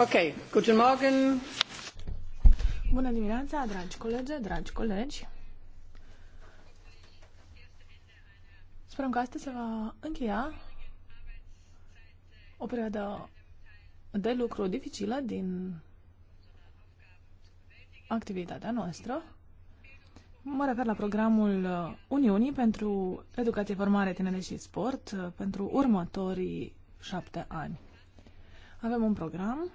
Ok, Bună dimineața, dragi colegi, dragi colegi. Sperăm că astăzi se va încheia o perioadă de lucru dificilă din activitatea noastră. Mă refer la programul Uniunii pentru Educație, Formare, Tinere și Sport pentru următorii șapte ani. Avem un program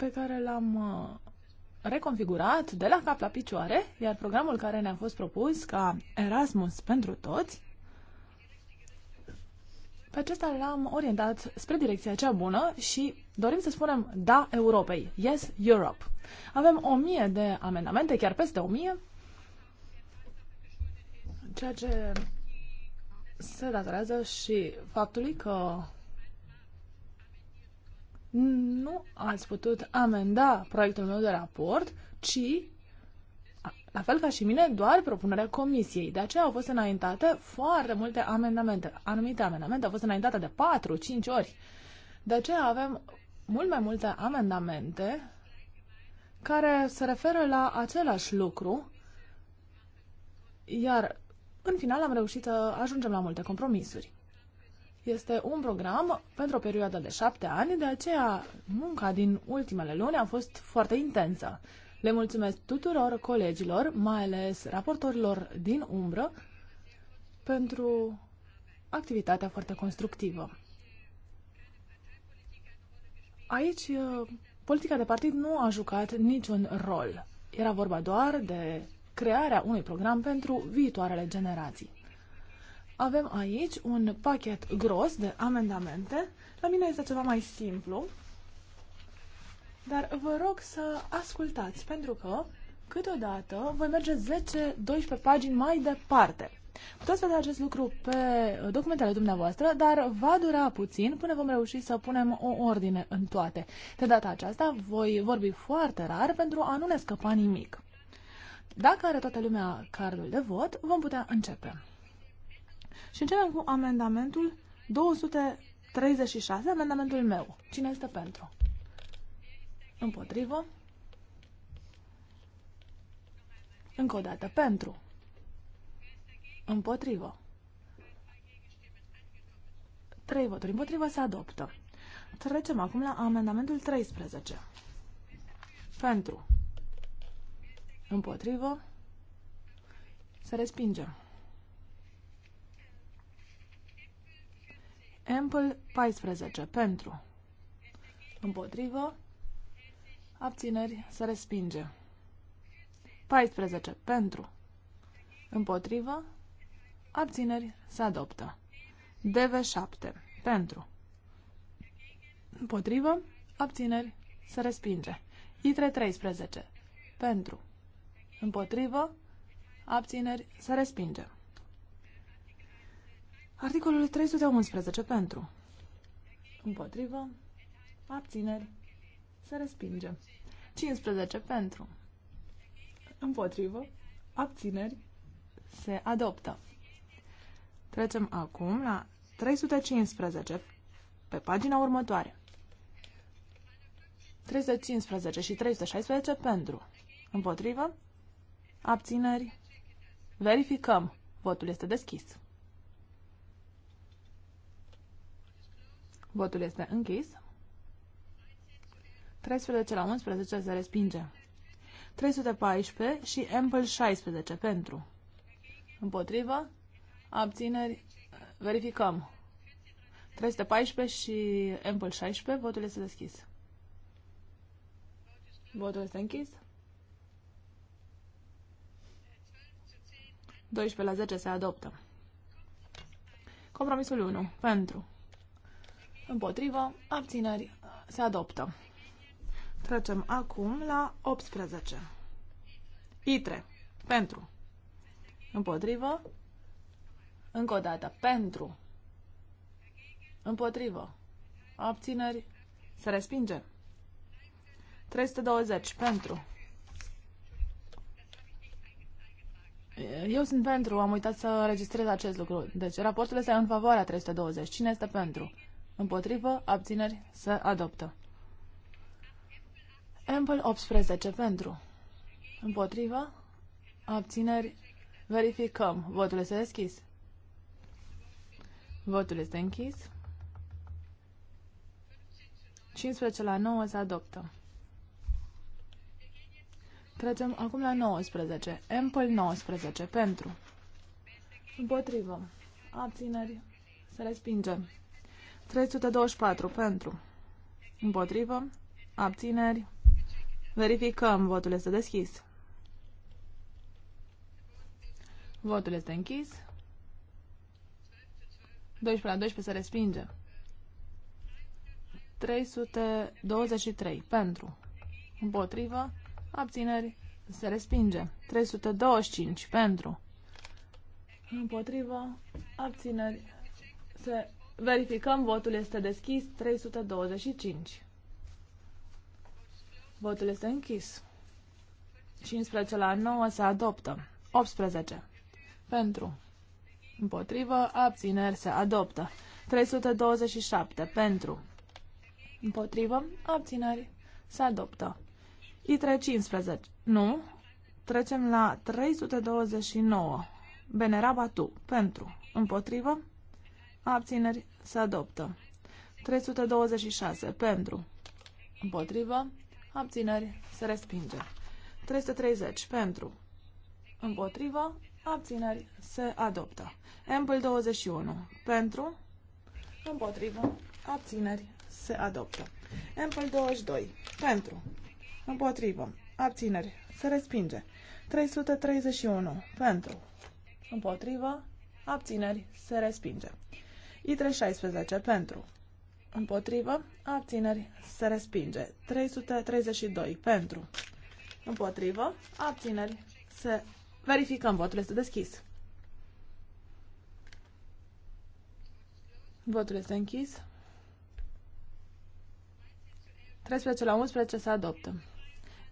pe care l-am uh, reconfigurat de la cap la picioare, iar programul care ne-a fost propus ca Erasmus pentru toți, pe acesta l-am orientat spre direcția cea bună și dorim să spunem da Europei, yes Europe. Avem o mie de amendamente, chiar peste o mie, ceea ce se datorează și faptului că nu ați putut amenda proiectul meu de raport, ci, la fel ca și mine, doar propunerea comisiei. De aceea au fost înaintate foarte multe amendamente. Anumite amendamente au fost înaintate de 4-5 ori. De aceea avem mult mai multe amendamente care se referă la același lucru, iar în final am reușit să ajungem la multe compromisuri. Este un program pentru o perioadă de șapte ani, de aceea munca din ultimele luni a fost foarte intensă. Le mulțumesc tuturor colegilor, mai ales raportorilor din umbră, pentru activitatea foarte constructivă. Aici, uh, politica de partid nu a jucat niciun rol. Era vorba doar de crearea unui program pentru viitoarele generații. Avem aici un pachet gros de amendamente. La mine este ceva mai simplu, dar vă rog să ascultați, pentru că câteodată voi merge 10-12 pagini mai departe. Puteți vedea acest lucru pe documentele dumneavoastră, dar va dura puțin până vom reuși să punem o ordine în toate. De data aceasta voi vorbi foarte rar pentru a nu ne scăpa nimic. Dacă are toată lumea cardul de vot, vom putea începe. Și începem cu amendamentul 236, amendamentul meu. Cine este pentru? Împotrivă. Încă o dată, pentru. Împotrivă. Trei voturi împotrivă se adoptă. Trecem acum la amendamentul 13. Pentru. Împotrivă. Se respinge. Ample 14 pentru. Împotrivă. Abțineri se respinge. 14 pentru. Împotrivă. Abțineri se adoptă. DV7 pentru. Împotrivă. Abțineri se respinge. ITRE 13 pentru. Împotrivă. Abțineri se respinge. Articolul 311 pentru. Împotrivă. Abțineri. Se respinge. 15 pentru. Împotrivă. Abțineri. Se adoptă. Trecem acum la 315 pe pagina următoare. 315 și 316 pentru. Împotrivă. Abțineri. Verificăm. Votul este deschis. Votul este închis. 13 la 11 se respinge. 314 și Ample 16 pentru. Împotrivă. Abțineri. Verificăm. 314 și Ample 16. Votul este deschis. Votul este închis. 12 la 10 se adoptă. Compromisul 1. Pentru. Împotrivă, abțineri, se adoptă. Trecem acum la 18. ITRE. Pentru. Împotrivă. Încă o dată. Pentru. Împotrivă. Abțineri. Se respinge. 320. Pentru. Eu sunt pentru. Am uitat să registrez acest lucru. Deci, raportul este în favoarea 320. Cine este pentru? Împotrivă, abțineri, se adoptă. Ample 18 pentru. Împotrivă, abțineri, verificăm. Votul este deschis. Votul este închis. 15 la 9 se adoptă. Trecem acum la 19. Ample 19 pentru. Împotrivă. Abțineri. Se respinge. 324 pentru. Împotrivă. Abțineri. Verificăm. Votul este deschis. Votul este închis. 12 la 12 se respinge. 323 pentru. Împotrivă. Abțineri. Se respinge. 325 pentru. Împotrivă. Abțineri. Se Verificăm, votul este deschis, 325. Votul este închis. 15 la 9 se adoptă. 18. Pentru. Împotrivă, abțineri se adoptă. 327. Pentru. Împotrivă, abțineri se adoptă. I315. Nu. Trecem la 329. Benerabatu tu. Pentru. Împotrivă, abțineri, se adoptă. 326 pentru, împotrivă, abțineri, se respinge. 330 pentru, împotrivă, abțineri, se adoptă. Ample 21 pentru, împotrivă, abțineri, se adoptă. Ample 22 pentru, împotrivă, abțineri, se respinge. 331 pentru, împotrivă, abțineri, se respinge. I316 pentru. Împotrivă. Abțineri. Se respinge. 332 pentru. Împotrivă. Abțineri. Se... Verificăm. Votul este deschis. Votul este închis. 13 la 11 se adoptă.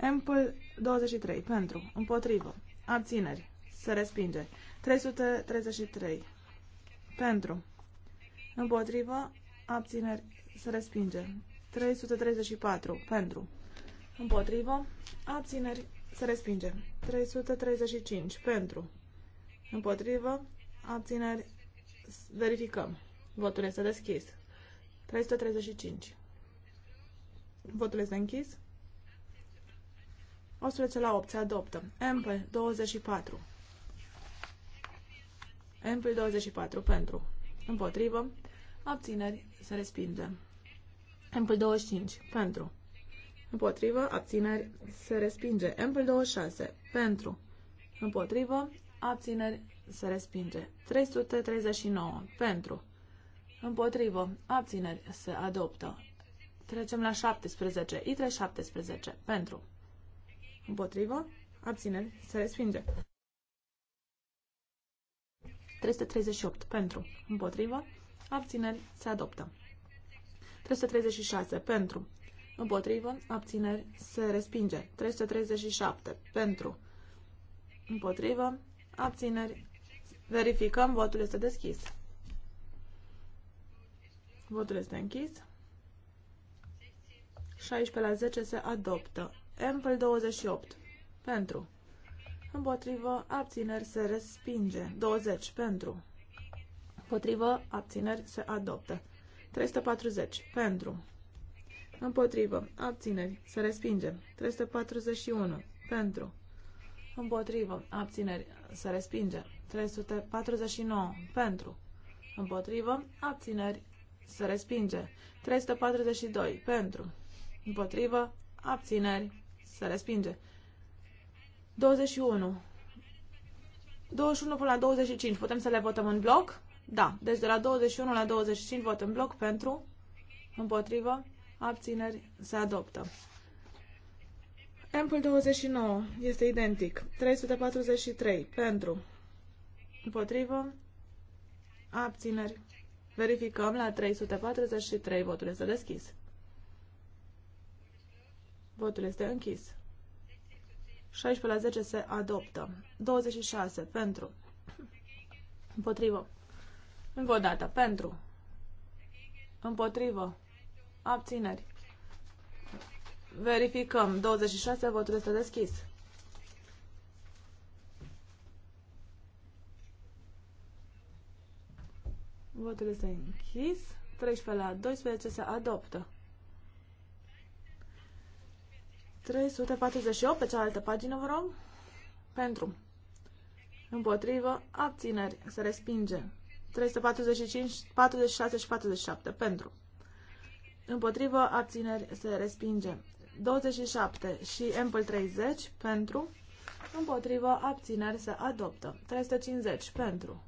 Ample 23 pentru. Împotrivă. Abțineri. Se respinge. 333 pentru. Împotrivă. Abțineri. Se respinge. 334. Pentru. Împotrivă. Abțineri. Se respinge. 335. Pentru. Împotrivă. Abțineri. Verificăm. Votul este deschis. 335. Votul este închis. 11 la 8 se adoptă. Ample 24. Ample 24 pentru. Împotrivă. Abțineri. Se respinge. Ample 25. Pentru. Împotrivă. Abțineri. Se respinge. Ample 26. Pentru. Împotrivă. Abțineri. Se respinge. 339. Pentru. Împotrivă. Abțineri. Se adoptă. Trecem la 17. I3 17. Pentru. Împotrivă. Abțineri. Se respinge. 338. Pentru. Împotrivă abțineri, se adoptă. 336 pentru, împotrivă, abțineri, se respinge. 337 pentru, împotrivă, abțineri, verificăm, votul este deschis. Votul este închis. 16 la 10 se adoptă. Ample 28. Pentru. Împotrivă, abțineri se respinge. 20. Pentru. Împotrivă, abțineri, se adoptă. 340. Pentru. Împotrivă, abțineri, se respinge. 341. Pentru. Împotrivă, abțineri, se respinge. 349. Pentru. Împotrivă, abțineri, se respinge. 342. Pentru. Împotrivă, abțineri, se respinge. 21. 21 până la 25. Putem să le votăm în bloc? Da, deci de la 21 la 25 vot în bloc pentru, împotrivă, abțineri, se adoptă. Ampul 29 este identic. 343 pentru, împotrivă, abțineri. Verificăm la 343, votul este deschis. Votul este închis. 16 la 10 se adoptă. 26 pentru, împotrivă, încă o dată. Pentru. Împotrivă. Abțineri. Verificăm. 26. Votul este deschis. Votul este închis. 13 la 12 se adoptă. 348 pe cealaltă pagină, vă rog. Pentru. Împotrivă. Abțineri. Se respinge. 345, 46 și 47. Pentru. Împotrivă, abțineri, se respinge. 27 și Ample 30. Pentru. Împotrivă, abțineri, se adoptă. 350. Pentru.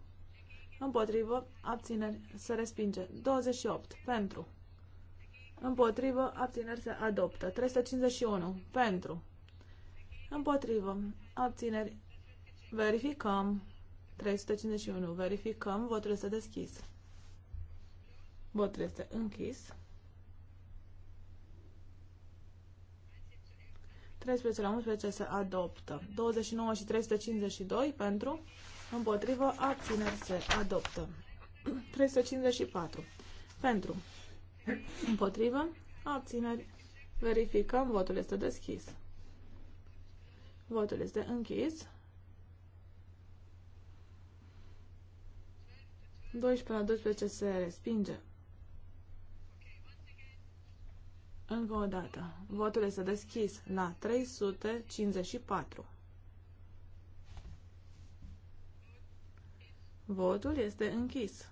Împotrivă, abțineri, se respinge. 28. Pentru. Împotrivă, abțineri, se adoptă. 351. Pentru. Împotrivă, abțineri, verificăm. 351. Verificăm. Votul este deschis. Votul este închis. 13 la 11 se adoptă. 29 și 352 pentru, împotrivă, abțineri se adoptă. 354 pentru, împotrivă, abțineri. Verificăm, votul este deschis. Votul este închis. 12 la 12 se respinge. Încă o dată. Votul este deschis la 354. Votul este închis.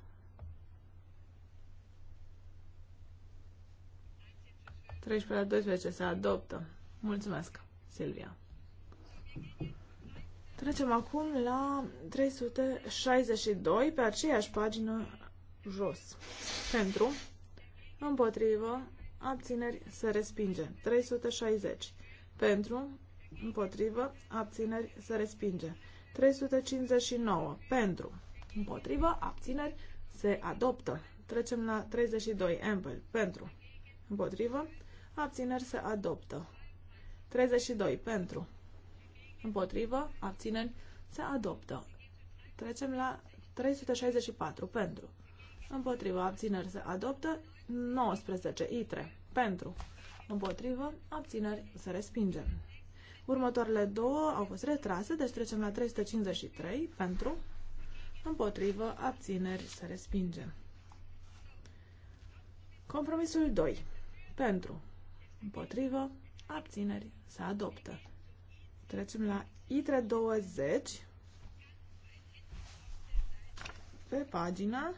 13 la 12 se adoptă. Mulțumesc, Silvia. Trecem acum la 362, pe aceeași pagină jos. Pentru, împotrivă, abțineri, se respinge. 360. Pentru, împotrivă, abțineri, se respinge. 359. Pentru, împotrivă, abțineri, se adoptă. Trecem la 32. Ample. Pentru, împotrivă, abțineri, se adoptă. 32. Pentru, împotrivă, abțineri, se adoptă. Trecem la 364, pentru, împotrivă, abțineri, se adoptă, 19, itre, pentru, împotrivă, abțineri, se respinge. Următoarele două au fost retrase, deci trecem la 353, pentru, împotrivă, abțineri, se respinge. Compromisul 2. Pentru, împotrivă, abțineri, se adoptă. Trecem la ITRE 20 pe pagina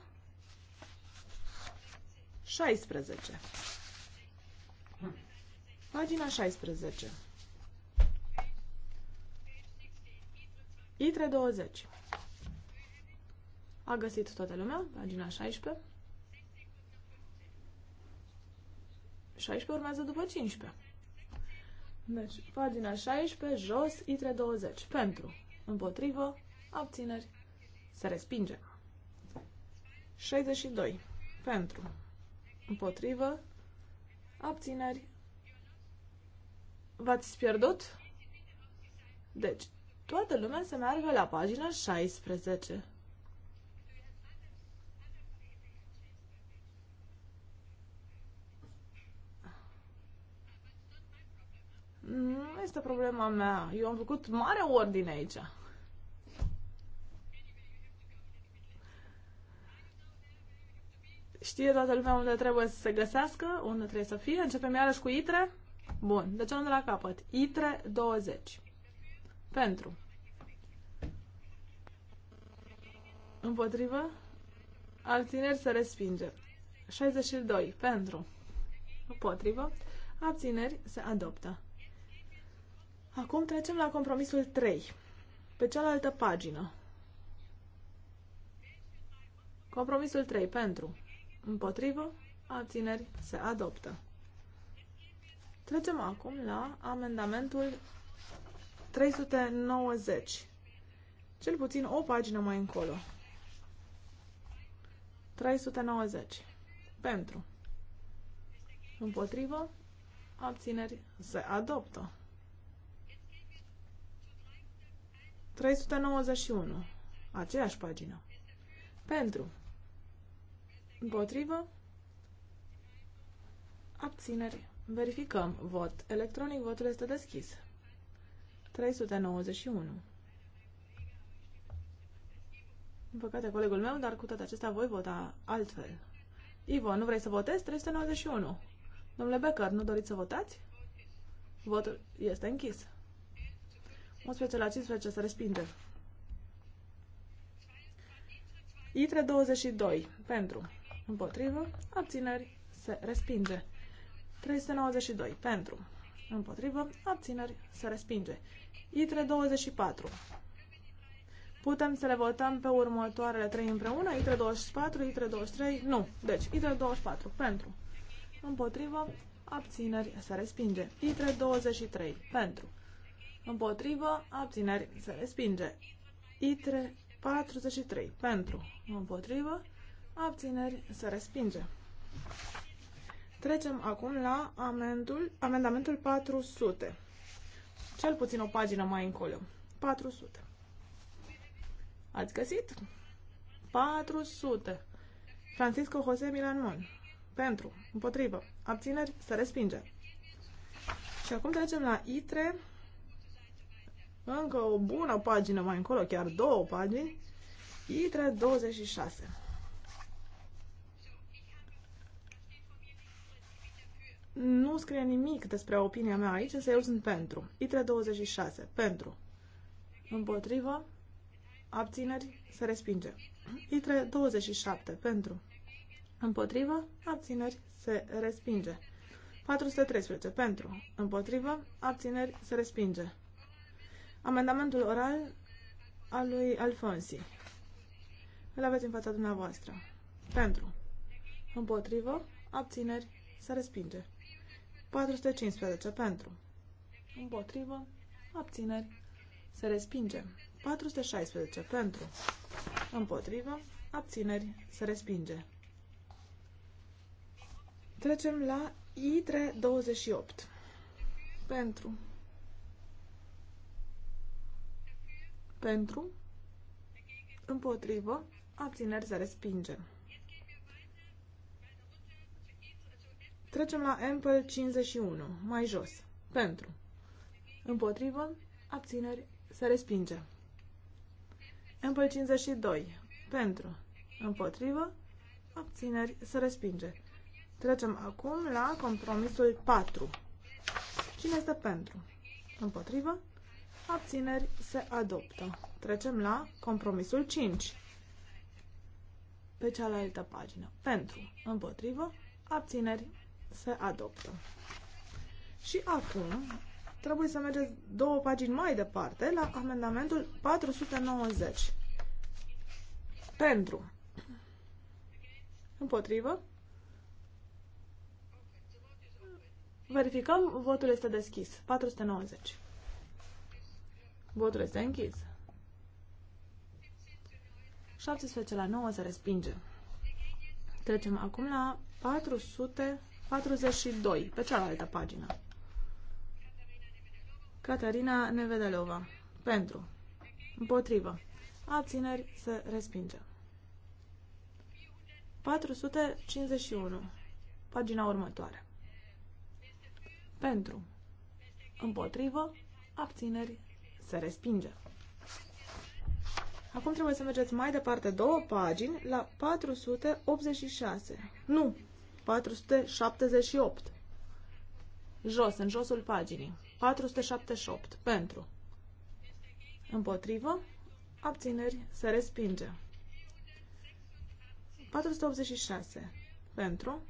16. Pagina 16. ITRE 20. A găsit toată lumea, pagina 16. 16 urmează după 15. Deci, pagina 16, jos, ITRE 20. Pentru, împotrivă, abțineri, se respinge. 62. Pentru, împotrivă, abțineri. V-ați pierdut? Deci, toată lumea se meargă la pagina 16. Nu este problema mea. Eu am făcut mare ordine aici. Știe toată lumea unde trebuie să se găsească, unde trebuie să fie. Începem iarăși cu ITRE. Bun, deci de la capăt. ITRE 20. Pentru. Împotrivă. Abțineri se respinge. 62. Pentru. Împotrivă. Abțineri se adoptă. Acum trecem la compromisul 3, pe cealaltă pagină. Compromisul 3 pentru, împotrivă, abțineri, se adoptă. Trecem acum la amendamentul 390, cel puțin o pagină mai încolo. 390 pentru, împotrivă, abțineri, se adoptă. 391. Aceeași pagină. Pentru. Împotrivă. Abțineri. Verificăm. Vot electronic. Votul este deschis. 391. Din păcate, colegul meu, dar cu toate acestea voi vota altfel. Ivo, nu vrei să votezi? 391. Domnule Becker, nu doriți să votați? Votul este închis. 11 la 15 se respinge. 3 22. Pentru. Împotrivă. Abțineri. Se respinge. 392. Pentru. Împotrivă. Abțineri. Se respinge. I3 24. Putem să le votăm pe următoarele trei împreună? ITRE 24, ITRE 23? Nu. Deci, ITRE 24. Pentru. Împotrivă. Abțineri. Se respinge. ITRE 23. Pentru împotrivă, abțineri, se respinge. ITRE 43, pentru, împotrivă, abțineri, se respinge. Trecem acum la amendul, amendamentul 400. Cel puțin o pagină mai încolo. 400. Ați găsit? 400. Francisco José Mon. Pentru, împotrivă, abțineri, se respinge. Și acum trecem la ITRE încă o bună pagină mai încolo, chiar două pagini, ITRE 26. Nu scrie nimic despre opinia mea aici, însă eu sunt pentru. ITRE 26. Pentru. Împotrivă. Abțineri. Se respinge. ITRE 27. Pentru. Împotrivă. Abțineri. Se respinge. 413. Pentru. Împotrivă. Abțineri. Se respinge. Amendamentul oral al lui Alfonsi. Îl aveți în fața dumneavoastră. Pentru. Împotrivă. Abțineri. Se respinge. 415. Pentru. Împotrivă. Abțineri. Se respinge. 416. Pentru. Împotrivă. Abțineri. Se respinge. Trecem la I328. Pentru. pentru, împotrivă, abțineri să respinge. Trecem la Ample 51, mai jos, pentru, împotrivă, abțineri se respinge. Ample 52, pentru, împotrivă, abțineri se respinge. Trecem acum la compromisul 4. Cine este pentru? Împotrivă? Abțineri se adoptă. Trecem la compromisul 5. Pe cealaltă pagină. Pentru, împotrivă, abțineri se adoptă. Și acum trebuie să mergeți două pagini mai departe la amendamentul 490. Pentru. Împotrivă. Verificăm, votul este deschis. 490. Votul este închis. 17 la 9 se respinge. Trecem acum la 442, pe cealaltă pagină. Catarina Nevedelova. Pentru. Împotrivă. Abțineri se respinge. 451. Pagina următoare. Pentru. Împotrivă. Abțineri se respinge. Acum trebuie să mergeți mai departe două pagini la 486. Nu, 478. Jos, în josul paginii. 478. Pentru. Împotrivă. Abțineri. Se respinge. 486. Pentru.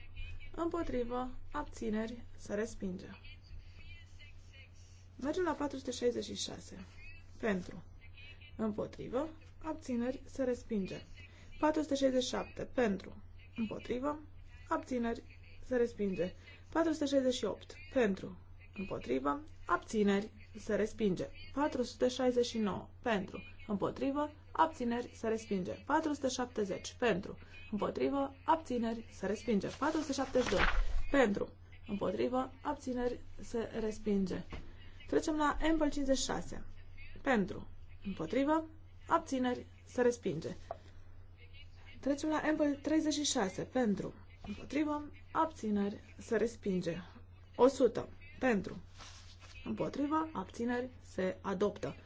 Împotrivă. Abțineri. Se respinge. Mergem la 466. Pentru. Împotrivă. Abțineri. Se respinge. 467. Pentru. Împotrivă. Abțineri. Se respinge. 468. Pentru. Împotrivă. Abțineri. Se respinge. 469. Pentru. Împotrivă. Abțineri. Se respinge. 470. Pentru. Împotrivă. Abțineri. Se respinge. 472. Pentru. Împotrivă. Abțineri. Se respinge. Trecem la Ample 56. Pentru. Împotrivă. Abțineri. Se respinge. Trecem la Ample 36. Pentru. Împotrivă. Abțineri. Se respinge. 100. Pentru. Împotrivă. Abțineri. Se adoptă.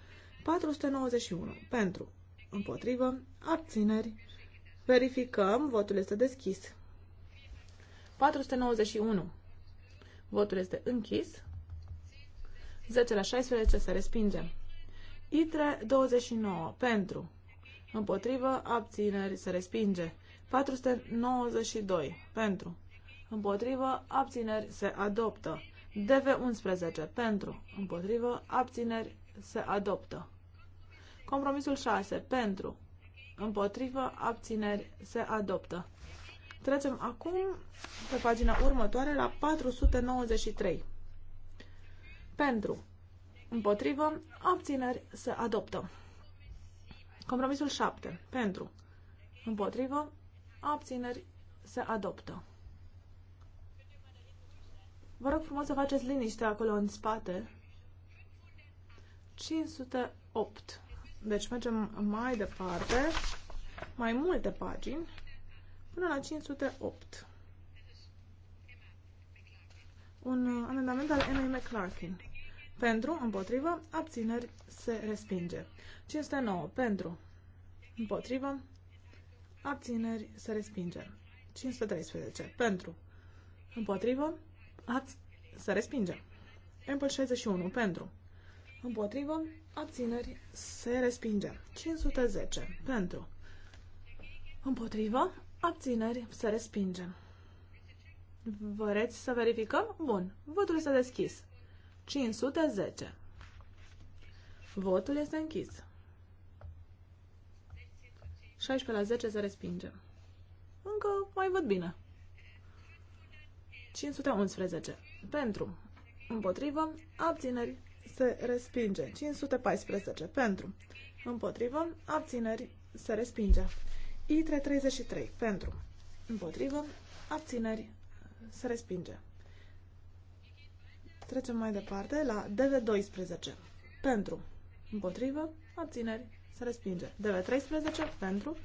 491. Pentru. Împotrivă. Abțineri. Verificăm. Votul este deschis. 491. Votul este închis. 10 la 16 se respinge. ITRE 29 pentru. Împotrivă abțineri se respinge. 492 pentru. Împotrivă abțineri se adoptă. DV 11 pentru. Împotrivă abțineri se adoptă. Compromisul 6 pentru. Împotrivă abțineri se adoptă. Trecem acum pe pagina următoare la 493. Pentru. Împotrivă. Abțineri. Se adoptă. Compromisul 7. Pentru. Împotrivă. Abțineri. Se adoptă. Vă rog frumos să faceți liniște acolo în spate. 508. Deci mergem mai departe, mai multe pagini, până la 508 un amendament al Emily McClarkin. Pentru, împotrivă, abțineri se respinge. 509. Pentru, împotrivă, abțineri se respinge. 513. Pentru, împotrivă, abț- se respinge. Apple 61. Pentru, împotrivă, abțineri se respinge. 510. Pentru, împotrivă, abțineri se respinge. Vreți să verificăm? Bun. Votul este deschis. 510. Votul este închis. 16 la 10 se respinge. Încă mai văd bine. 511. Pentru. Împotrivă. Abțineri. Se respinge. 514. Pentru. Împotrivă. Abțineri. Se respinge. I333. Pentru. Împotrivă. Abțineri. Se respinge. Trecem mai departe la DV12. Pentru. Împotrivă. Abțineri. Se respinge. DV13. Pentru.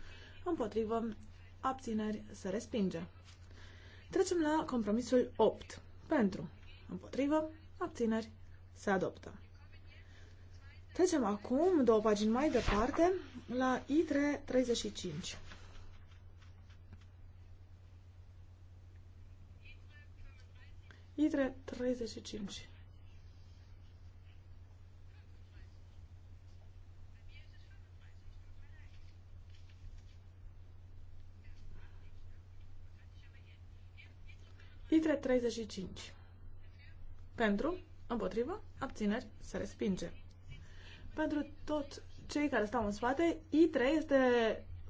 Împotrivă. Abțineri. Se respinge. Trecem la compromisul 8. Pentru. Împotrivă. Abțineri. Se adoptă. Trecem acum, două pagini mai departe, la I335. ITRE 35. ITRE 35. Pentru, împotrivă, abțineri, se respinge. Pentru tot cei care stau în spate, I3 este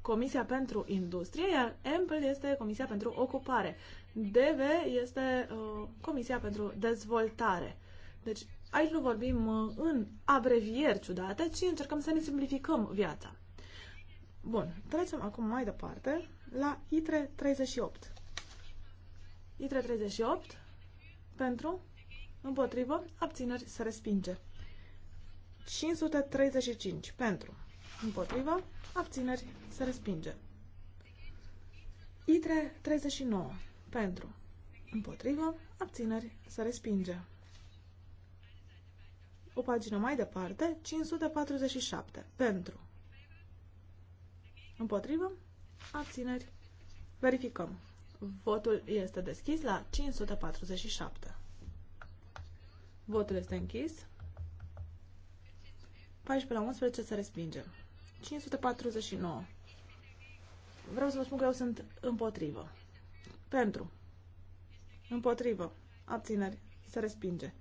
Comisia pentru Industrie, iar EMPL este Comisia pentru Ocupare. DV este uh, Comisia pentru Dezvoltare. Deci aici nu vorbim uh, în abrevieri ciudate, ci încercăm să ne simplificăm viața. Bun, trecem acum mai departe la ITRE 38. ITRE 38 pentru, împotrivă, abțineri se respinge. 535 pentru, împotrivă, abțineri se respinge. ITRE 39 pentru. Împotrivă. Abțineri. să respinge. O pagină mai departe. 547. Pentru. Împotrivă. Abțineri. Verificăm. Votul este deschis la 547. Votul este închis. 14 la 11 se respinge. 549. Vreau să vă spun că eu sunt împotrivă. Pentru. Împotrivă. Abțineri. Se respinge.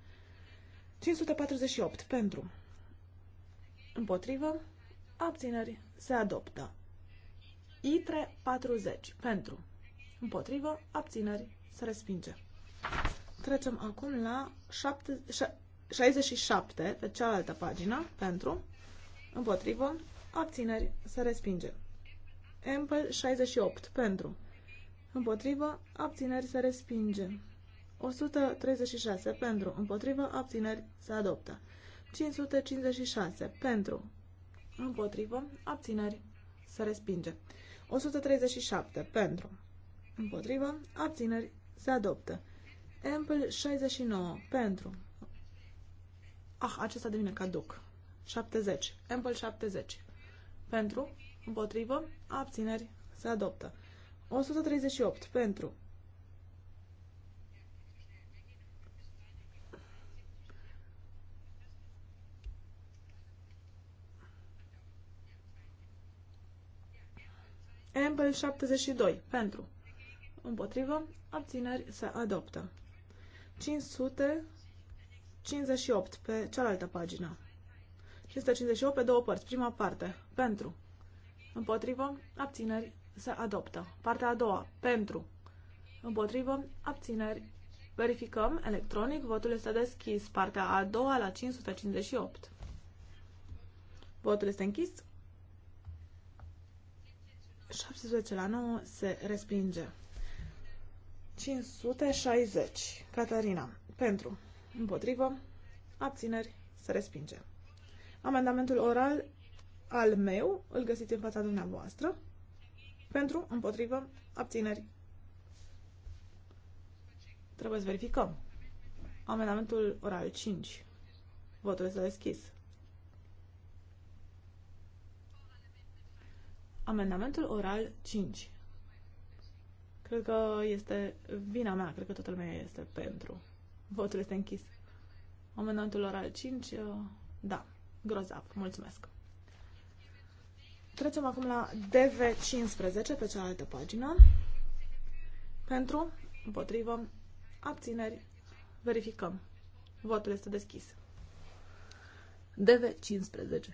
548. Pentru. Împotrivă. Abțineri. Se adoptă. i 40. Pentru. Împotrivă. Abțineri. Se respinge. Trecem acum la 7, 67, pe cealaltă pagină. Pentru. Împotrivă. Abțineri. Se respinge. Ample 68. Pentru împotrivă, abțineri se respinge. 136 pentru, împotrivă, abțineri se adoptă. 556 pentru, împotrivă, abțineri se respinge. 137 pentru, împotrivă, abțineri se adoptă. Ample 69 pentru. Ah, acesta devine caduc. 70. Ample 70. Pentru, împotrivă, abțineri se adoptă. 138 pentru. Ample 72 pentru. Împotrivă, abțineri se adoptă. 558 pe cealaltă pagină. 558 pe două părți. Prima parte. Pentru. Împotrivă, abțineri se adoptă. Partea a doua, pentru, împotrivă, abțineri. Verificăm electronic, votul este deschis. Partea a doua la 558. Votul este închis. 17 la 9 se respinge. 560. Catarina. Pentru. Împotrivă. Abțineri. Se respinge. Amendamentul oral al meu îl găsiți în fața dumneavoastră. Pentru, împotrivă, abțineri. Trebuie să verificăm. Amendamentul oral 5. Votul este deschis. Amendamentul oral 5. Cred că este vina mea, cred că toată lumea este pentru. Votul este închis. Amendamentul oral 5, uh, da, grozav, mulțumesc. Trecem acum la DV15 pe cealaltă pagină. Pentru, împotrivă, abțineri, verificăm. Votul este deschis. DV15.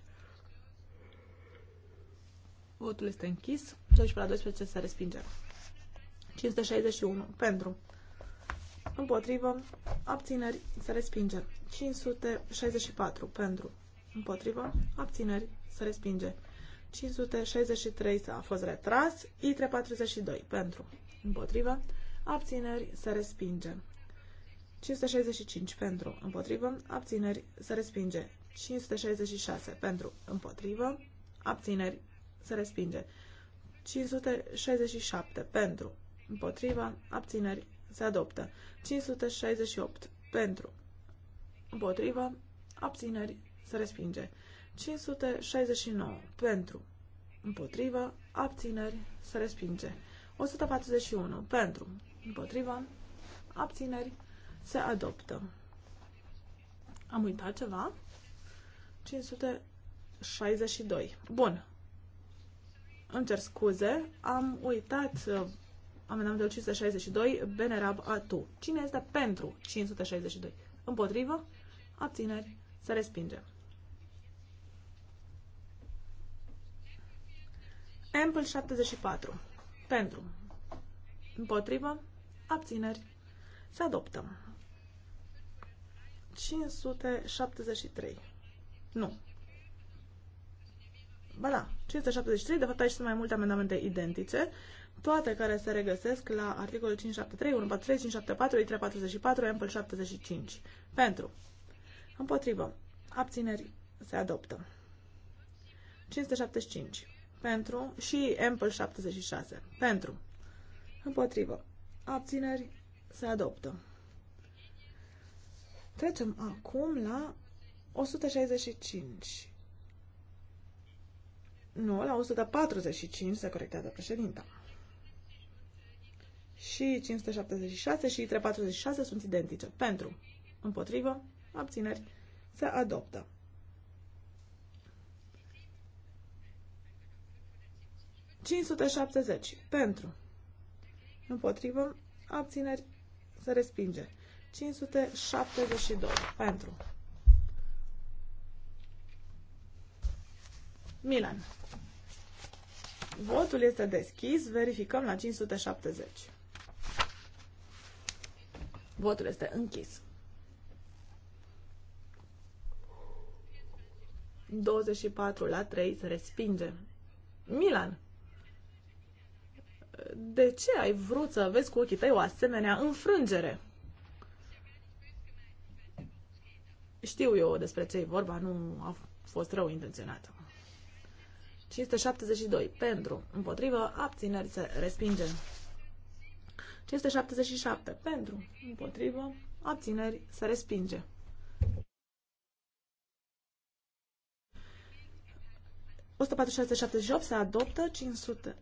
Votul este închis. 12 la 12 se respinge. 561 pentru. Împotrivă. Abțineri. Se respinge. 564 pentru. Împotrivă. Abțineri. Se respinge. 563 a fost retras, I342 pentru, împotrivă, abțineri, se respinge. 565 pentru, împotrivă, abțineri, se respinge. 566 pentru, împotrivă, abțineri, se respinge. 567 pentru, împotrivă, abțineri, se adoptă. 568 pentru, împotrivă, abțineri, se respinge. 569 pentru, împotrivă, abțineri, se respinge. 141 pentru, împotrivă, abțineri, se adoptă. Am uitat ceva? 562. Bun. Îmi cer scuze, am uitat uh, amendamentul 562, Benerab Atu. Cine este pentru 562? Împotrivă? Abțineri. Se respinge. Ample 74. Pentru. Împotrivă. Abțineri. Se adoptă. 573. Nu. Ba da, 573, de fapt aici sunt mai multe amendamente identice, toate care se regăsesc la articolul 573, 143, 574, 344, Ample 75. Pentru. Împotrivă. Abțineri. Se adoptă. 575 pentru și Ample 76 pentru. Împotrivă. Abțineri se adoptă. Trecem acum la 165. Nu, la 145 se corectează președinta. Și 576 și 346 sunt identice. Pentru, împotrivă, abțineri, se adoptă. 570. Pentru. Împotrivă. Abțineri. Se respinge. 572. Pentru. Milan. Votul este deschis. Verificăm la 570. Votul este închis. 24 la 3 se respinge. Milan de ce ai vrut să vezi cu ochii tăi o asemenea înfrângere? Știu eu despre ce e vorba, nu a fost rău intenționată. 572. Pentru. Împotrivă. Abțineri se respinge. 577. Pentru. Împotrivă. Abțineri se respinge. și 146 se adoptă, 500,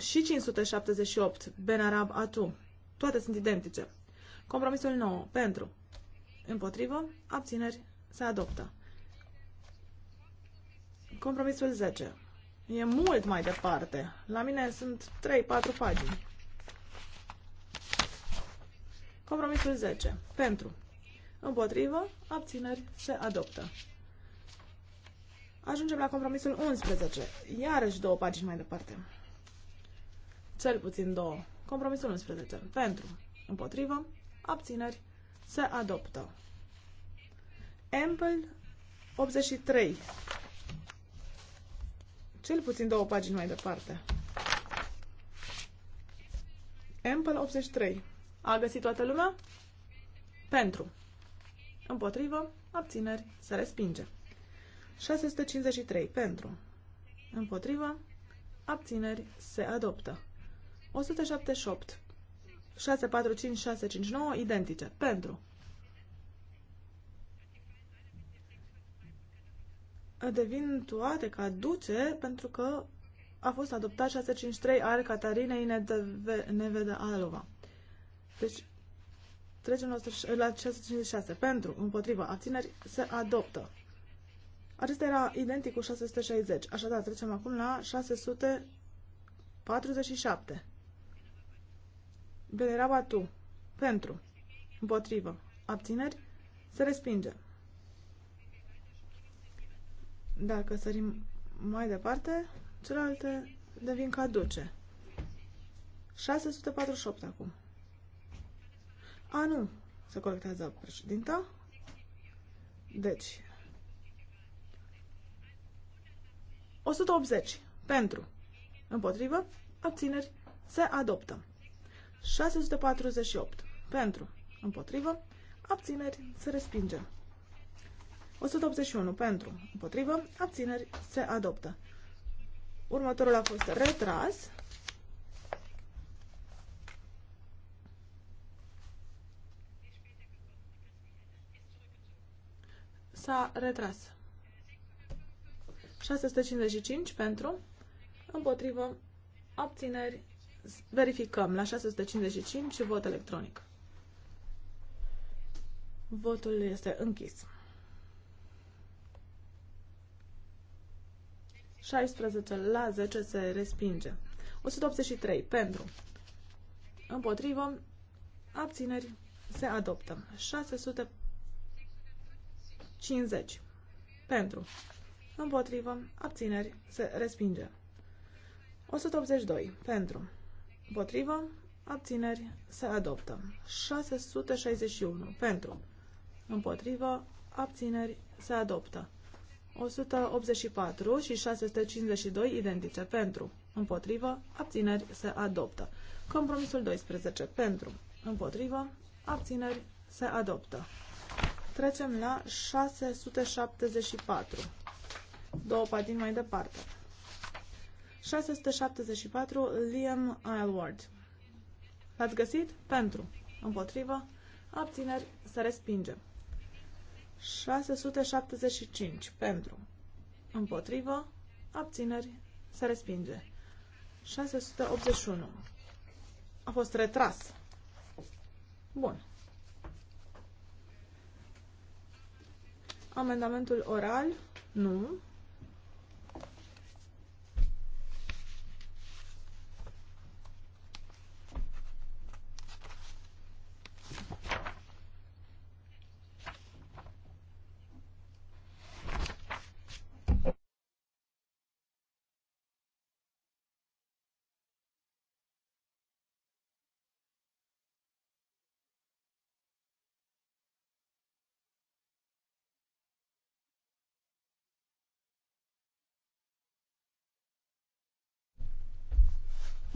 și 578, Benarab Atu. Toate sunt identice. Compromisul 9, pentru. Împotrivă, abțineri, se adoptă. Compromisul 10. E mult mai departe. La mine sunt 3-4 pagini. Compromisul 10. Pentru. Împotrivă, abțineri, se adoptă. Ajungem la compromisul 11. Iarăși două pagini mai departe. Cel puțin două. Compromisul 11. Pentru. Împotrivă. Abțineri. Se adoptă. Ample 83. Cel puțin două pagini mai departe. Ample 83. A găsit toată lumea? Pentru. Împotrivă. Abțineri. Se respinge. 653. Pentru. Împotrivă. Abțineri. Se adoptă. 178. 645, 659, identice. Pentru. Devin toate ca duce pentru că a fost adoptat 653 al Catarinei Neveda Alova. Deci, trecem la 656. Pentru, împotriva, abțineri, se adoptă. Acesta era identic cu 660. Așadar, trecem acum la 647 venerava tu. Pentru. Împotrivă. Abțineri. Se respinge. Dacă sărim mai departe, celelalte devin caduce. 648 acum. A, nu. Se colectează președinta. Deci. 180. Pentru. Împotrivă. Abțineri. Se adoptă. 648. Pentru. Împotrivă. Abțineri. Se respinge. 181. Pentru. Împotrivă. Abțineri. Se adoptă. Următorul a fost retras. S-a retras. 655 pentru, împotrivă, abțineri, Verificăm la 655 vot electronic. Votul este închis. 16 la 10 se respinge. 183 pentru. Împotrivă. Abțineri. Se adoptă. 650 pentru. Împotrivă. Abțineri. Se respinge. 182 pentru. Împotrivă. Abțineri. Se adoptă. 661. Pentru. Împotrivă. Abțineri. Se adoptă. 184 și 652 identice pentru. Împotrivă. Abțineri. Se adoptă. Compromisul 12 pentru. Împotrivă. Abțineri. Se adoptă. Trecem la 674. Două patini mai departe. 674 Liam Aylward. L-ați găsit? Pentru. Împotrivă. Abțineri. Se respinge. 675. Pentru. Împotrivă. Abțineri. Se respinge. 681. A fost retras. Bun. Amendamentul oral? Nu.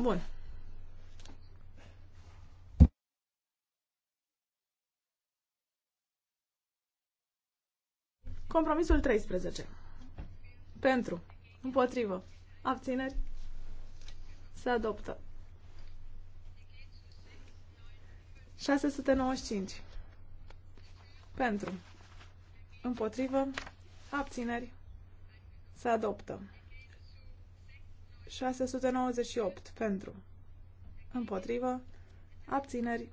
Bun. Compromisul 13. Pentru. Împotrivă. Abțineri. Se adoptă. 695. Pentru. Împotrivă. Abțineri. Se adoptă. 698 pentru. Împotrivă. Abțineri.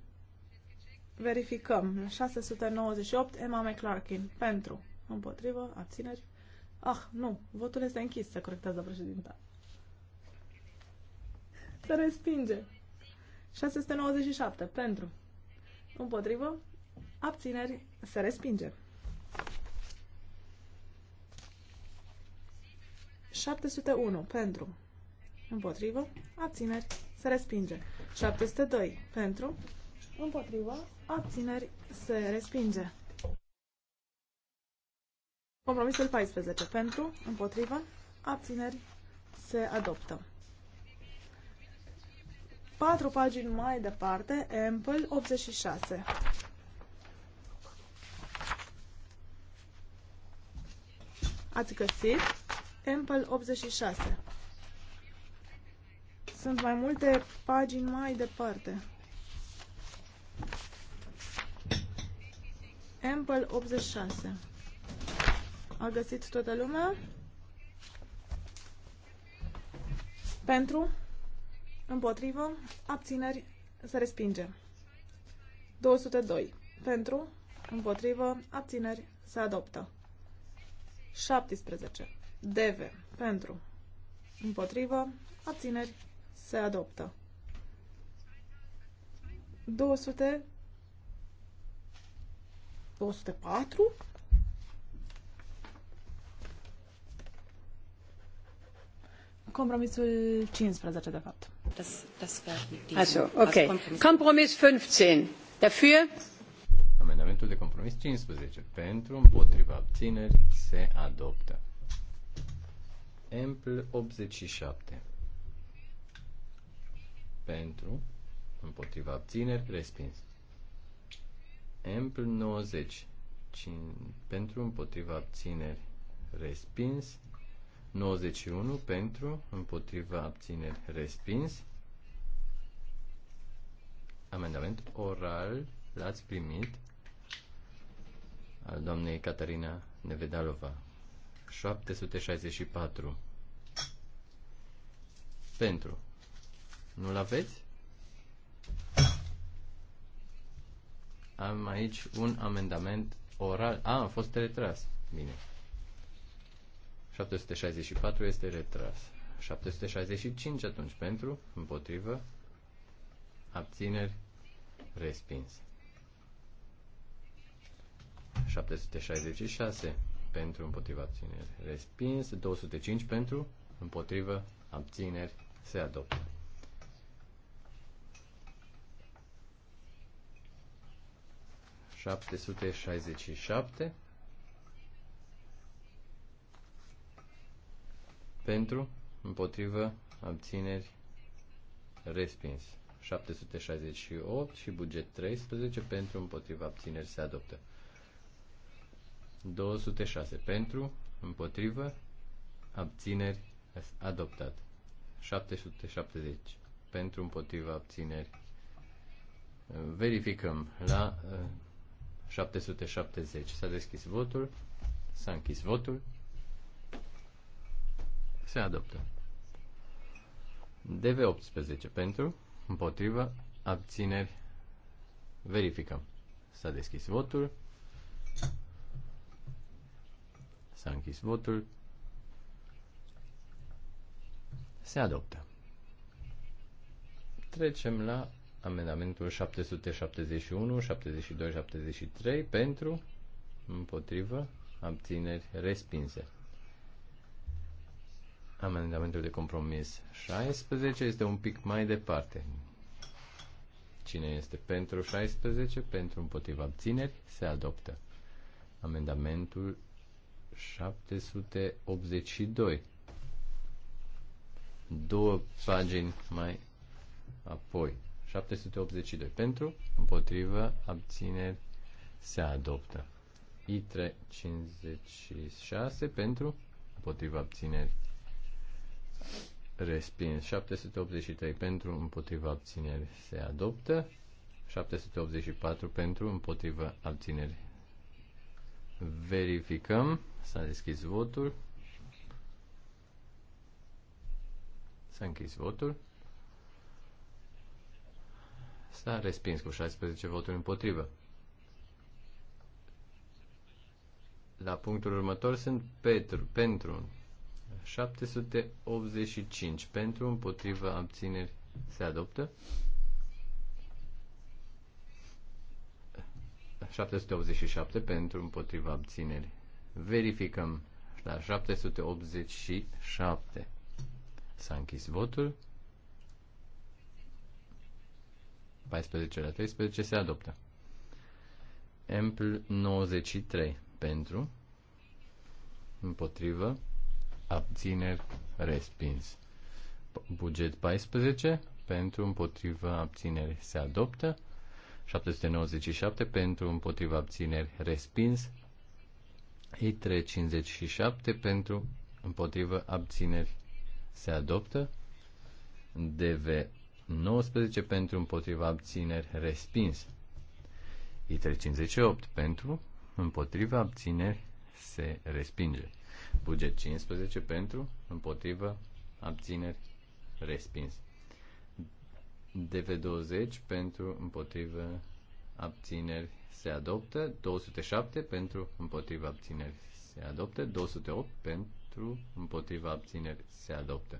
Verificăm. 698 Emma McClarkin pentru. Împotrivă. Abțineri. Ah, nu. Votul este închis, se corectează președinta. Se respinge. 697 pentru. Împotrivă. Abțineri. Se respinge. 701 pentru. Împotrivă. Abțineri. Se respinge. 702. Pentru. Împotrivă. Abțineri. Se respinge. Compromisul 14. Pentru. Împotrivă. Abțineri. Se adoptă. Patru pagini mai departe, Ample 86. Ați găsit Ample 86. Sunt mai multe pagini mai departe. Ample 86. A găsit toată lumea? Pentru? Împotrivă? Abțineri? Se respinge. 202. Pentru? Împotrivă? Abțineri? Se adoptă. 17. Deve. Pentru. Împotrivă. Abțineri. Se adoptă. 200 204 Compromisul 15, de fapt. Das, das Așa, ok. Compromis, compromis 15. Dafür? Amendamentul de compromis 15. Pentru, împotriva, abțineri, se adoptă. Empl 87 pentru, împotriva abțineri, respins. Ample 90 5, pentru, împotriva abțineri, respins. 91 pentru, împotriva abțineri, respins. Amendament oral l-ați primit al doamnei Catarina Nevedalova. 764 pentru nu-l aveți? Am aici un amendament oral. A, a fost retras. Bine. 764 este retras. 765 atunci pentru, împotrivă, abțineri, respins. 766 pentru împotriva abțineri. Respins 205 pentru împotrivă abțineri se adoptă. 767 pentru, împotrivă, abțineri, respins. 768 și buget 13 pentru, împotrivă abțineri se adoptă. 206 pentru, împotrivă, abțineri adoptat. 770 pentru, împotrivă abțineri. Verificăm la 770. S-a deschis votul. S-a închis votul. Se adoptă. DV18 pentru, împotrivă, abțineri, verificăm. S-a deschis votul. S-a închis votul. Se adoptă. Trecem la amendamentul 771, 72, 73 pentru, împotrivă, abțineri respinse. Amendamentul de compromis 16 este un pic mai departe. Cine este pentru 16, pentru împotriva abțineri, se adoptă. Amendamentul 782. Două pagini mai apoi. 782 pentru, împotrivă, abțineri, se adoptă. i 356 pentru, împotrivă, abțineri, respins. 783 pentru, împotrivă, abțineri, se adoptă. 784 pentru, împotrivă, abțineri. Verificăm. S-a deschis votul. S-a închis votul. S-a respins cu 16 voturi împotrivă. La punctul următor sunt Petru, pentru 785 pentru împotrivă abțineri se adoptă. 787 pentru împotriva abțineri. Verificăm la 787. S-a închis votul. 14 la 13 se adoptă. Empl 93 pentru, împotrivă, abțineri, respins. Buget 14 pentru, împotrivă, abțineri se adoptă. 797 pentru, împotrivă, abțineri, respins. I357 pentru, împotrivă, abțineri se adoptă. DV 19 pentru împotriva abțineri respins. ITRE 58 pentru împotriva abțineri se respinge. Buget 15 pentru împotriva abțineri respins. DV20 pentru împotriva abțineri se adoptă, 207 pentru împotriva abțineri se adoptă, 208 pentru împotriva abțineri se adoptă.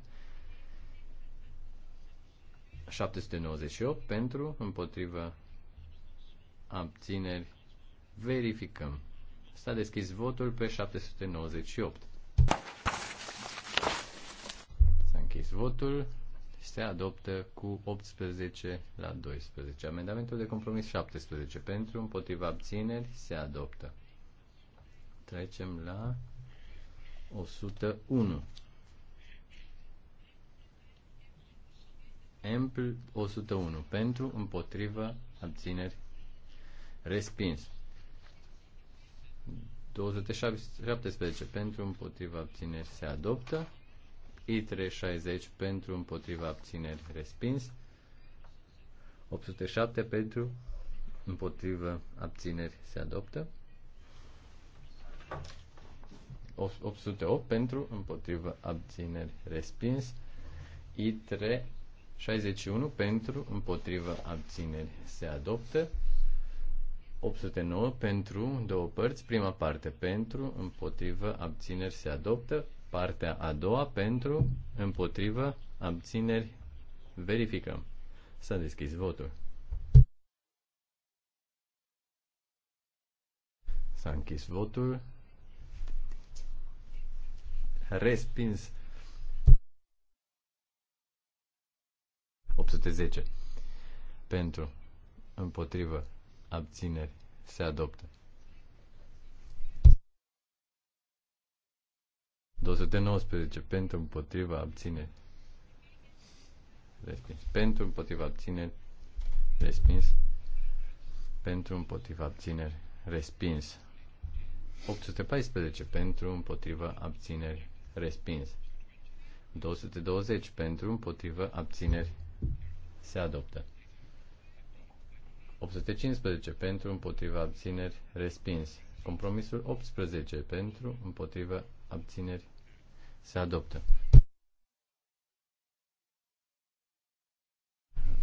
798 pentru, împotrivă, abțineri, verificăm. S-a deschis votul pe 798. S-a închis votul. Se adoptă cu 18 la 12. Amendamentul de compromis 17 pentru, împotriva abțineri, se adoptă. Trecem la 101. Empl 101 pentru, împotrivă, abțineri, respins. 217 pentru, împotriva, abțineri, se adoptă. I360 pentru, împotriva, abțineri, respins. 807 pentru, împotrivă, abțineri, se adoptă. 808 pentru, împotrivă, abțineri, respins. I3 61 pentru, împotrivă, abțineri se adoptă. 809 pentru, două părți, prima parte pentru, împotrivă, abțineri se adoptă. Partea a doua pentru, împotrivă, abțineri verificăm. S-a deschis votul. S-a închis votul. Respins 810. Pentru, împotrivă, abțineri, se adoptă. 219. Pentru, împotriva, abțineri, respins. Pentru, împotriva, abțineri, respins. Pentru, împotriva, abțineri, respins. 814. Pentru, împotriva, abțineri, respins. 220. Pentru, împotriva, abțineri, se adoptă. 815 pentru, împotriva abțineri, respins. Compromisul 18 pentru, împotriva abțineri, se adoptă.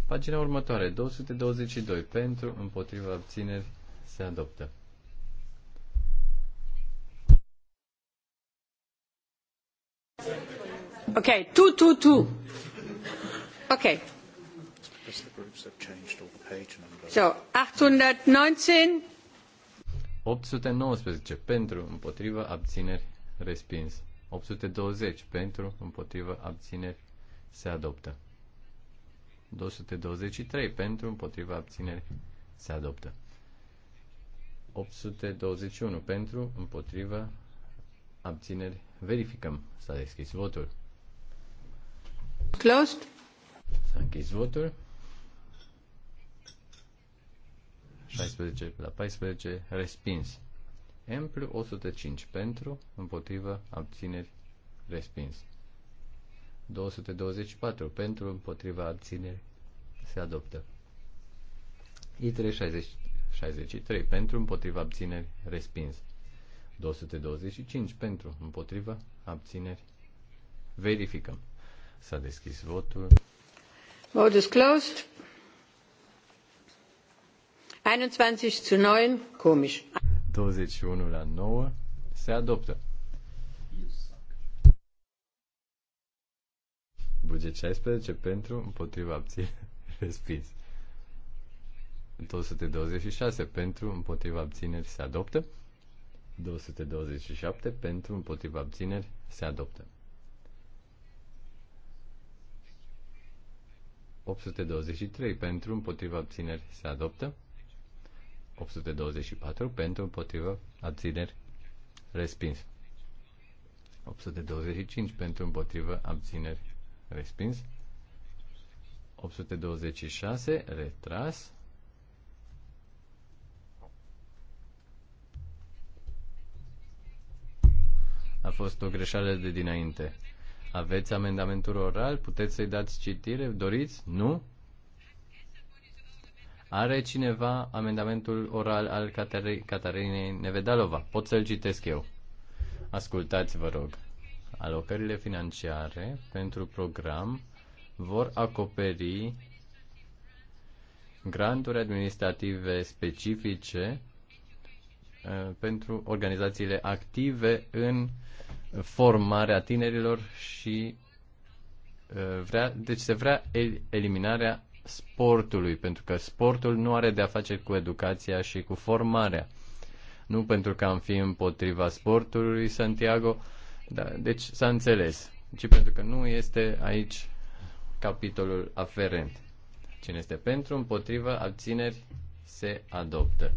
Pagina următoare, 222 pentru, împotriva abțineri, se adoptă. Ok, tu tu tu. Ok. So, 819. 819 pentru, împotrivă, abțineri, respins. 820 pentru, împotrivă, abțineri, se adoptă. 223 pentru, împotrivă, abțineri, se adoptă. 821 pentru, împotrivă, abțineri, verificăm. S-a deschis votul. Closed. S-a închis votul. 16 la 14, respins. Emplu 105 pentru, împotrivă, abțineri, respins. 224 pentru, împotriva, abțineri, se adoptă. I3 63 pentru, împotriva, abțineri, respins. 225 pentru, împotriva, abțineri, verificăm. S-a deschis votul. Vote is closed. 21 zu 9, komisch. 21 la 9 se adoptă. Buget 16 pentru, împotriva abțineri, respins. 226 pentru, împotriva abțineri se adoptă. 227 pentru, împotriva abțineri se adoptă. 823 pentru, împotriva abțineri se adoptă. 824 pentru împotrivă abțineri respins. 825 pentru împotrivă abțineri respins. 826 retras. A fost o greșeală de dinainte. Aveți amendamentul oral? Puteți să-i dați citire? Doriți? Nu? Are cineva amendamentul oral al Catarinei Nevedalova? Pot să-l citesc eu. Ascultați, vă rog. Alocările financiare pentru program vor acoperi granturi administrative specifice uh, pentru organizațiile active în formarea tinerilor și uh, vrea, deci se vrea eliminarea sportului, pentru că sportul nu are de a face cu educația și cu formarea. Nu pentru că am fi împotriva sportului, Santiago, da, deci s-a înțeles, ci pentru că nu este aici capitolul aferent. Cine este pentru, împotriva, abțineri, se adoptă.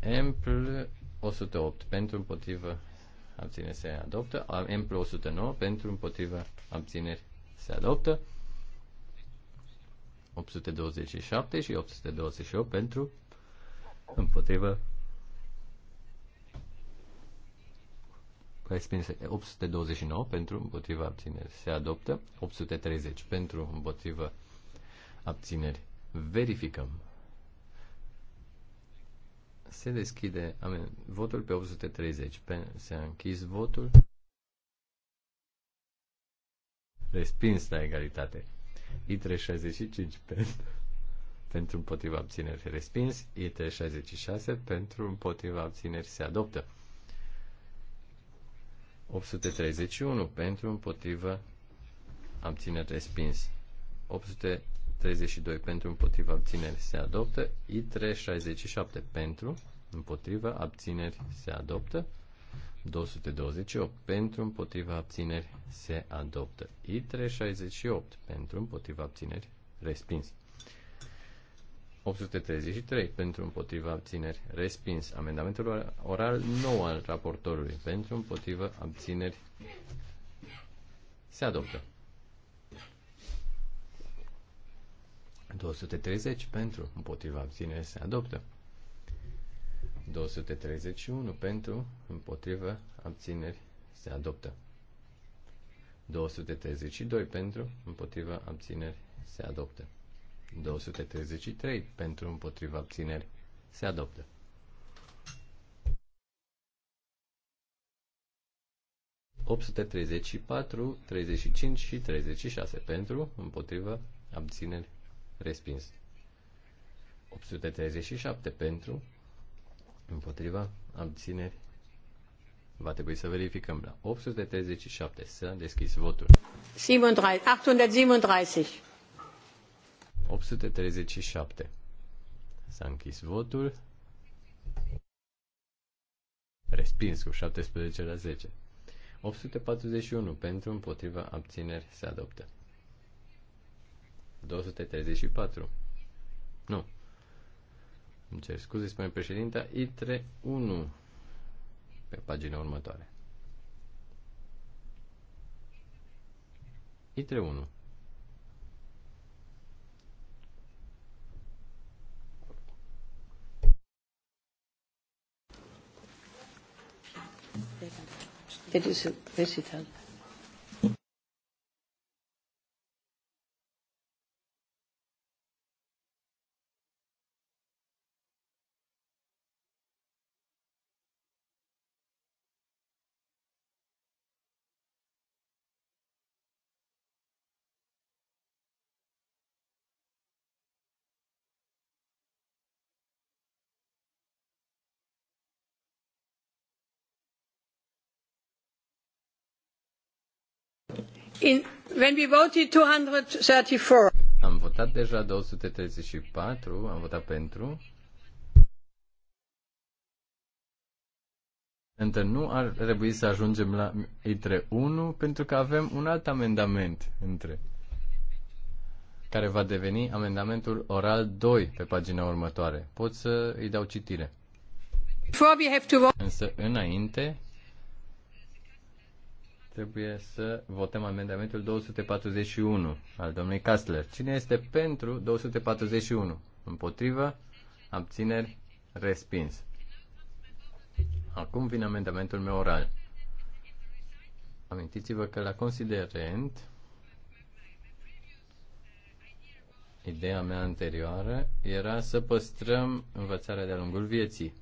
Empl 108 pentru împotrivă abțineri, se adoptă, Empl 109 pentru împotrivă abțineri se adoptă, 827 și 828 pentru împotrivă 829 pentru împotriva abțineri se adoptă 830 pentru împotriva abțineri verificăm se deschide amen, votul pe 830 pe, se a închis votul respins la egalitate I365 pentru, pentru împotriva abțineri respins, I366 pentru împotriva abțineri se adoptă. 831 pentru împotriva abțineri respins. 832 pentru împotriva abțineri se adoptă. I367 pentru împotriva abțineri se adoptă. 228 pentru împotriva abțineri se adoptă. I368 pentru împotriva abțineri respins. 833 pentru împotriva abțineri respins. Amendamentul oral nou al raportorului pentru împotriva abțineri se adoptă. 230 pentru împotriva abțineri se adoptă. 231 pentru, împotrivă, abțineri, se adoptă. 232 pentru, împotrivă, abțineri, se adoptă. 233 pentru, împotrivă, abțineri, se adoptă. patru, 35 și 36 pentru, împotrivă, abțineri, respins. 837 pentru, Împotriva? Abțineri? Va trebui să verificăm la 837. S-a deschis votul. 837. 837. S-a închis votul. Respins cu 17 la 10. 841 pentru împotriva abțineri se adoptă. 234. Nu, îmi cer scuze, spune președinta, ITRE 1 pe pagina următoare. ITRE 1 Did you visit when we voted 234. Am votat deja 234, am votat pentru. Între nu ar trebui să ajungem la între 1 pentru că avem un alt amendament între care va deveni amendamentul oral 2 pe pagina următoare. Pot să îi dau citire. Însă, înainte, trebuie să votăm amendamentul 241 al domnului Kastler. Cine este pentru 241? Împotrivă? Abțineri? Respins. Acum vine amendamentul meu oral. Amintiți-vă că la considerent ideea mea anterioară era să păstrăm învățarea de-a lungul vieții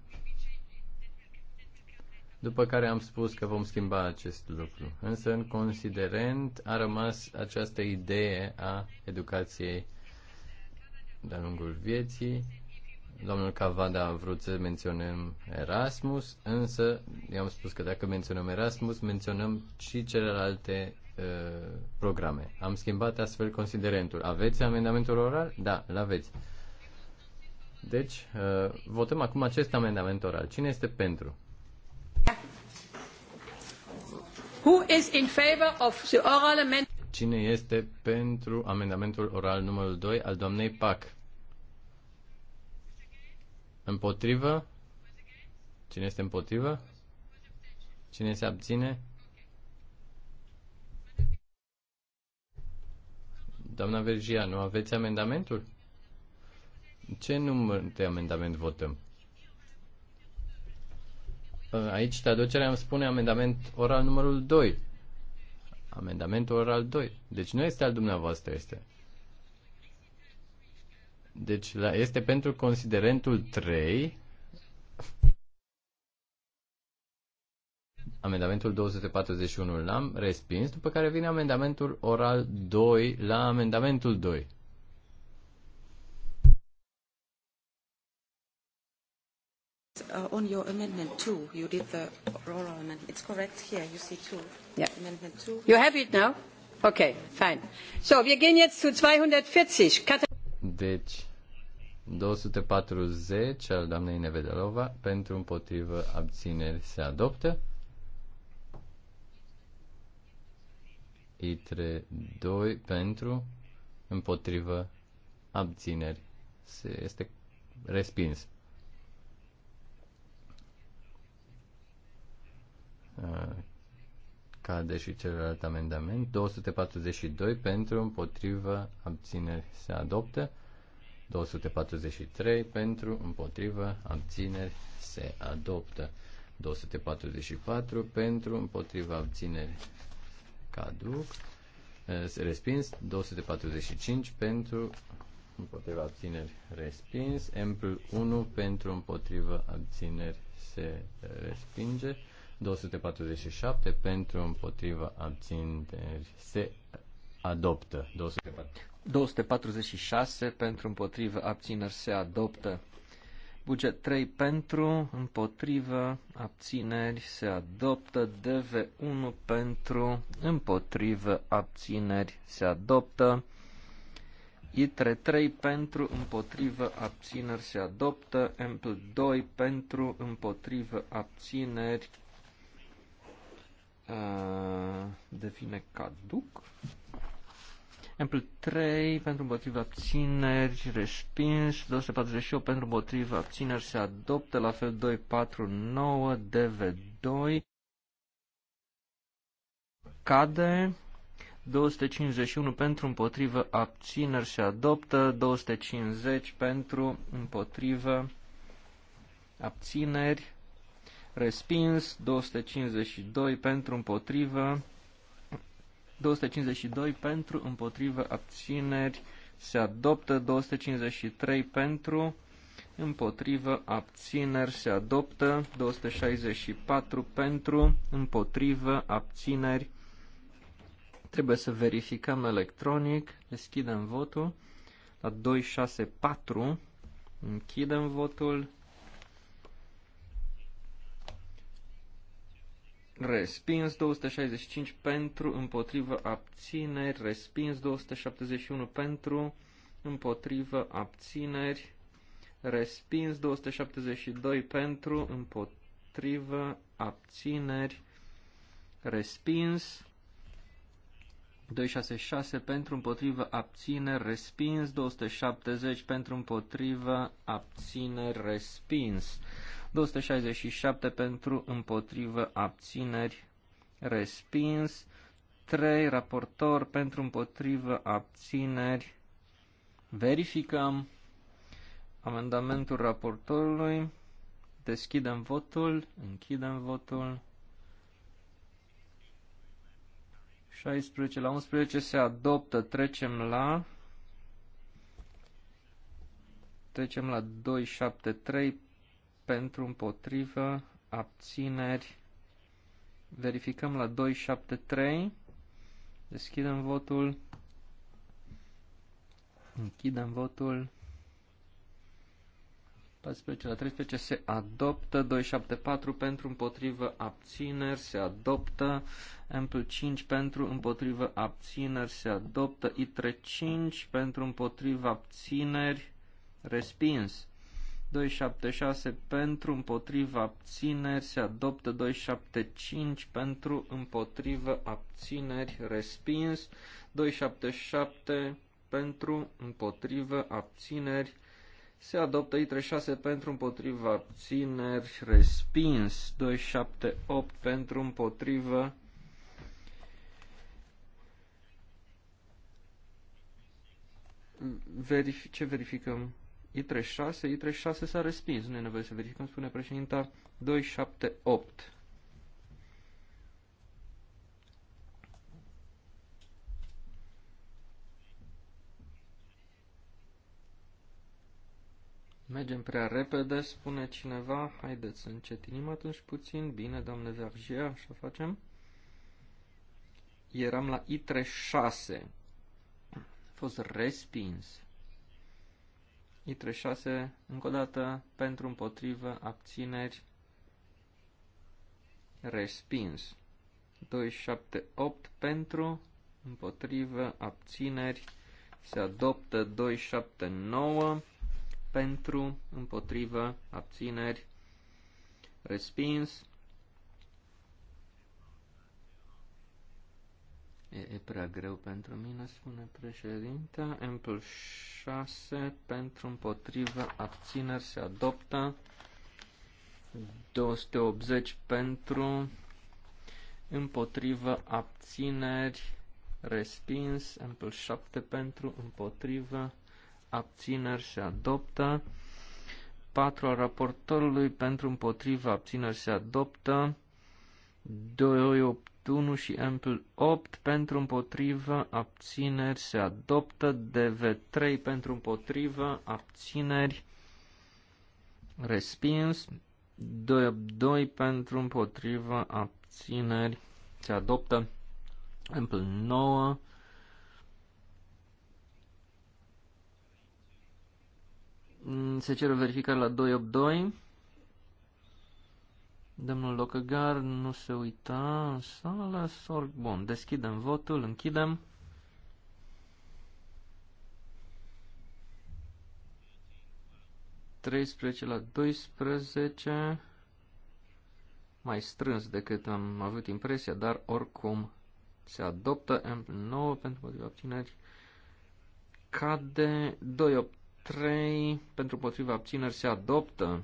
după care am spus că vom schimba acest lucru. Însă, în considerent, a rămas această idee a educației de-a lungul vieții. Domnul Cavada a vrut să menționăm Erasmus, însă i-am spus că dacă menționăm Erasmus, menționăm și celelalte uh, programe. Am schimbat astfel considerentul. Aveți amendamentul oral? Da, îl aveți Deci, uh, votăm acum acest amendament oral. Cine este pentru? Who is in favor of the oral amendment? Cine este pentru amendamentul oral numărul 2 al doamnei PAC? Împotrivă? Cine este împotrivă? Cine se abține? Doamna Vergia, nu aveți amendamentul? Ce număr de amendament votăm? Aici traducerea îmi spune amendament oral numărul 2. Amendamentul oral 2. Deci nu este al dumneavoastră, este. Deci la, este pentru considerentul 3. Amendamentul 241 l-am respins, după care vine amendamentul oral 2 la amendamentul 2. Uh, on your amendment two, you did the oral amendment. It's correct here, you see two. Yeah. Amendment two. You have it now? Okay, fine. So, we gehen jetzt zu 240. deci, 240 al doamnei Nevedelova pentru împotrivă abțineri se adoptă. ITRE 2 pentru împotrivă abțineri se este respins. Uh, cade și celălalt amendament. 242 pentru, împotrivă, abțineri se adoptă. 243 pentru, împotrivă, abțineri se adoptă. 244 pentru, împotrivă, abțineri caduc. Uh, se respins. 245 pentru, împotriva abțineri respins. M 1 pentru, împotrivă, abțineri se respinge. 247 pentru împotriva abțineri se adoptă. 246 pentru împotriva abțineri se adoptă. Buget 3 pentru, împotriva abțineri, se adoptă. DV1 pentru, împotriva abțineri, se adoptă. ITRE 3 pentru, împotrivă, abțineri, se adoptă. EMPL 2 pentru, împotrivă, abțineri, Uh, devine caduc. Ample 3 pentru împotriva abțineri, respins, 248 pentru împotriva abțineri se adoptă, la fel 249, DV2, cade, 251 pentru împotrivă abțineri se adoptă, 250 pentru împotrivă abțineri respins, 252 pentru împotrivă, 252 pentru împotrivă abțineri se adoptă, 253 pentru împotrivă abțineri se adoptă, 264 pentru împotrivă abțineri. Trebuie să verificăm electronic, deschidem votul la 264, închidem votul Respins 265 pentru, împotrivă, abțineri. Respins 271 pentru, împotrivă, abțineri. Respins 272 pentru, împotrivă, abțineri. Respins 266 pentru, împotrivă, abțineri. Respins 270 pentru, împotrivă, abțineri. Respins 267 pentru, împotrivă, abțineri, respins. 3. Raportor pentru, împotrivă, abțineri. Verificăm amendamentul raportorului. Deschidem votul, închidem votul. 16 la 11 se adoptă. Trecem la trecem la 273 pentru împotrivă, abțineri. Verificăm la 273. Deschidem votul. Închidem votul. 14 la 13 se adoptă, 274 pentru împotrivă abțineri se adoptă, Ample 5 pentru împotrivă abțineri se adoptă, I3 5 pentru împotrivă abțineri respins. 276 pentru, împotriva, abțineri, se adoptă 275 pentru, împotriva, abțineri, respins, 277 pentru, împotriva, abțineri, se adoptă I36 pentru, împotriva, abțineri, respins, 278 pentru, împotriva, Verific, ce verificăm? I36, I36 s-a respins, nu e nevoie să verificăm, spune președinta 278. Mergem prea repede, spune cineva, haideți să încetinim atunci puțin, bine, doamne Vergea, așa facem. Eram la I36, a fost respins. I36, încă o dată, pentru, împotrivă, abțineri, respins. 278 pentru, împotrivă, abțineri, se adoptă 279 pentru, împotrivă, abțineri, respins. E, e prea greu pentru mine, spune președinta. Ample 6 pentru împotrivă, abțineri se adoptă. 280 pentru împotrivă, abțineri, respins. Ample 7 pentru împotrivă, abțineri se adoptă. 4 al raportorului pentru împotrivă, abțineri se adoptă. 280 1 și Ample 8 pentru împotrivă, abțineri se adoptă, DV3 pentru împotrivă, abțineri respins, 2 pentru împotrivă, abțineri se adoptă, Ample 9 se cere verificare la 282 Domnul Locăgar nu se uita în sală, sorg. Bun, deschidem votul, închidem. Treisprezece la 12, mai strâns decât am avut impresia, dar oricum se adoptă M9 pentru motive abțineri, cade 283 pentru potriva abțineri se adoptă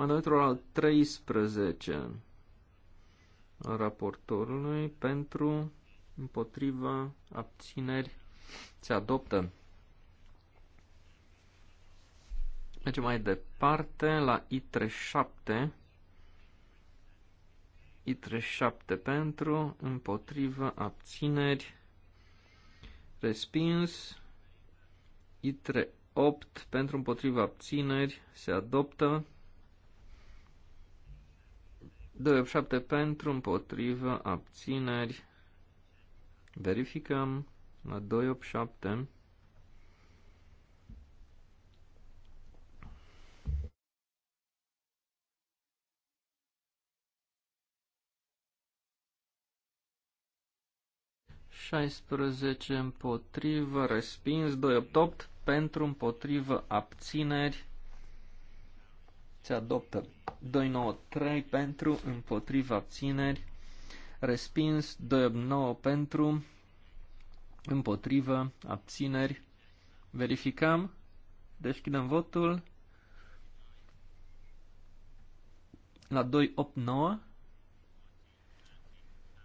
Mandatul al 13 al raportorului pentru împotriva abțineri se adoptă. Mergem mai departe la I37. I37 pentru împotriva abțineri respins. I38 pentru împotriva abțineri se adoptă. 287 pentru, împotrivă, abțineri. Verificăm la 287. Șaisprezece împotrivă, respins, 288 pentru, împotrivă, abțineri se adoptă. 293 pentru, împotriva abțineri, respins. 289 pentru, împotriva abțineri. Verificăm. Deschidem votul. La 289.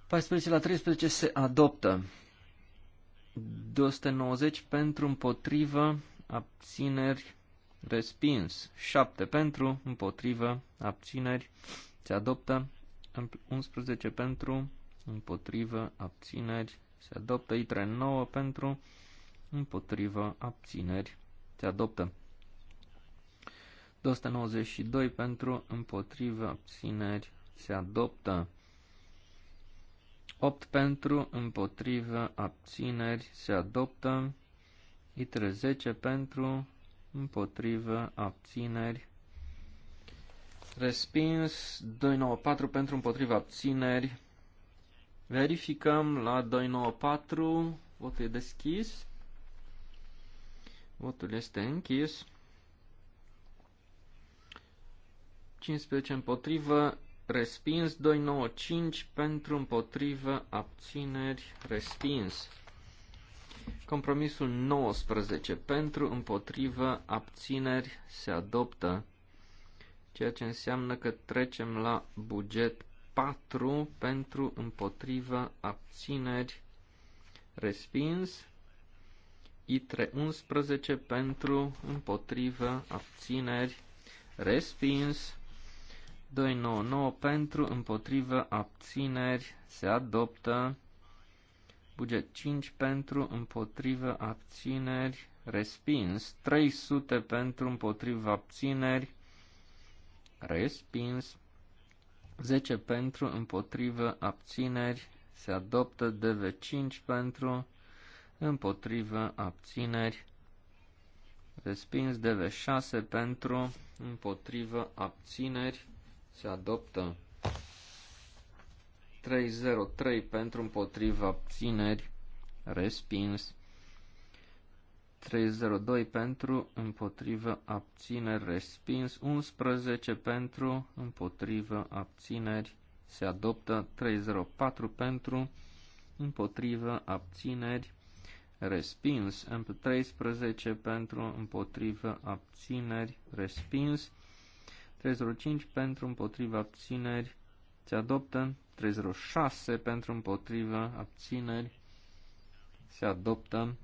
14 la 13 se adoptă. 290 pentru împotrivă, abțineri, respins. 7 pentru, împotrivă, abțineri, se adoptă. 11 pentru, împotrivă, abțineri, se adoptă. ITRE 9 pentru, împotrivă, abțineri, se adoptă. 292 pentru, împotrivă, abțineri, se adoptă. 8 pentru, împotrivă, abțineri, se adoptă. ITRE 10 pentru, împotrivă, abțineri, respins, 294 pentru împotrivă, abțineri, verificăm la 294, votul e deschis, votul este închis, 15 împotrivă, respins, 295 pentru împotrivă, abțineri, respins. Compromisul 19 pentru, împotrivă, abțineri se adoptă, ceea ce înseamnă că trecem la buget 4 pentru, împotrivă, abțineri respins. ITRE 11 pentru, împotrivă, abțineri respins. 299 pentru, împotrivă, abțineri se adoptă. Buget 5 pentru, împotrivă, abțineri, respins. 300 pentru, împotrivă, abțineri, respins. 10 pentru, împotrivă, abțineri, se adoptă. DV5 pentru, împotrivă, abțineri, respins. DV6 pentru, împotrivă, abțineri, se adoptă. 303 pentru împotriva abțineri respins. 302 pentru împotriva abțineri respins. 11 pentru împotriva abțineri se adoptă. 304 pentru împotriva abțineri respins. MP13 pentru împotriva abțineri respins. 305 pentru împotriva abțineri se adoptă. 306 pentru împotrivă, abțineri, se adoptă.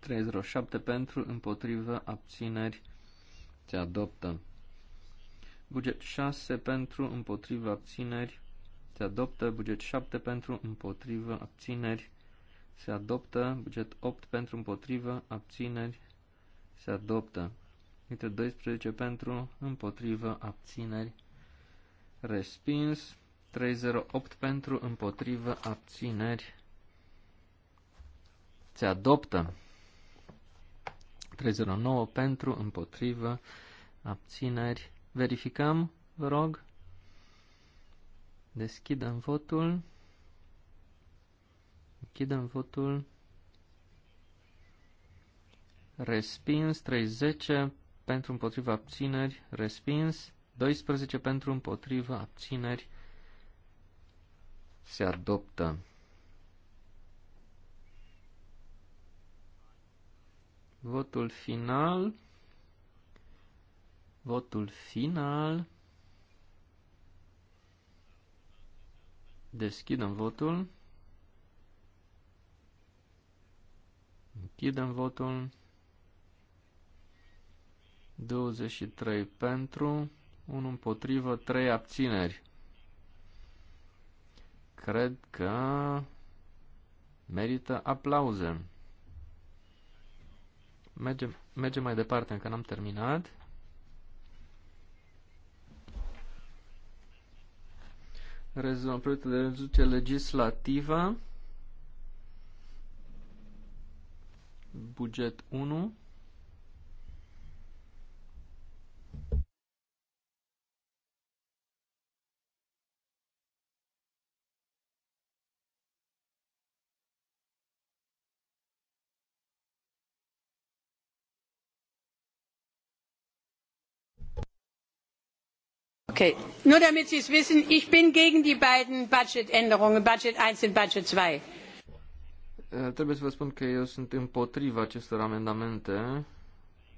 307 pentru împotrivă, abțineri, se adoptă. Buget 6 pentru împotrivă, abțineri, se adoptă. Buget 7 pentru împotrivă, abțineri, se adoptă. Buget 8 pentru împotrivă, abțineri, se adoptă. Dintre 12 pentru împotrivă, abțineri, respins. 308 pentru, împotrivă, abțineri, se adoptă. 309 pentru, împotrivă, abțineri. Verificăm, vă rog. Deschidem votul. Închidem votul. Respins 30 pentru împotriva abțineri. Respins 12 pentru împotriva abțineri se adoptă. Votul final. Votul final. Deschidem votul. Închidem votul. 23 pentru, 1 împotrivă, 3 abțineri cred că merită aplauze. Mergem, mergem mai departe, încă n-am terminat. Rezolvăm proiectul de rezoluție legislativă. Buget 1. Nur damit Sie es wissen, ich bin gegen die beiden Budgetänderungen, Budget und Budget äh, Trebuie să vă spun că eu sunt împotriva acestor amendamente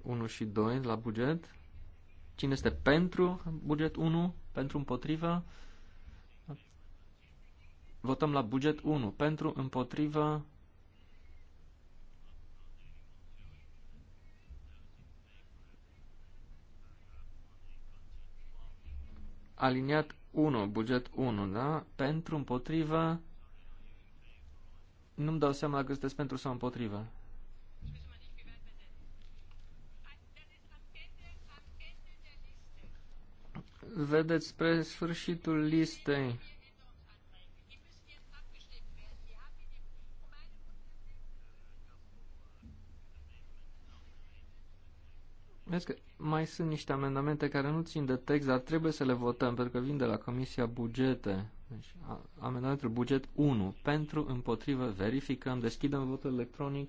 1 și 2 la buget. Cine este pentru buget 1? Pentru împotriva? Votăm la buget 1. Pentru împotriva Aliniat 1, buget 1, da? Pentru, împotriva. Nu-mi dau seama dacă sunteți pentru sau împotriva. Vedeți spre sfârșitul listei. Vezi că mai sunt niște amendamente care nu țin de text, dar trebuie să le votăm, pentru că vin de la Comisia Bugete. Deci, amendamentul buget 1. Pentru, împotrivă, verificăm, deschidem votul electronic,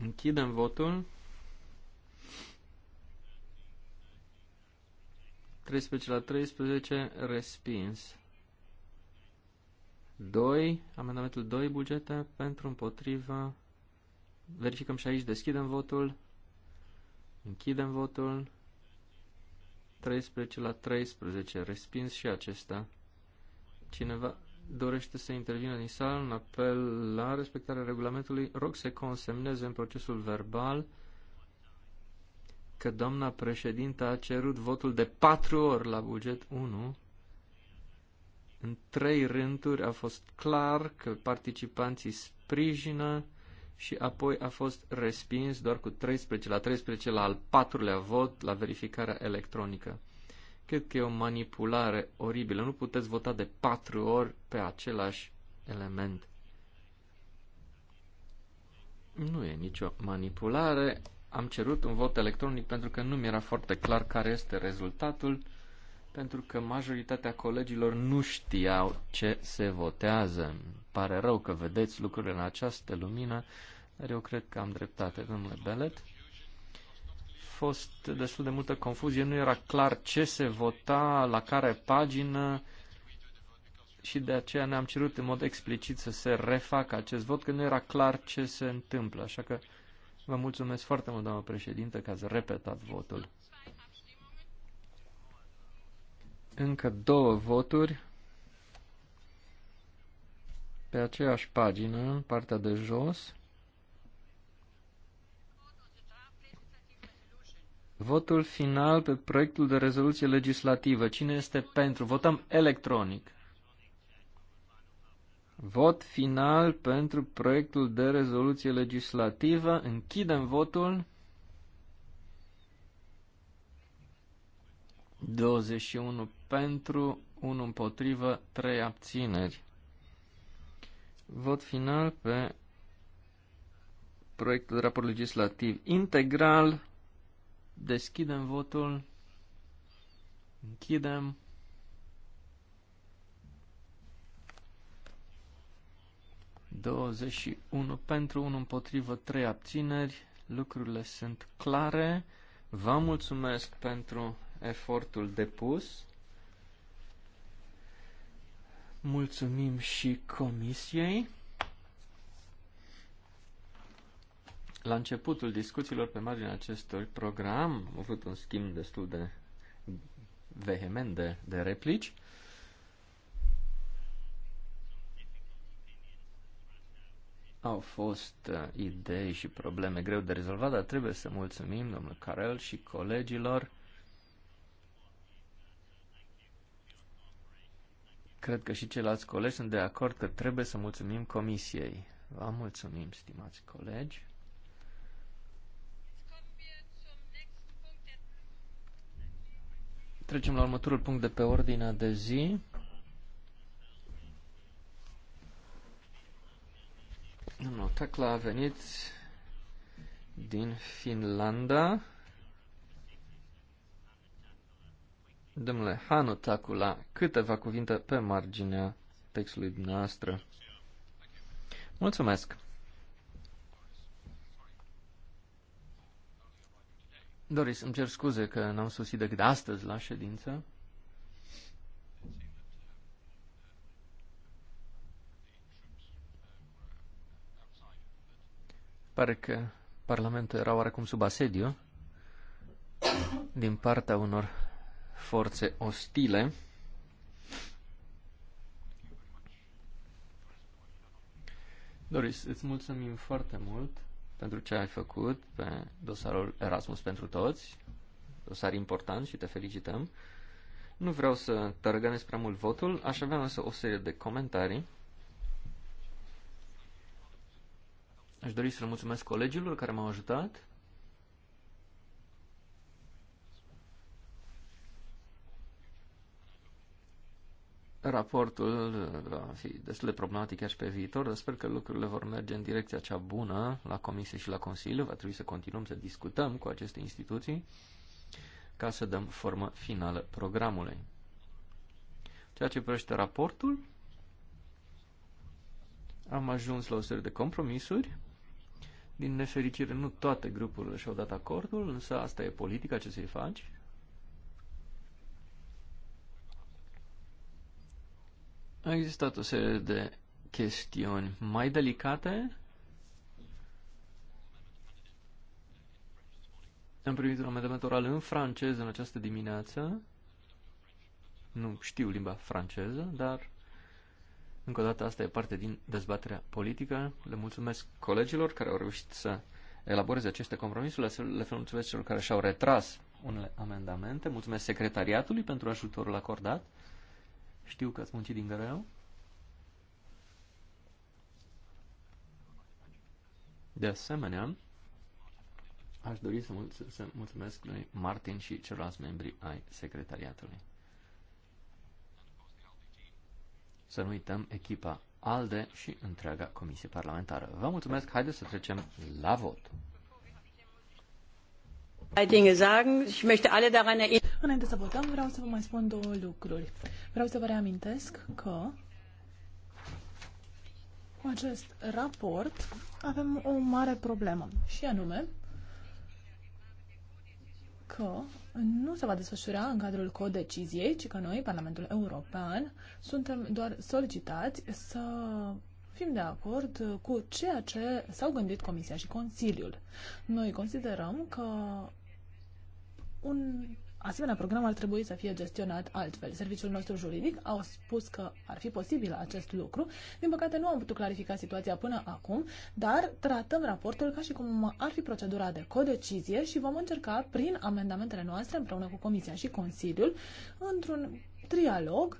închidem votul. 13 la 13, respins. 2, amendamentul 2, bugete, pentru, împotrivă, verificăm și aici, deschidem votul, Închidem votul. 13 la 13. Respins și acesta. Cineva dorește să intervină din sală în apel la respectarea regulamentului. Rog să consemneze în procesul verbal că doamna președintă a cerut votul de patru ori la buget 1. În trei rânduri a fost clar că participanții sprijină și apoi a fost respins doar cu 13 la 13 la al patrulea vot, la verificarea electronică. Cred că e o manipulare oribilă. Nu puteți vota de patru ori pe același element. Nu e nicio manipulare. Am cerut un vot electronic pentru că nu mi-era foarte clar care este rezultatul, pentru că majoritatea colegilor nu știau ce se votează. Pare rău că vedeți lucrurile în această lumină dar eu cred că am dreptate, domnule A Fost destul de multă confuzie, nu era clar ce se vota, la care pagină și de aceea ne-am cerut în mod explicit să se refacă acest vot, că nu era clar ce se întâmplă. Așa că vă mulțumesc foarte mult, doamnă președintă, că ați repetat votul. Încă două voturi pe aceeași pagină, partea de jos. Votul final pe proiectul de rezoluție legislativă. Cine este pentru? Votăm electronic. Vot final pentru proiectul de rezoluție legislativă. Închidem votul. 21 pentru, 1 împotrivă, 3 abțineri. Vot final pe proiectul de raport legislativ integral Deschidem votul. Închidem. Douăzeci unu pentru, un împotrivă, trei abțineri. Lucrurile sunt clare. Vă mulțumesc pentru efortul depus. Mulțumim și comisiei. La începutul discuțiilor pe marginea acestor program am avut un schimb destul de vehement de, de replici. Au fost uh, idei și probleme greu de rezolvat, dar trebuie să mulțumim domnul Carel și colegilor. Cred că și ceilalți colegi sunt de acord că trebuie să mulțumim comisiei. Vă mulțumim, stimați colegi. Trecem la următorul punct de pe ordinea de zi. Domnul Tacla a venit din Finlanda. Domnule Hanu Tacula, câteva cuvinte pe marginea textului dumneavoastră. Mulțumesc! Doris, îmi cer scuze că n-am susit decât astăzi la ședință. Pare că Parlamentul era oarecum sub asediu din partea unor forțe ostile. Doris, îți mulțumim foarte mult pentru ce ai făcut pe dosarul Erasmus pentru toți, dosar important și te felicităm. Nu vreau să tărgănesc prea mult votul, aș avea însă o serie de comentarii. Aș dori să le mulțumesc colegilor care m-au ajutat Raportul uh, va fi destul de problematic chiar și pe viitor, dar sper că lucrurile vor merge în direcția cea bună la Comisie și la Consiliu. Va trebui să continuăm să discutăm cu aceste instituții ca să dăm formă finală programului. Ceea ce privește raportul, am ajuns la o serie de compromisuri. Din nefericire, nu toate grupurile și-au dat acordul, însă asta e politica ce să-i faci. A existat o serie de chestiuni mai delicate. Am primit un amendament oral în franceză în această dimineață. Nu știu limba franceză, dar încă o dată asta e parte din dezbaterea politică. Le mulțumesc colegilor care au reușit să elaboreze aceste compromisuri, le mulțumesc celor care și-au retras unele amendamente, mulțumesc secretariatului pentru ajutorul acordat. Știu că ați muncit din greu. De asemenea, aș dori să, mul- să mulțumesc lui Martin și celorlalți membri ai secretariatului. Să nu uităm echipa ALDE și întreaga comisie parlamentară. Vă mulțumesc, haideți să trecem la vot. Înainte să votăm, vreau să vă mai spun două lucruri. Vreau să vă reamintesc că cu acest raport avem o mare problemă și anume că nu se va desfășura în cadrul codeciziei, ci că noi, Parlamentul European, suntem doar solicitați să fim de acord cu ceea ce s-au gândit Comisia și Consiliul. Noi considerăm că un asemenea program ar trebui să fie gestionat altfel. Serviciul nostru juridic a spus că ar fi posibil acest lucru. Din păcate nu am putut clarifica situația până acum, dar tratăm raportul ca și cum ar fi procedura de codecizie și vom încerca prin amendamentele noastre împreună cu Comisia și Consiliul într-un trialog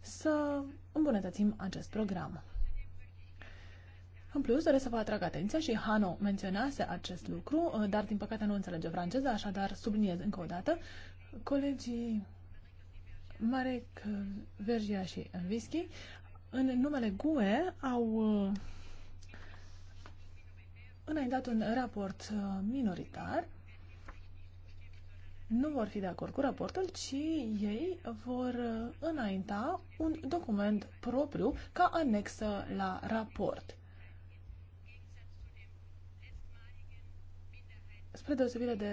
să îmbunătățim acest program. În plus, doresc să vă atrag atenția și Hano menționase acest lucru, uh, dar din păcate nu înțelege franceză, așadar subliniez încă o dată. Colegii Marek Vergia și Vischi, în numele GUE, au uh, înaintat un raport uh, minoritar. Nu vor fi de acord cu raportul, ci ei vor înainta un document propriu ca anexă la raport. spre deosebire de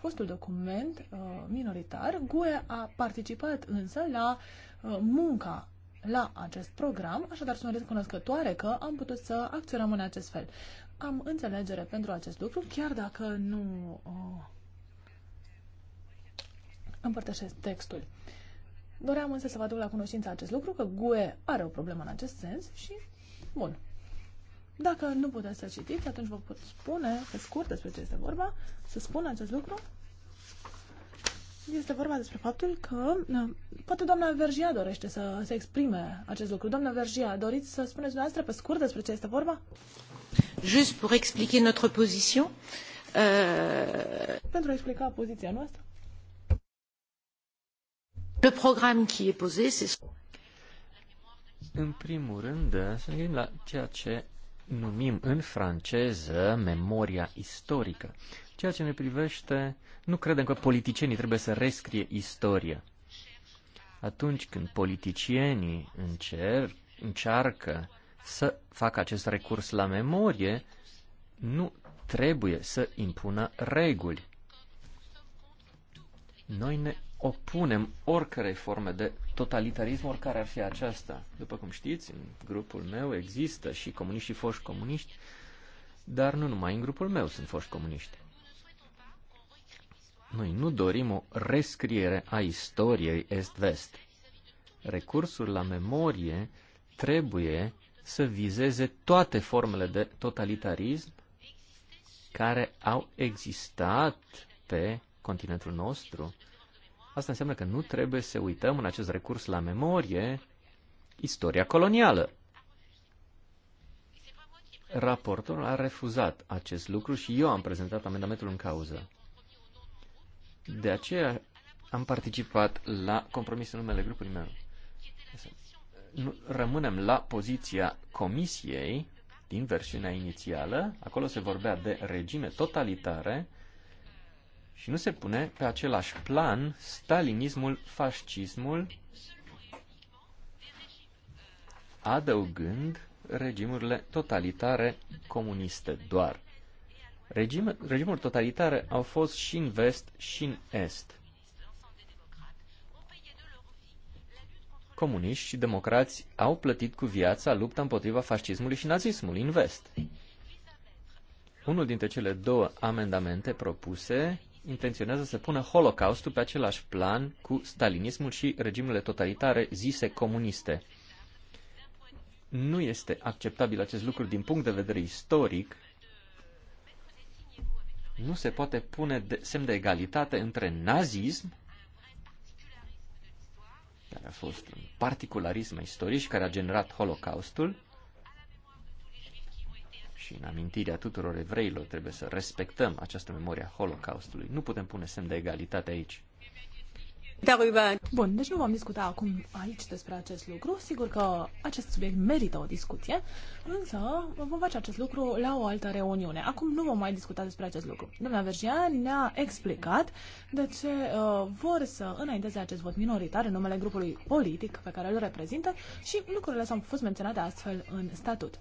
fostul document uh, minoritar, GUE a participat însă la uh, munca la acest program, așadar sunt recunoscătoare că am putut să acționăm în acest fel. Am înțelegere pentru acest lucru, chiar dacă nu uh, împărtășesc textul. Doream însă să vă aduc la cunoștință acest lucru, că GUE are o problemă în acest sens și, bun, dacă nu puteți să citiți, atunci vă pot spune, pe scurt, despre ce este vorba, să spun acest lucru. Este vorba despre faptul că poate doamna Vergia dorește să se exprime acest lucru. Doamna Vergia, doriți să spuneți dumneavoastră pe scurt despre ce este vorba? Just pour expliquer notre position. Pentru a explica poziția noastră. Le program qui est posé, c'est... În primul rând, să ne gândim la ceea ce numim în franceză memoria istorică. Ceea ce ne privește, nu credem că politicienii trebuie să rescrie istoria. Atunci când politicienii încer, încearcă să facă acest recurs la memorie, nu trebuie să impună reguli. Noi ne opunem oricărei forme de totalitarism, oricare ar fi aceasta. După cum știți, în grupul meu există și comuniști și foști comuniști, dar nu numai în grupul meu sunt foști comuniști. Noi nu dorim o rescriere a istoriei est-vest. Recursul la memorie trebuie să vizeze toate formele de totalitarism care au existat pe continentul nostru Asta înseamnă că nu trebuie să uităm în acest recurs la memorie istoria colonială. Raportorul a refuzat acest lucru și eu am prezentat amendamentul în cauză. De aceea am participat la compromisul numele grupului meu. Rămânem la poziția comisiei din versiunea inițială. Acolo se vorbea de regime totalitare și nu se pune pe același plan stalinismul, fascismul, adăugând regimurile totalitare comuniste doar. Regim, regimuri totalitare au fost și în vest și în est. Comuniști și democrați au plătit cu viața lupta împotriva fascismului și nazismului în vest. Unul dintre cele două amendamente propuse intenționează să pună Holocaustul pe același plan cu stalinismul și regimurile totalitare zise comuniste. Nu este acceptabil acest lucru din punct de vedere istoric. Nu se poate pune de, semn de egalitate între nazism, care a fost un particularism istoric și care a generat Holocaustul, și în amintirea tuturor evreilor trebuie să respectăm această memorie Holocaustului. Nu putem pune semn de egalitate aici. Bun, deci nu vom discuta acum aici despre acest lucru. Sigur că acest subiect merită o discuție, însă vom face acest lucru la o altă reuniune. Acum nu vom mai discuta despre acest lucru. Doamna Vergia ne-a explicat de ce uh, vor să înainteze acest vot minoritar în numele grupului politic pe care îl reprezintă și lucrurile s-au fost menționate astfel în statut.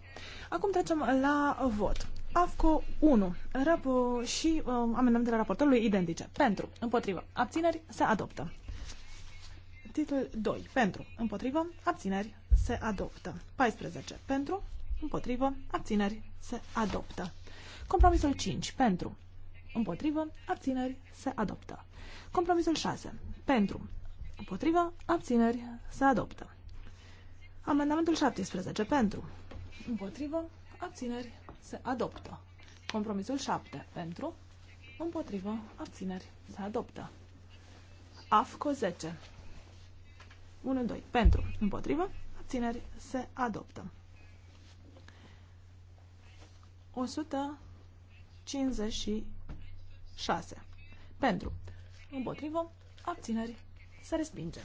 Acum trecem la vot. AFCO 1 Rapo și uh, amendamentele raportorului identice. Pentru, împotrivă, abțineri, se adoptă. Titlul 2. Pentru, împotrivă, abțineri, se adoptă. 14. Pentru, împotrivă, abțineri, se adoptă. Compromisul 5. Pentru, împotrivă, abțineri, se adoptă. Compromisul 6. Pentru, împotrivă, abțineri, se adoptă. Amendamentul 17. Pentru, Împotrivă. Abțineri. Se adoptă. Compromisul 7. Pentru. Împotrivă. Abțineri. Se adoptă. AFCO 10. 1, 2. Pentru. Împotrivă. Abțineri. Se adoptă. 156. Pentru. Împotrivă. Abțineri. Se respinge.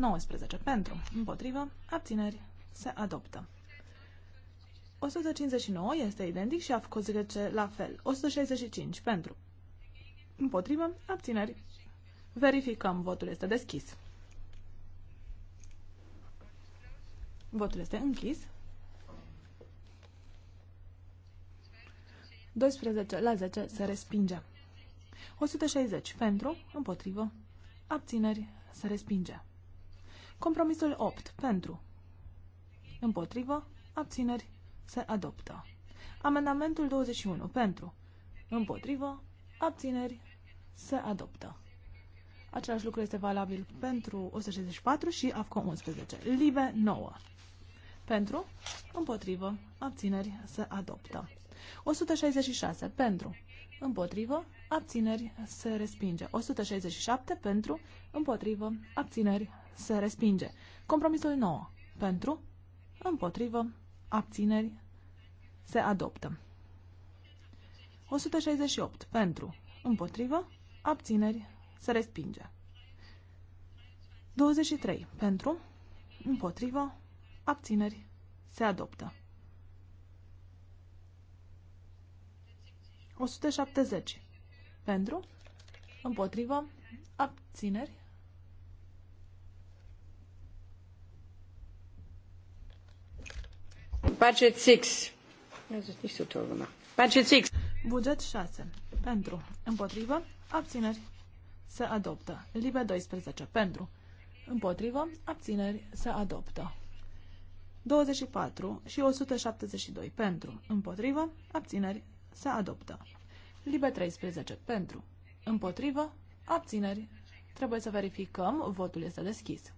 19 pentru, împotrivă, abțineri, se adoptă. 159 este identic și AFCO 10 la fel. 165 pentru, împotrivă, abțineri. Verificăm, votul este deschis. Votul este închis. 12 la 10 se respinge. 160 pentru, împotrivă, abțineri, se respinge. Compromisul 8. Pentru. Împotrivă. Abțineri. Se adoptă. Amendamentul 21. Pentru. Împotrivă. Abțineri. Se adoptă. Același lucru este valabil pentru 164 și AFCO 11. Live 9. Pentru. Împotrivă. Abțineri. Se adoptă. 166. Pentru. Împotrivă abțineri, se respinge. 167 pentru, împotrivă, abțineri, se respinge. Compromisul 9 pentru, împotrivă, abțineri, se adoptă. 168 pentru, împotrivă, abțineri, se respinge. 23 pentru, împotrivă, abțineri, se adoptă. 170 pentru? Împotrivă? Abțineri? Budget 6. Budget 6. Buget 6. Pentru. Împotrivă. Abțineri. Se adoptă. Libe 12. Pentru. Împotrivă. Abțineri. Se adoptă. 24 și 172. Pentru. Împotrivă. Abțineri. Se adoptă. Libe 13. Pentru. Împotrivă. Abțineri. Trebuie să verificăm. Votul este deschis.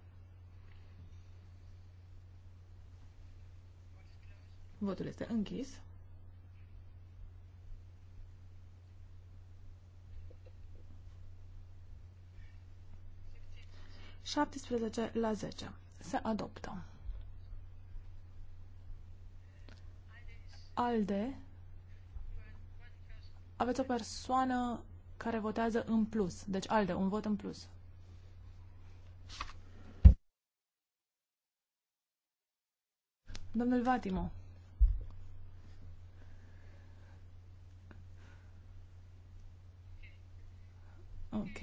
Votul este închis. Șaptesprezece la zece. Se adoptă. Alde aveți o persoană care votează în plus. Deci, ALDE, un vot în plus. Domnul Vatimo. Ok.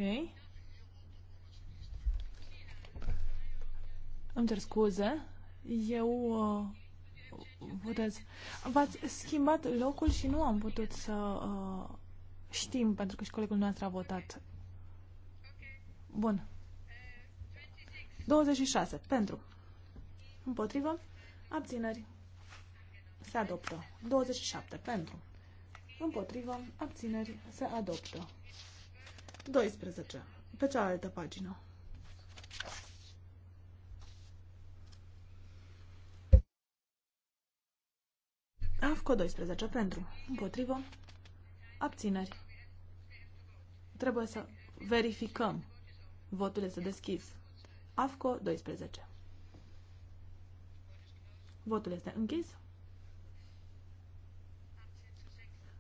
Îmi cer scuze. Eu uh, puteți... V-ați schimbat locul și nu am putut să uh, știm, pentru că și colegul nostru a votat. Bun. 26. Pentru. Împotrivă. Abțineri. Se adoptă. 27. Pentru. Împotrivă. Abțineri. Se adoptă. 12. Pe cealaltă pagină. AFCO 12 pentru. Împotrivă. Abțineri. Trebuie să verificăm. Votul este deschis. AFCO 12. Votul este închis.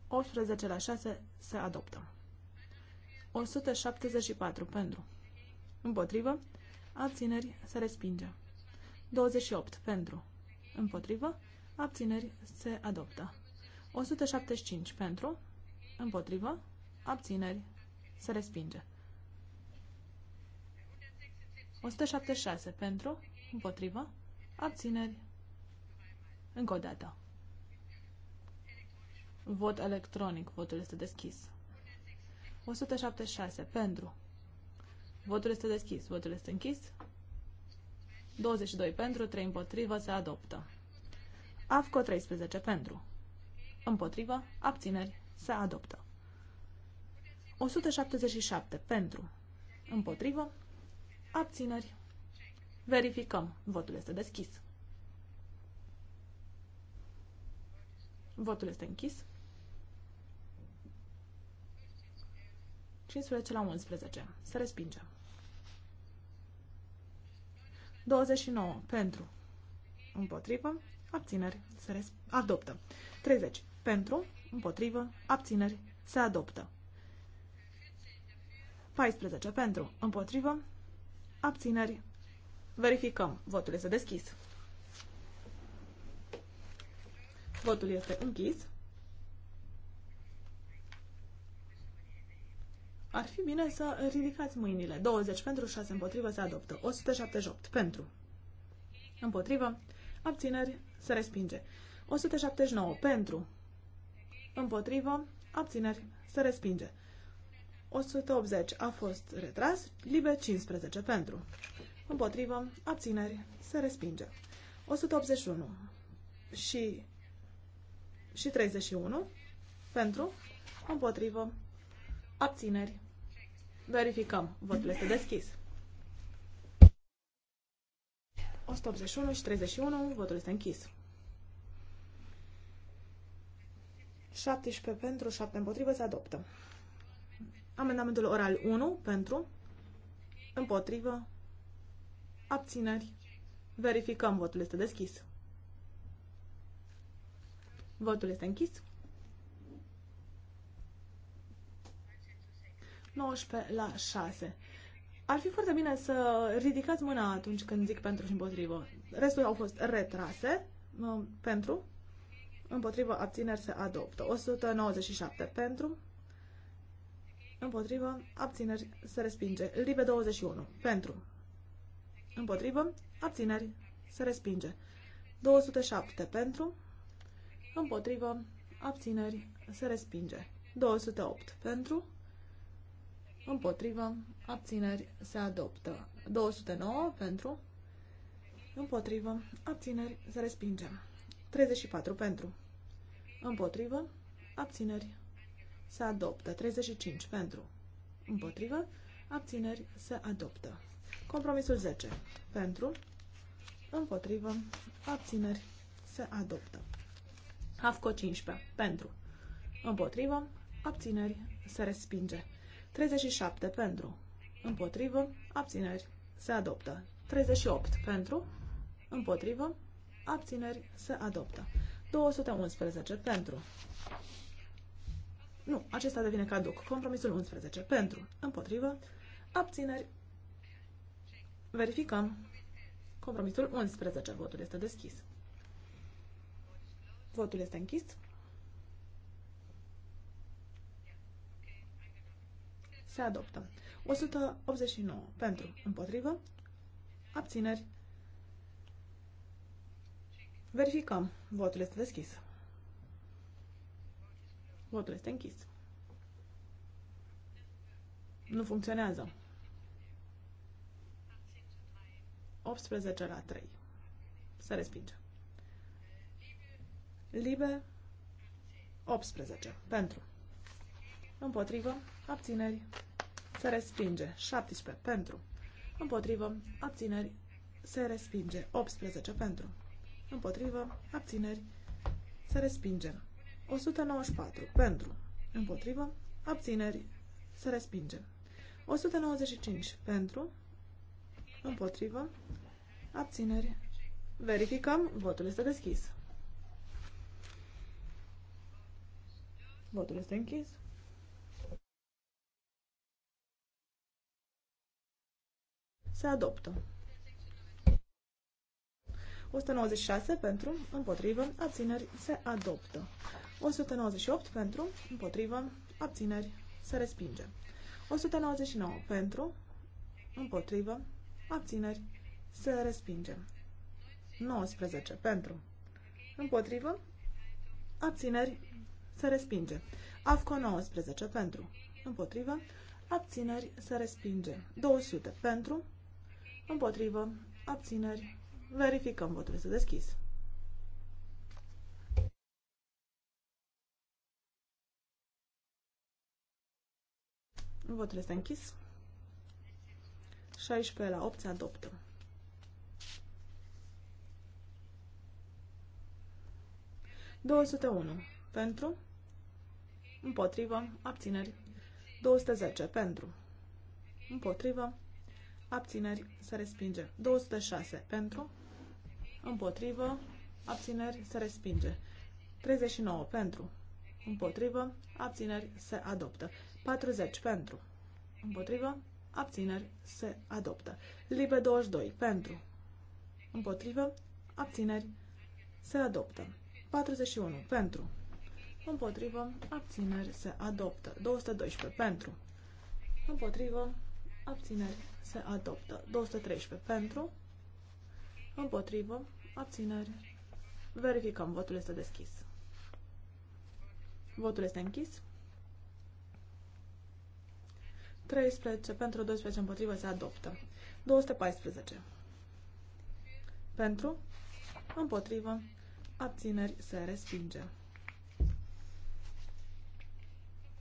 18 la 6 se adoptă. 174 pentru. Împotrivă. Abțineri se respinge. 28 pentru. Împotrivă. Abțineri se adoptă. 175 pentru, împotrivă, abțineri se respinge. 176 pentru, împotrivă, abțineri, încă o dată. Vot electronic, votul este deschis. 176 pentru, votul este deschis, votul este închis. 22 pentru, 3 împotrivă, se adoptă. AFCO 13 pentru. Împotrivă. Abțineri. Se adoptă. 177 pentru. Împotrivă. Abțineri. Verificăm. Votul este deschis. Votul este închis. 15 la 11. Se respinge. 29 pentru. Împotrivă abțineri, se res- adoptă. 30. Pentru, împotrivă, abțineri, se adoptă. 14. Pentru, împotrivă, abțineri, verificăm. Votul este deschis. Votul este închis. Ar fi bine să ridicați mâinile. 20 pentru, 6 împotrivă, se adoptă. 178 pentru, împotrivă, abțineri, se respinge. 179 pentru, împotrivă, abțineri, se respinge. 180 a fost retras, libe 15 pentru, împotrivă, abțineri, se respinge. 181 și, și 31 pentru, împotrivă, abțineri. Verificăm. Votul este deschis. 181 și 31, votul este închis. 17 pentru, 7 împotrivă, se adoptă. Amendamentul oral 1 pentru, împotrivă, abțineri. Verificăm, votul este deschis. Votul este închis. 19 la 6. Ar fi foarte bine să ridicați mâna atunci când zic pentru și împotrivă. Restul au fost retrase pentru, împotrivă, abțineri se adoptă. 197 pentru, împotrivă, abțineri se respinge. Libe 21 pentru, împotrivă, abțineri se respinge. 207 pentru, împotrivă, abțineri se respinge. 208 pentru, Împotrivă. Abțineri. Se adoptă. 209 pentru. Împotrivă. Abțineri. Se respinge. 34 pentru. Împotrivă. Abțineri. Se adoptă. 35 pentru. Împotrivă. Abțineri. Se adoptă. Compromisul 10. Pentru. Împotrivă. Abțineri. Se adoptă. Hafco 15. Pentru. Împotrivă. Abțineri. Se respinge. 37 pentru. Împotrivă. Abțineri. Se adoptă. 38 pentru. Împotrivă. Abțineri. Se adoptă. 211 pentru. Nu, acesta devine caduc. Compromisul 11 pentru. Împotrivă. Abțineri. Verificăm. Compromisul 11. Votul este deschis. Votul este închis. Se adoptă. 189 pentru, împotrivă, abțineri. Verificăm. Votul este deschis. Votul este închis. Nu funcționează. 18 la 3. Se respinge. Libe 18. Pentru împotrivă, abțineri, se respinge. 17 pentru, împotrivă, abțineri, se respinge. 18 pentru, împotrivă, abțineri, se respinge. 194 pentru, împotrivă, abțineri, se respinge. 195 pentru, împotrivă, abțineri. Verificăm, votul este deschis. Votul este închis. Se adoptă. 196 pentru, împotrivă, abțineri, se adoptă. 198 pentru, împotrivă, abțineri, se respinge. 199 pentru, împotrivă, abțineri, se respinge. 19 pentru, împotrivă, abțineri, se respinge. AFCO 19 pentru, împotrivă, abțineri, se respinge. 200 pentru, Împotrivă. Abțineri. Verificăm. Votul este deschis. Votul este închis. 16 la 8 se adoptă. unu pentru, împotrivă, abțineri. 210 pentru, împotrivă, abțineri, se respinge. 206 pentru, împotrivă, abțineri, se respinge. 39 pentru, împotrivă, abțineri, se adoptă. 40 pentru, împotrivă, abțineri, se adoptă. Libe 22 pentru, împotrivă, abțineri, se adoptă. 41 pentru, împotrivă, abțineri, se adoptă. 212 pentru, împotrivă, abțineri, se adoptă. 213 pentru, împotrivă, abțineri. Verificăm, votul este deschis. Votul este închis. 13 pentru, 12 împotrivă, se adoptă. 214 pentru, împotrivă, abțineri, se respinge.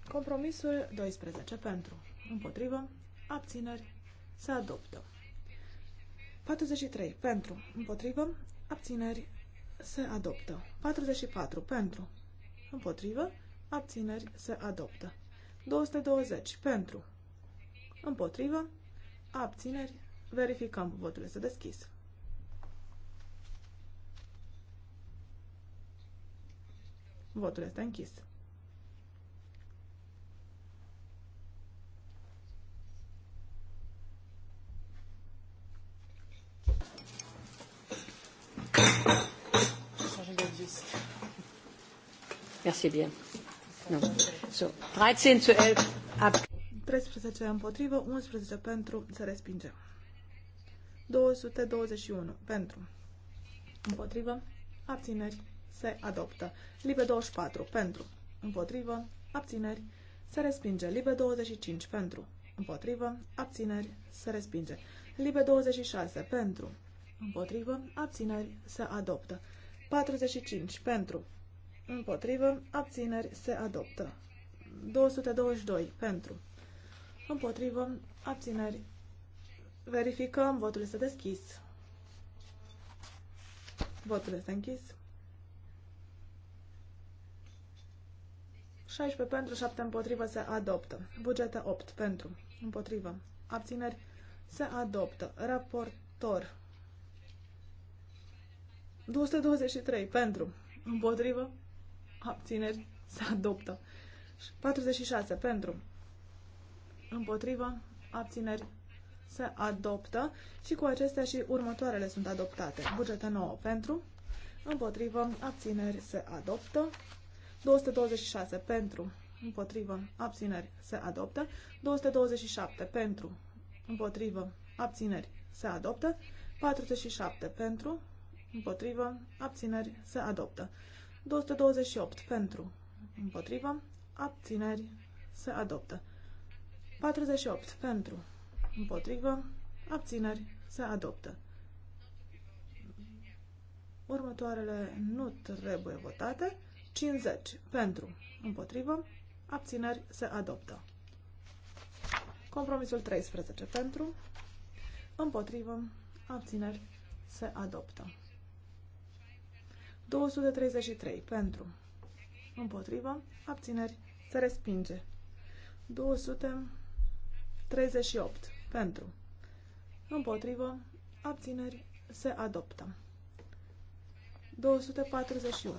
Compromisul 12 pentru, împotrivă, abțineri, se adoptă. 43. Pentru, împotrivă, abțineri, se adoptă. 44. Pentru, împotrivă, abțineri, se adoptă. 220. Pentru, împotrivă, abțineri, verificăm, votul este deschis. Votul este închis. Merci bien. No. So, 13 zu 11 ab. 13 împotrivă, 11 pentru, se respinge. 221 pentru, împotrivă, abțineri, se adoptă. Libe 24 pentru, împotrivă, abțineri, se respinge. Libe 25 pentru, împotrivă, abțineri, se respinge. Libe 26 pentru, împotrivă, abțineri, se adoptă. 45 pentru, Împotrivă. Abțineri. Se adoptă. 222. Pentru. Împotrivă. Abțineri. Verificăm. Votul este deschis. Votul este închis. 16 pentru, 7 împotrivă, se adoptă. Bugete 8 pentru, împotrivă. Abțineri se adoptă. Raportor 223 pentru, împotrivă abțineri, se adoptă. 46 pentru, împotrivă, abțineri, se adoptă și cu acestea și următoarele sunt adoptate. Bugete 9 pentru, împotrivă, abțineri, se adoptă. 226 pentru, împotrivă, abțineri, se adoptă. 227 pentru, împotrivă, abțineri, se adoptă. 47 pentru, împotrivă, abțineri, se adoptă. 228 pentru, împotrivă, abțineri, se adoptă. 48 pentru, împotrivă, abțineri, se adoptă. Următoarele nu trebuie votate. 50 pentru, împotrivă, abțineri, se adoptă. Compromisul 13 pentru, împotrivă, abțineri, se adoptă. 233 pentru, împotrivă, abțineri, se respinge. 238 pentru, împotrivă, abțineri, se adoptă. 241.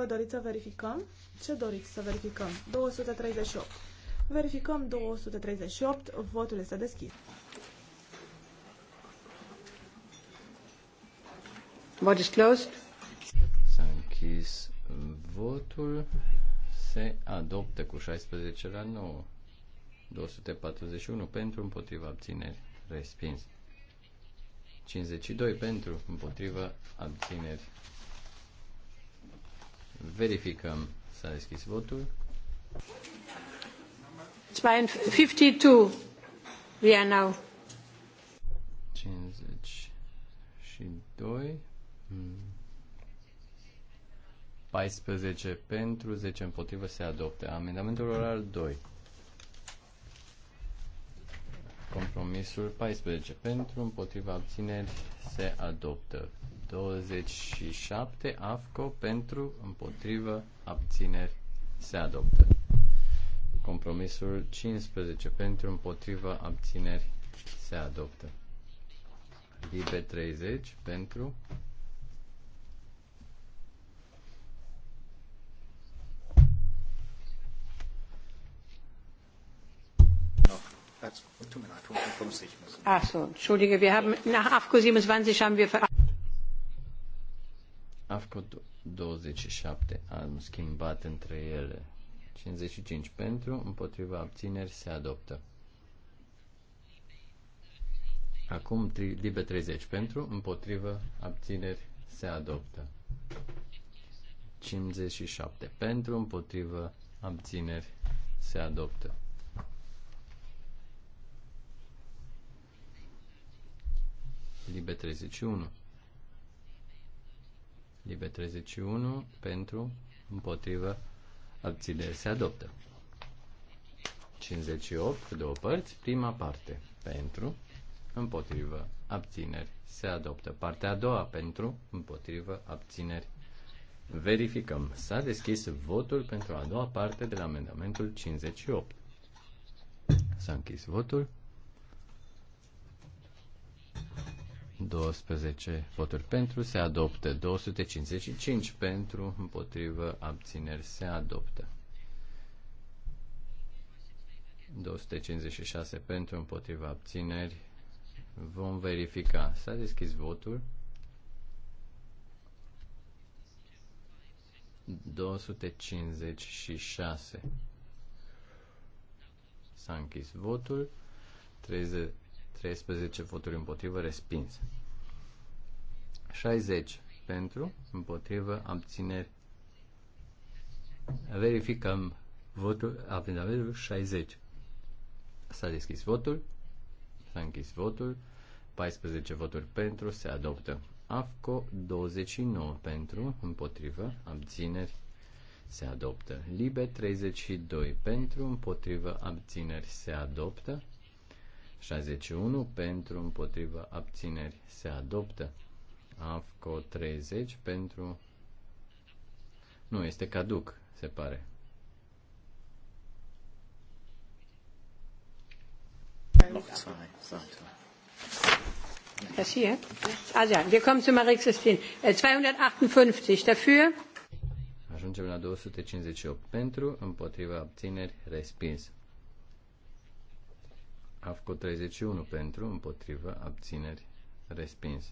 Ă, doriți să verificăm? Ce doriți să verificăm? 238. Verificăm 238. Votul este deschis. Vote is closed. S-a închis votul. Se adoptă cu 16 la 9. 241 pentru, împotriva abțineri, respins. 52 pentru, împotriva abțineri. Verificăm. S-a deschis votul. 52. We are now. 52 14 pentru, 10 împotrivă se adopte. Amendamentul oral 2. Compromisul 14 pentru, împotriva abțineri se adoptă. 27 AFCO pentru, împotrivă abțineri se adoptă. Compromisul 15 pentru, împotriva abțineri se adoptă. Libe 30 pentru, Ach so, entschuldige, wir haben nach AFCO 27 haben wir AFCO 27 am schimbat între ele. 55 pentru, împotriva abțineri se adoptă. Acum libe 30 pentru, împotriva abțineri se adoptă. 57 pentru, împotriva abțineri se adoptă. Libe 31. Libe 31 pentru, împotrivă, abținere se adoptă. 58, două părți, prima parte, pentru, împotrivă, abțineri se adoptă. Partea a doua, pentru, împotrivă, abțineri. Verificăm. S-a deschis votul pentru a doua parte de la amendamentul 58. S-a închis votul. 12 voturi pentru, se adoptă 255 pentru, împotrivă, abțineri, se adoptă. 256 pentru, împotriva, abțineri. Vom verifica. S-a deschis votul. 256. S-a închis votul. 30 13 voturi împotrivă, respins. 60 pentru, împotrivă, abțineri. Verificăm votul, amendamentul 60. S-a deschis votul, s-a închis votul, 14 voturi pentru, se adoptă. AFCO 29 pentru, împotrivă, abțineri, se adoptă. Libe 32 pentru, împotrivă, abțineri, se adoptă. 61 pentru împotriva abțineri se adoptă. AFCO 30 pentru... Nu, este caduc, se pare. Das hier? Also, ah, wir kommen zu Marie Christine. 258 dafür. Ajungem la 258 pentru, împotriva abțineri, respins. AFCO 31 pentru, împotrivă, abțineri, respins.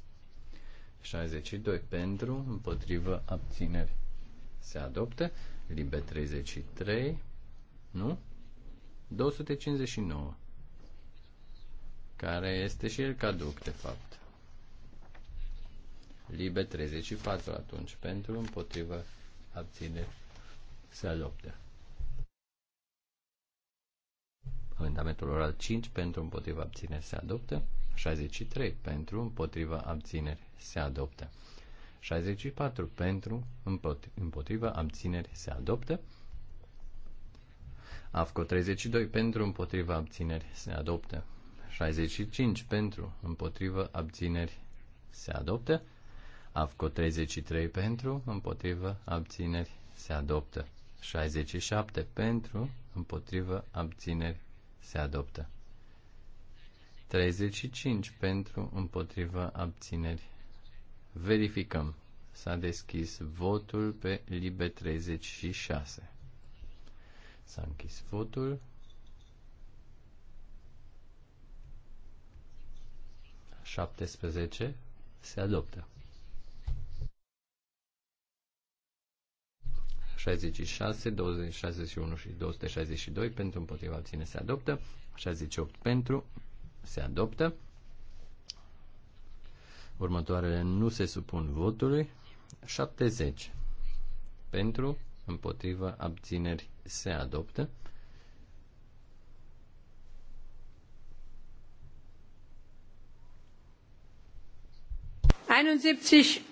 62 pentru, împotrivă, abțineri, se adoptă. Libe 33, nu? 259, care este și el caduc, de fapt. Libe 34 atunci, pentru, împotrivă, abțineri, se adoptă. Amendamentul oral 5 pentru împotriva abțineri se adoptă. 63 pentru împotriva abțineri se adoptă. 64 pentru împotriva abțineri se adoptă. AFCO 32 pentru împotriva abțineri se adoptă. 65 pentru împotriva abțineri se adoptă. AFCO 33 pentru împotriva abțineri se adoptă. 67 pentru împotriva abțineri se adoptă. 35 pentru, împotriva, abțineri. Verificăm. S-a deschis votul pe libe 36. S-a închis votul. 17 se adoptă. 66, 261 și 262 pentru împotriva abține se adoptă, 68 pentru se adoptă. Următoarele nu se supun votului. 70 pentru împotriva abțineri se adoptă.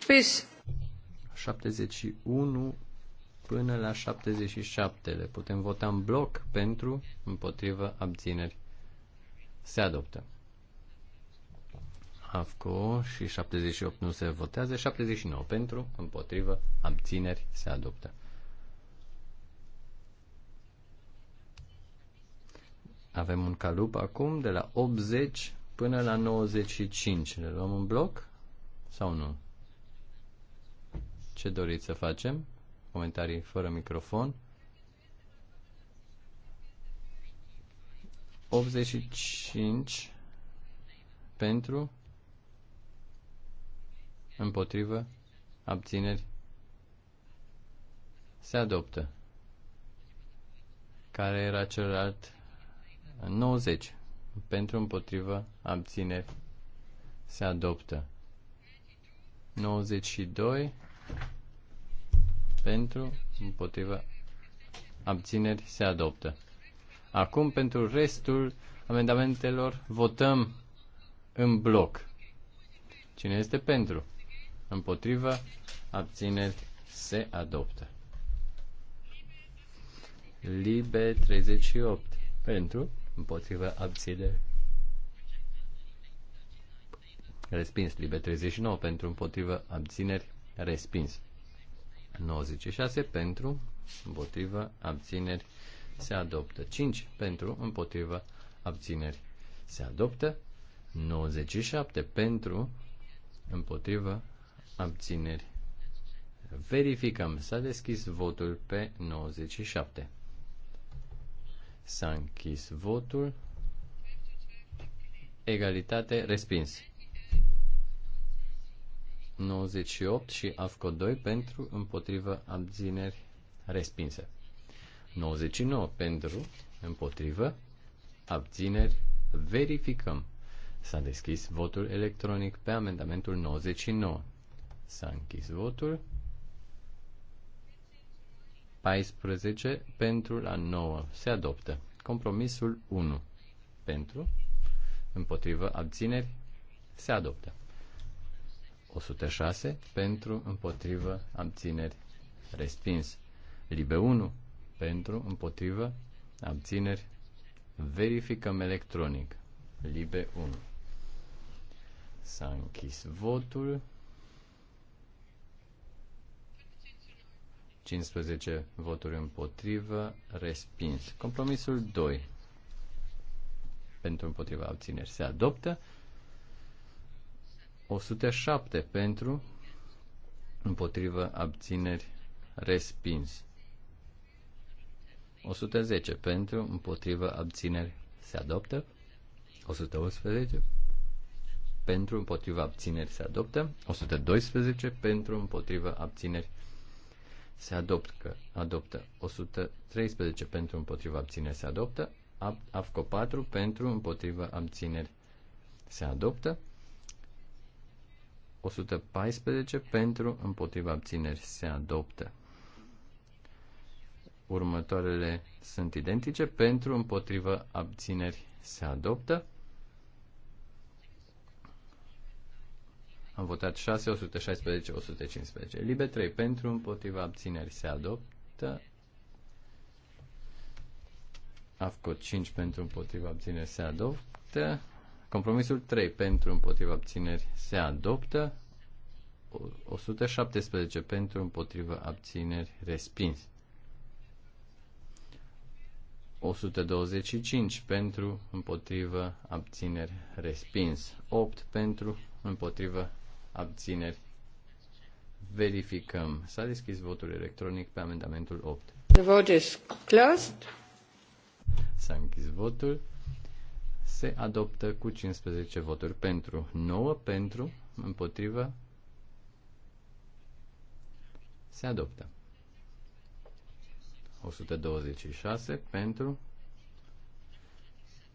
bis 71 până la 77. Le putem vota în bloc pentru, împotrivă, abțineri. Se adoptă. AFCO și 78 nu se votează, 79 pentru, împotrivă, abțineri, se adoptă. Avem un calup acum de la 80 până la 95. Le luăm în bloc sau nu? Ce doriți să facem? comentarii fără microfon. 85 pentru, împotrivă, abțineri, se adoptă. Care era celălalt? 90 pentru, împotrivă, abțineri, se adoptă. 92 pentru, împotriva, abțineri se adoptă. Acum, pentru restul amendamentelor, votăm în bloc. Cine este pentru? Împotriva, abțineri se adoptă. Libe 38. Pentru, împotriva, abțineri. Respins. Libe 39. Pentru, împotriva, abțineri. Respins. 96 pentru, împotrivă, abțineri, se adoptă. 5 pentru, împotrivă, abțineri, se adoptă. 97 pentru, împotrivă, abțineri. Verificăm. S-a deschis votul pe 97. S-a închis votul. Egalitate respins. 98 și AFCO 2 pentru, împotrivă, abțineri, respinse. 99 pentru, împotrivă, abțineri, verificăm. S-a deschis votul electronic pe amendamentul 99. S-a închis votul. 14 pentru la 9. Se adoptă. Compromisul 1. Pentru, împotrivă, abțineri, se adoptă. 106 pentru, împotrivă, abțineri, respins. Libe 1 pentru, împotrivă, abțineri, verificăm electronic. Libe 1. S-a închis votul. 15 voturi împotrivă, respins. Compromisul 2. Pentru împotriva abțineri se adoptă. 107 pentru, împotrivă, abțineri, respins. 110 pentru, împotrivă, abțineri, se adoptă. 111 pentru, împotriva, abțineri, se adoptă. 112 pentru, împotriva, abțineri, se adoptă. adoptă. 113 pentru, împotriva, abțineri, se adoptă. AFCO 4 pentru, împotriva, abțineri, se adoptă. 114 pentru, împotriva abțineri se adoptă. Următoarele sunt identice pentru, împotriva abțineri se adoptă. Am votat 6, 116, 115. Libe 3 pentru, împotriva abțineri se adoptă. AFCO 5 pentru, împotriva abțineri se adoptă. Compromisul 3 pentru împotriva abțineri se adoptă. 117 pentru împotriva abțineri respins. 125 pentru împotriva abțineri respins. 8 pentru împotriva abțineri. Verificăm. S-a deschis votul electronic pe amendamentul 8. The vote is closed. S-a închis votul se adoptă cu 15 voturi pentru, 9 pentru, împotrivă, se adoptă. 126 pentru,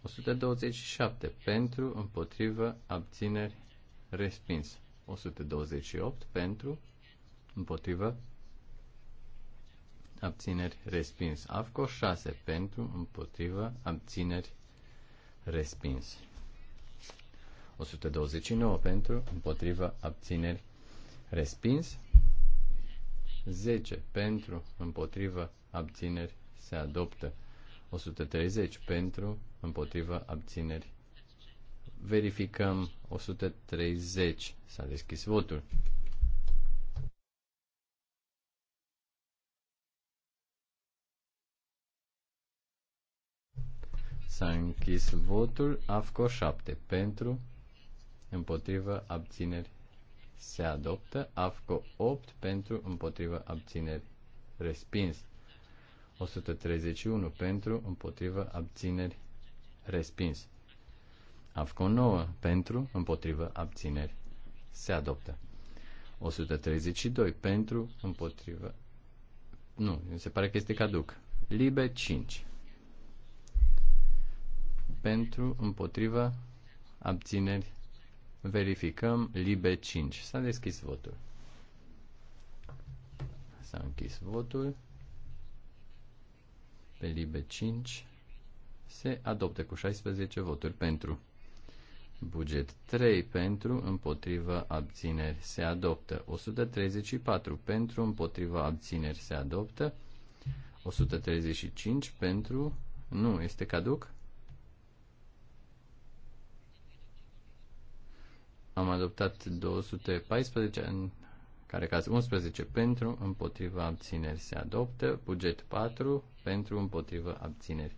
127 pentru, împotrivă, abțineri, respins. 128 pentru, împotrivă, abțineri, respins. AFCO 6 pentru, împotrivă, abțineri, respins. 129 pentru, împotriva abțineri, respins. 10 pentru, împotriva abțineri, se adoptă. 130 pentru, împotriva abțineri. Verificăm 130. S-a deschis votul. S-a închis votul. AFCO 7 pentru, împotrivă, abțineri se adoptă. AFCO 8 pentru, împotrivă, abțineri respins. 131 pentru, împotrivă, abțineri respins. AFCO 9 pentru, împotrivă, abțineri se adoptă. 132 pentru, împotrivă, nu, se pare că este caduc. Libe 5 pentru, împotrivă, abțineri. Verificăm libe 5. S-a deschis votul. S-a închis votul. Pe libe 5 se adopte cu 16 voturi pentru. Buget 3 pentru, împotrivă, abțineri se adoptă. 134 pentru, împotrivă, abțineri se adoptă. 135 pentru, nu, este caduc. Am adoptat 214 în care caz 11 pentru, împotriva abțineri se adoptă, buget 4 pentru, împotriva abțineri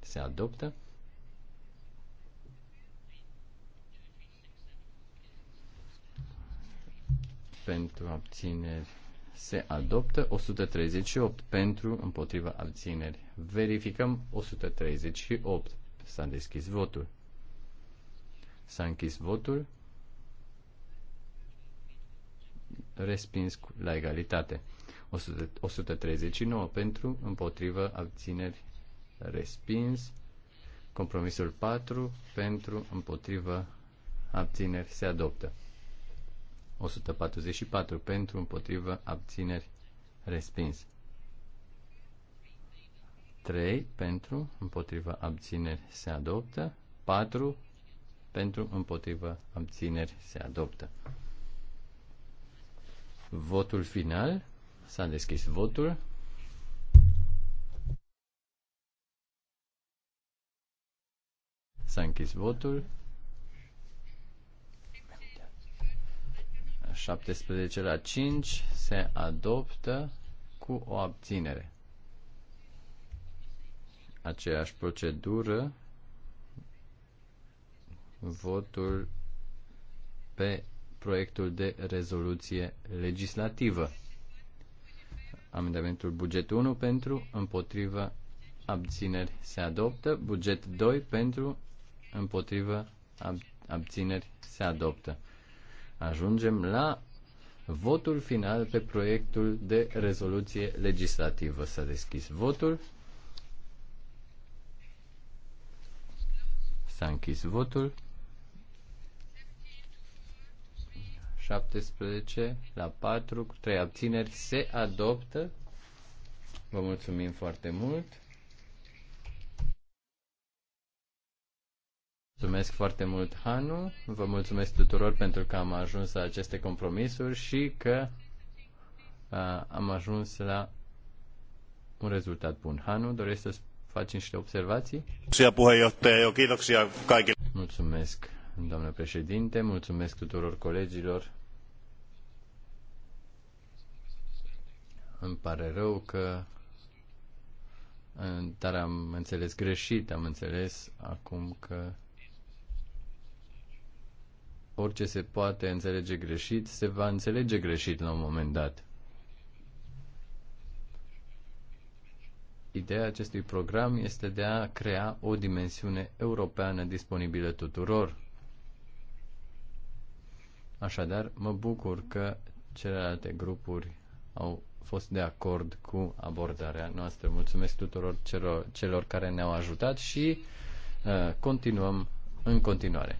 se adoptă. pentru abțineri se adoptă 138 pentru împotriva abțineri. Verificăm 138. S-a deschis votul. S-a închis votul. respins la egalitate. 139 pentru, împotrivă, abțineri, respins. Compromisul 4 pentru, împotrivă, abțineri, se adoptă. 144 pentru, împotrivă, abțineri, respins. 3 pentru, împotrivă, abțineri, se adoptă. 4 pentru, împotrivă, abțineri, se adoptă. Votul final. S-a deschis votul. S-a închis votul. 17 la 5 se adoptă cu o abținere. Aceeași procedură, votul pe proiectul de rezoluție legislativă. Amendamentul buget 1 pentru, împotrivă, abțineri se adoptă. Buget 2 pentru, împotrivă, ab- abțineri se adoptă. Ajungem la votul final pe proiectul de rezoluție legislativă. S-a deschis votul. S-a închis votul. 17 la 4, cu 3 abțineri, se adoptă. Vă mulțumim foarte mult. Mulțumesc foarte mult, Hanu. Vă mulțumesc tuturor pentru că am ajuns la aceste compromisuri și că uh, am ajuns la un rezultat bun. Hanu, doresc să faci niște observații? Mulțumesc, domnule președinte, mulțumesc tuturor colegilor Îmi pare rău că dar am înțeles greșit, am înțeles acum că orice se poate înțelege greșit, se va înțelege greșit la un moment dat. Ideea acestui program este de a crea o dimensiune europeană disponibilă tuturor. Așadar, mă bucur că celelalte grupuri au fost de acord cu abordarea noastră. Mulțumesc tuturor celor, celor care ne-au ajutat și uh, continuăm în continuare.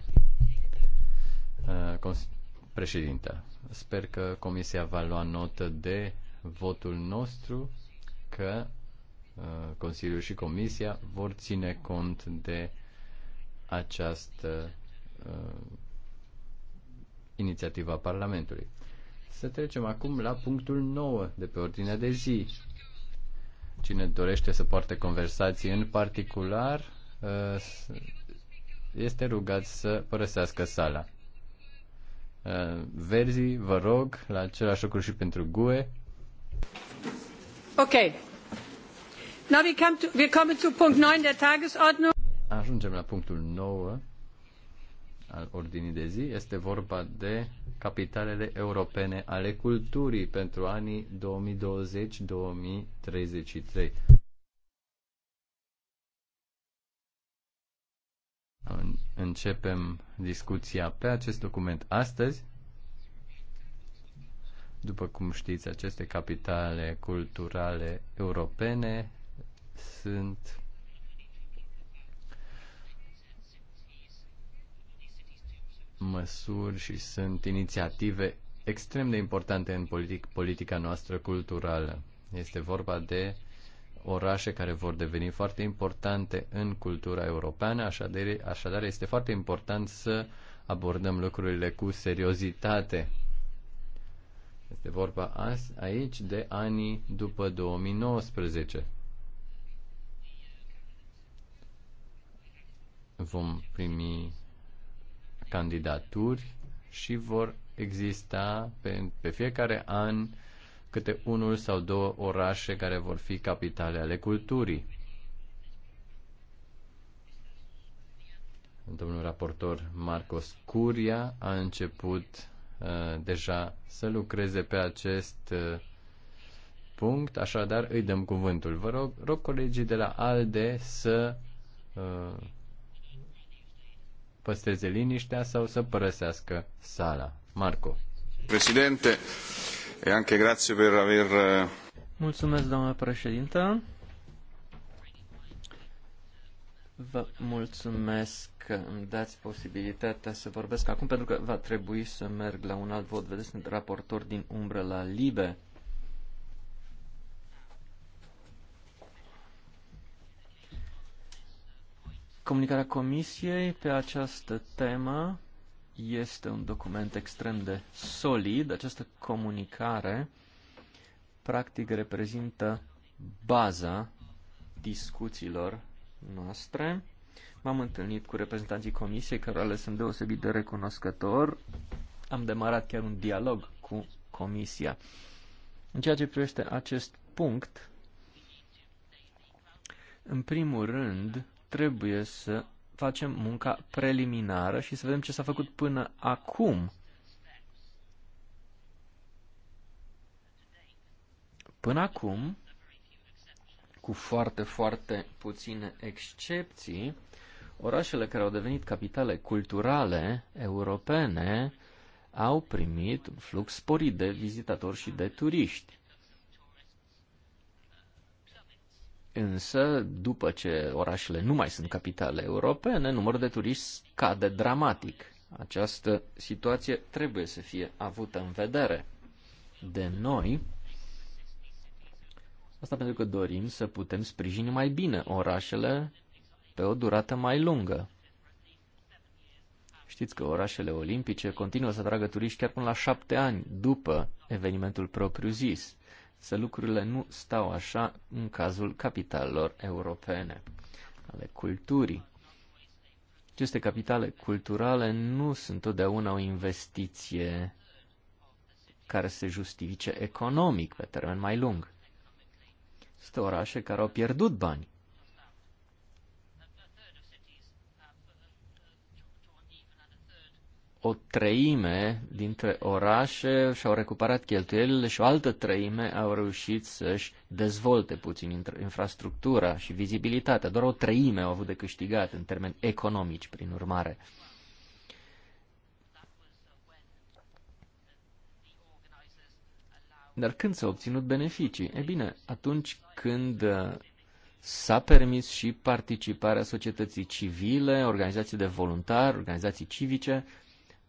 Uh, președinte, sper că Comisia va lua notă de votul nostru că uh, Consiliul și Comisia vor ține cont de această uh, inițiativă a Parlamentului. Să trecem acum la punctul 9 de pe ordinea de zi. Cine dorește să poarte conversații în particular, uh, este rugat să părăsească sala. Uh, Verzi, vă rog, la același lucru și pentru GUE. Ok. Now we come to, we come to punct 9 der Tagesordnung. Ajungem la punctul 9 al ordinii de zi este vorba de capitalele europene ale culturii pentru anii 2020-2033. Începem discuția pe acest document astăzi. După cum știți, aceste capitale culturale europene sunt măsuri și sunt inițiative extrem de importante în politic, politica noastră culturală. Este vorba de orașe care vor deveni foarte importante în cultura europeană, așadar, așadar este foarte important să abordăm lucrurile cu seriozitate. Este vorba azi, aici de anii după 2019. Vom primi candidaturi și vor exista pe, pe fiecare an câte unul sau două orașe care vor fi capitale ale culturii. Domnul raportor Marcos Curia a început uh, deja să lucreze pe acest uh, punct, așadar îi dăm cuvântul. Vă rog, rog colegii de la ALDE să uh, păstreze liniștea sau să părăsească sala. Marco. Președinte, e anche grazie per aver... Eh, mulțumesc, doamnă președintă. Vă mulțumesc că îmi dați posibilitatea să vorbesc acum, pentru că va trebui să merg la un alt vot. Vedeți, sunt raportor din umbră la LIBE. Comunicarea Comisiei pe această temă este un document extrem de solid. Această comunicare practic reprezintă baza discuțiilor noastre. M-am întâlnit cu reprezentanții Comisiei, care le sunt deosebit de recunoscător. Am demarat chiar un dialog cu Comisia. În ceea ce privește acest punct, în primul rând, trebuie să facem munca preliminară și să vedem ce s-a făcut până acum. Până acum, cu foarte, foarte puține excepții, orașele care au devenit capitale culturale europene au primit un flux sporit de vizitatori și de turiști. Însă, după ce orașele nu mai sunt capitale europene, numărul de turiști scade dramatic. Această situație trebuie să fie avută în vedere de noi. Asta pentru că dorim să putem sprijini mai bine orașele pe o durată mai lungă. Știți că orașele olimpice continuă să tragă turiști chiar până la șapte ani după evenimentul propriu-zis să lucrurile nu stau așa în cazul capitalelor europene, ale culturii. Aceste capitale culturale nu sunt totdeauna o investiție care se justifice economic pe termen mai lung. Sunt orașe care au pierdut bani o treime dintre orașe și-au recuperat cheltuielile și o altă treime au reușit să-și dezvolte puțin infrastructura și vizibilitatea. Doar o treime au avut de câștigat în termeni economici, prin urmare. Dar când s-au obținut beneficii? E bine, atunci când uh, s-a permis și participarea societății civile, organizații de voluntari, organizații civice,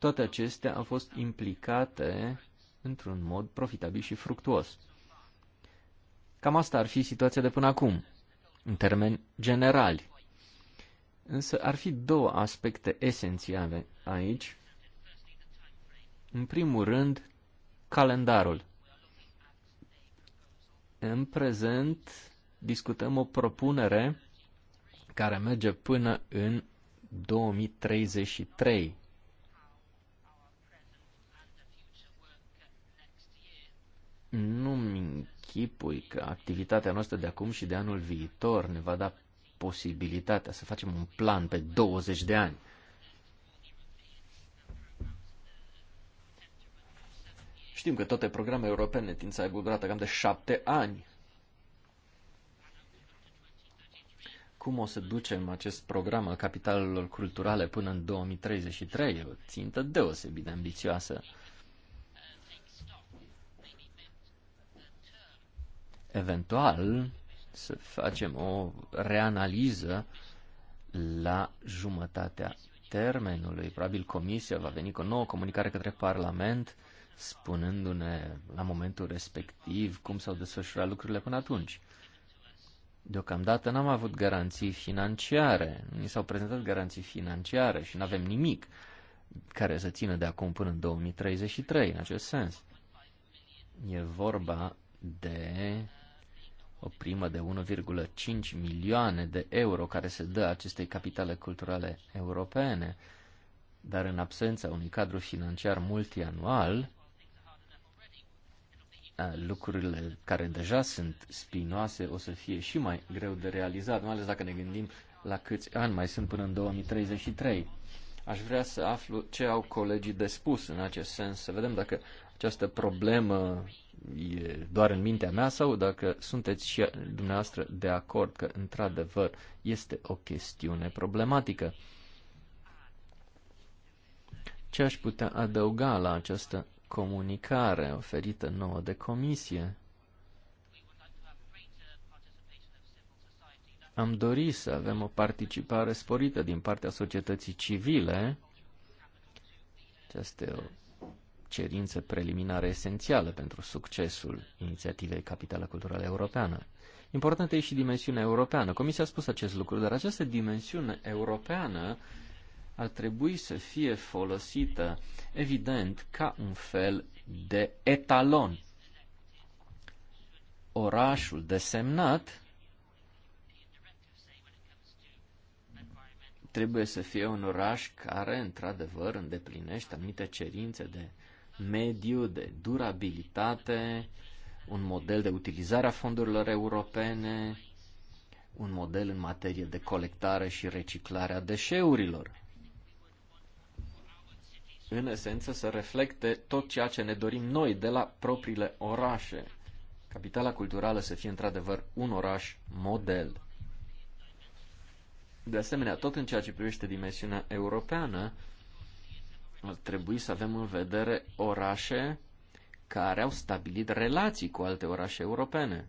toate acestea au fost implicate într-un mod profitabil și fructuos. Cam asta ar fi situația de până acum, în termeni generali. Însă ar fi două aspecte esențiale aici. În primul rând, calendarul. În prezent discutăm o propunere care merge până în 2033. nu-mi închipui că activitatea noastră de acum și de anul viitor ne va da posibilitatea să facem un plan pe 20 de ani. Știm că toate programele europene tind să aibă durată cam de șapte ani. Cum o să ducem acest program al capitalelor culturale până în 2033? E o țintă deosebit de ambițioasă. eventual să facem o reanaliză la jumătatea termenului. Probabil Comisia va veni cu o nouă comunicare către Parlament spunându-ne la momentul respectiv cum s-au desfășurat lucrurile până atunci. Deocamdată n-am avut garanții financiare, ni s-au prezentat garanții financiare și nu avem nimic care să țină de acum până în 2033 în acest sens. E vorba de o primă de 1,5 milioane de euro care se dă acestei capitale culturale europene, dar în absența unui cadru financiar multianual, lucrurile care deja sunt spinoase o să fie și mai greu de realizat, mai ales dacă ne gândim la câți ani mai sunt până în 2033. Aș vrea să aflu ce au colegii de spus în acest sens, să vedem dacă această problemă e doar în mintea mea sau dacă sunteți și dumneavoastră de acord că, într-adevăr, este o chestiune problematică. Ce aș putea adăuga la această comunicare oferită nouă de comisie? Am dorit să avem o participare sporită din partea societății civile. Aceasta e o cerință preliminară esențială pentru succesul inițiativei Capitală Culturală Europeană. Importantă e și dimensiunea europeană. Comisia a spus acest lucru, dar această dimensiune europeană ar trebui să fie folosită, evident, ca un fel de etalon. Orașul desemnat trebuie să fie un oraș care, într-adevăr, îndeplinește anumite cerințe de mediu, de durabilitate, un model de utilizare a fondurilor europene, un model în materie de colectare și reciclare a deșeurilor. În esență să reflecte tot ceea ce ne dorim noi de la propriile orașe. Capitala culturală să fie într-adevăr un oraș model. De asemenea, tot în ceea ce privește dimensiunea europeană, ar trebui să avem în vedere orașe care au stabilit relații cu alte orașe europene.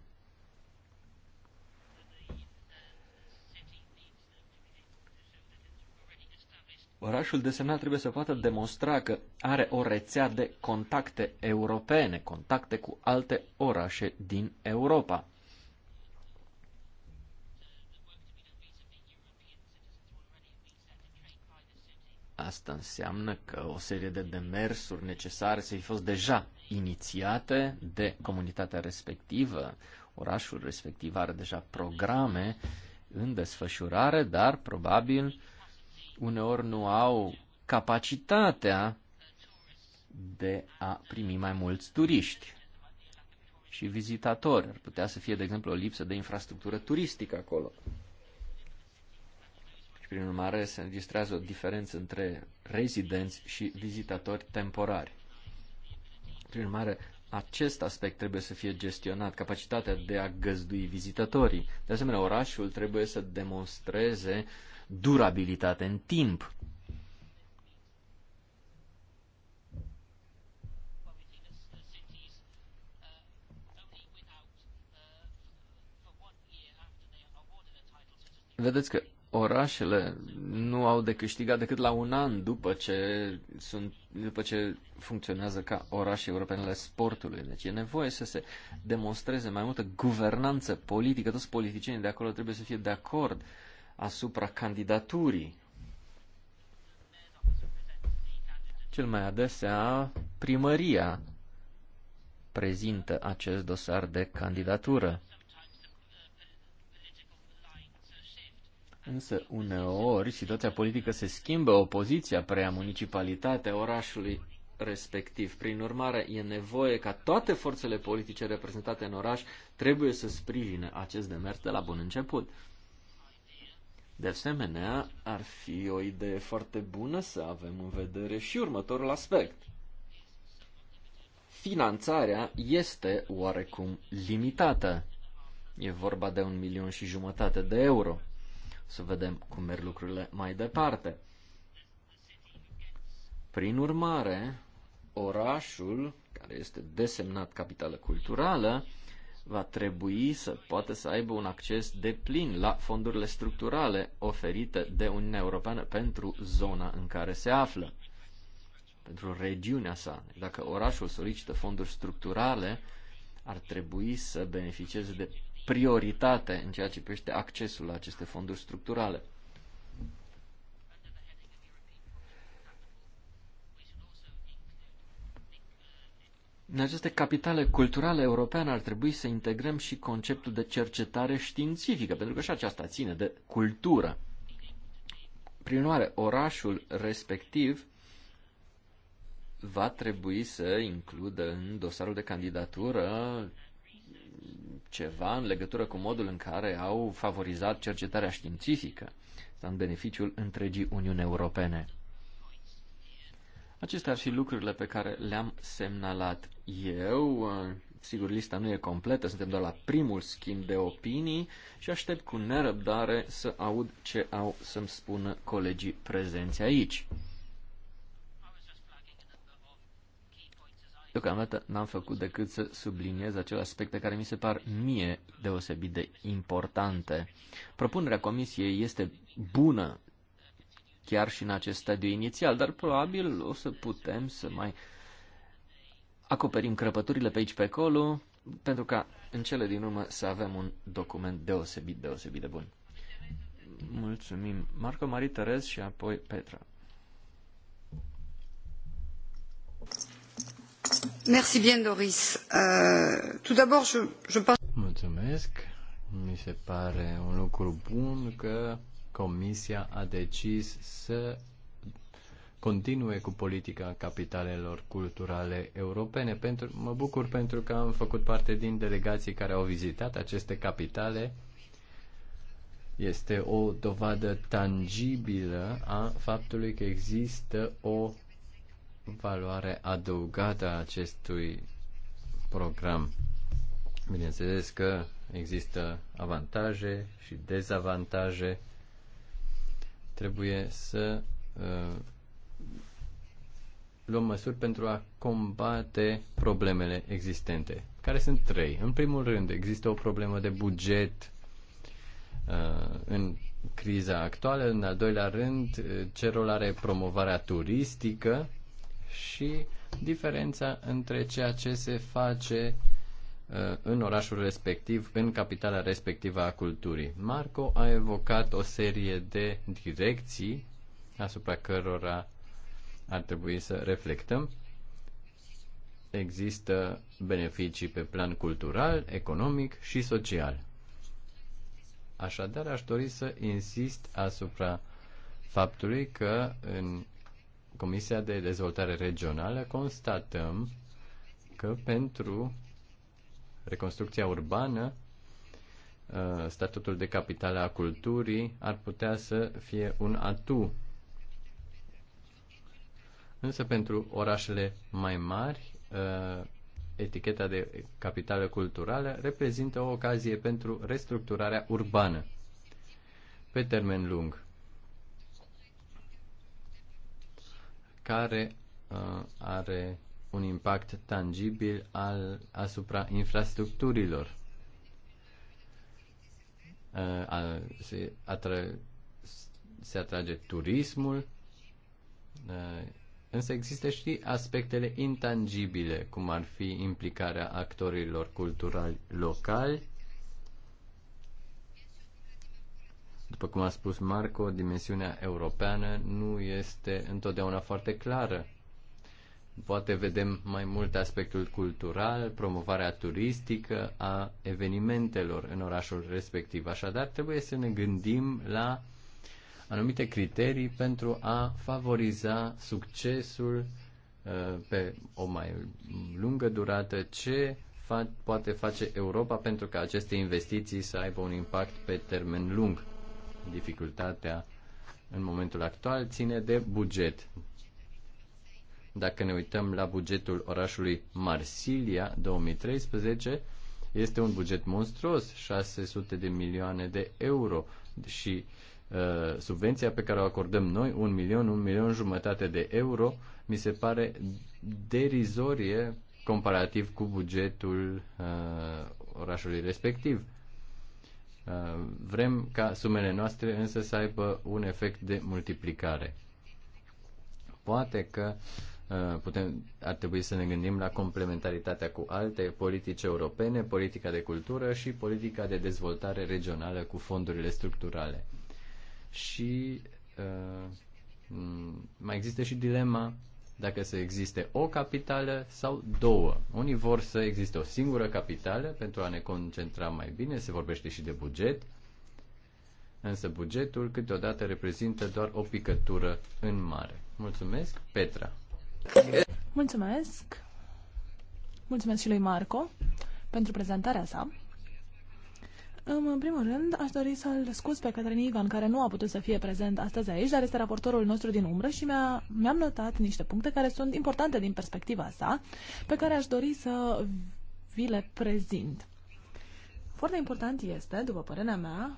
Orașul desemnat trebuie să poată demonstra că are o rețea de contacte europene, contacte cu alte orașe din Europa. Asta înseamnă că o serie de demersuri necesare să fi fost deja inițiate de comunitatea respectivă. Orașul respectiv are deja programe în desfășurare, dar probabil uneori nu au capacitatea de a primi mai mulți turiști și vizitatori. Ar putea să fie, de exemplu, o lipsă de infrastructură turistică acolo și prin urmare se înregistrează o diferență între rezidenți și vizitatori temporari. Prin urmare, acest aspect trebuie să fie gestionat, capacitatea de a găzdui vizitatorii. De asemenea, orașul trebuie să demonstreze durabilitate în timp. Vedeți că orașele nu au de câștigat decât la un an după ce, sunt, după ce funcționează ca orașe europene ale sportului. Deci e nevoie să se demonstreze mai multă guvernanță politică. Toți politicienii de acolo trebuie să fie de acord asupra candidaturii. Cel mai adesea primăria prezintă acest dosar de candidatură. Însă uneori situația politică se schimbă, opoziția preia municipalitatea orașului respectiv. Prin urmare, e nevoie ca toate forțele politice reprezentate în oraș trebuie să sprijine acest demers de la bun început. De asemenea, ar fi o idee foarte bună să avem în vedere și următorul aspect. Finanțarea este oarecum limitată. E vorba de un milion și jumătate de euro să vedem cum merg lucrurile mai departe. Prin urmare, orașul, care este desemnat capitală culturală, va trebui să poată să aibă un acces deplin la fondurile structurale oferite de Uniunea Europeană pentru zona în care se află, pentru regiunea sa. Dacă orașul solicită fonduri structurale, ar trebui să beneficieze de prioritate în ceea ce privește accesul la aceste fonduri structurale. În aceste capitale culturale europene ar trebui să integrăm și conceptul de cercetare științifică, pentru că și aceasta ține de cultură. Prin urmare, orașul respectiv va trebui să includă în dosarul de candidatură ceva în legătură cu modul în care au favorizat cercetarea științifică sau în beneficiul întregii Uniuni Europene. Acestea ar fi lucrurile pe care le-am semnalat eu. Sigur, lista nu e completă, suntem doar la primul schimb de opinii și aștept cu nerăbdare să aud ce au să-mi spună colegii prezenți aici. Deocamdată n-am făcut decât să subliniez acele aspecte care mi se par mie deosebit de importante. Propunerea comisiei este bună chiar și în acest stadiu inițial, dar probabil o să putem să mai acoperim crăpăturile pe aici pe acolo, pentru ca în cele din urmă să avem un document deosebit, deosebit de bun. Mulțumim. Marco Marie Terez și apoi Petra. Euh, Mulțumesc. Mi se pare un lucru bun că Comisia a decis să continue cu politica capitalelor culturale europene. Pentru, mă bucur pentru că am făcut parte din delegații care au vizitat aceste capitale. Este o dovadă tangibilă a faptului că există o valoare adăugată a acestui program. Bineînțeles că există avantaje și dezavantaje. Trebuie să uh, luăm măsuri pentru a combate problemele existente, care sunt trei. În primul rând, există o problemă de buget uh, în criza actuală. În al doilea rând, uh, ce rol are promovarea turistică și diferența între ceea ce se face uh, în orașul respectiv, în capitala respectivă a culturii. Marco a evocat o serie de direcții asupra cărora ar trebui să reflectăm. Există beneficii pe plan cultural, economic și social. Așadar, aș dori să insist asupra faptului că în Comisia de Dezvoltare Regională constatăm că pentru reconstrucția urbană uh, statutul de capitală a culturii ar putea să fie un atu. Însă pentru orașele mai mari, uh, eticheta de capitală culturală reprezintă o ocazie pentru restructurarea urbană. Pe termen lung, care uh, are un impact tangibil al, asupra infrastructurilor. Uh, al, se, atra, se atrage turismul, uh, însă există și aspectele intangibile, cum ar fi implicarea actorilor culturali locali După cum a spus Marco, dimensiunea europeană nu este întotdeauna foarte clară. Poate vedem mai mult aspectul cultural, promovarea turistică a evenimentelor în orașul respectiv. Așadar, trebuie să ne gândim la anumite criterii pentru a favoriza succesul uh, pe o mai lungă durată ce fa- poate face Europa pentru ca aceste investiții să aibă un impact pe termen lung. Dificultatea în momentul actual ține de buget. Dacă ne uităm la bugetul orașului Marsilia 2013, este un buget monstruos, 600 de milioane de euro și uh, subvenția pe care o acordăm noi, un milion, un milion jumătate de euro, mi se pare derizorie comparativ cu bugetul uh, orașului respectiv. Uh, vrem ca sumele noastre însă să aibă un efect de multiplicare. Poate că uh, putem, ar trebui să ne gândim la complementaritatea cu alte politici europene, politica de cultură și politica de dezvoltare regională cu fondurile structurale. Și uh, mai există și dilema dacă să existe o capitală sau două. Unii vor să existe o singură capitală pentru a ne concentra mai bine, se vorbește și de buget, însă bugetul câteodată reprezintă doar o picătură în mare. Mulțumesc, Petra! Mulțumesc! Mulțumesc și lui Marco pentru prezentarea sa. În primul rând, aș dori să-l scuz pe Cătălin Ivan, care nu a putut să fie prezent astăzi aici, dar este raportorul nostru din umbră și mi-a, mi-am notat niște puncte care sunt importante din perspectiva sa, pe care aș dori să vi le prezint. Foarte important este, după părerea mea,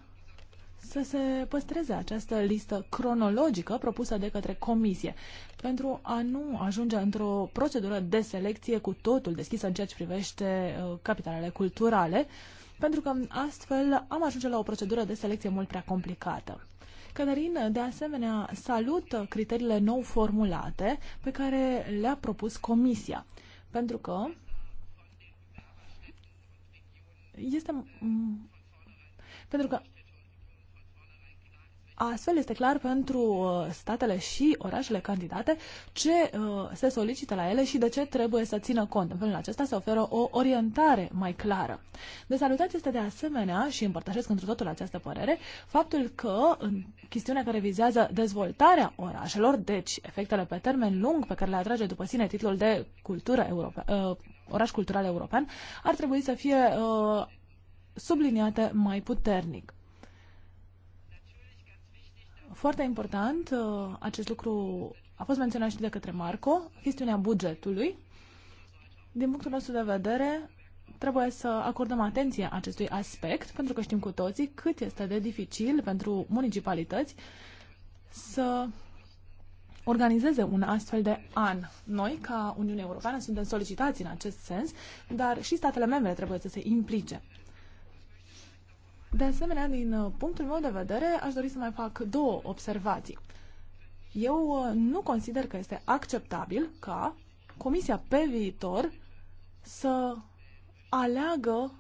să se păstreze această listă cronologică propusă de către comisie, pentru a nu ajunge într-o procedură de selecție cu totul deschisă în ceea ce privește uh, capitalele culturale, uh, pentru că astfel am ajuns la o procedură de selecție mult prea complicată. Cătărin, de asemenea, salută criteriile nou formulate pe care le-a propus Comisia, pentru că este pentru că Astfel este clar pentru uh, statele și orașele candidate ce uh, se solicită la ele și de ce trebuie să țină cont. În felul acesta se oferă o orientare mai clară. De salutat este de asemenea, și împărtășesc într totul această părere, faptul că în chestiunea care vizează dezvoltarea orașelor, deci efectele pe termen lung pe care le atrage după sine titlul de cultură europe, uh, oraș cultural european, ar trebui să fie subliniate mai puternic. Foarte important, uh, acest lucru a fost menționat și de către Marco, chestiunea bugetului. Din punctul nostru de vedere, trebuie să acordăm atenție acestui aspect, pentru că știm cu toții cât este de dificil pentru municipalități să organizeze un astfel de an. Noi, ca Uniunea Europeană, suntem solicitați în acest sens, dar și statele membre trebuie să se implice. De asemenea, din uh, punctul meu de vedere, aș dori să mai fac două observații. Eu uh, nu consider că este acceptabil ca Comisia pe viitor să aleagă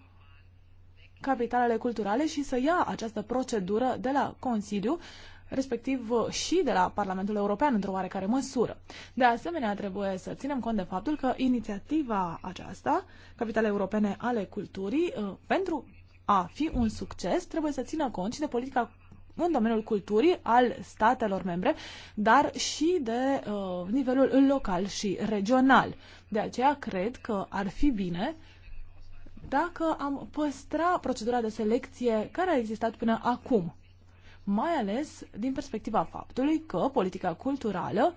capitalele culturale și să ia această procedură de la Consiliu, respectiv uh, și de la Parlamentul European într-o oarecare măsură. De asemenea, trebuie să ținem cont de faptul că inițiativa aceasta, Capitale Europene ale Culturii, pentru a fi un succes, trebuie să țină cont și de politica în domeniul culturii al statelor membre, dar și de uh, nivelul local și regional. De aceea cred că ar fi bine dacă am păstra procedura de selecție care a existat până acum, mai ales din perspectiva faptului că politica culturală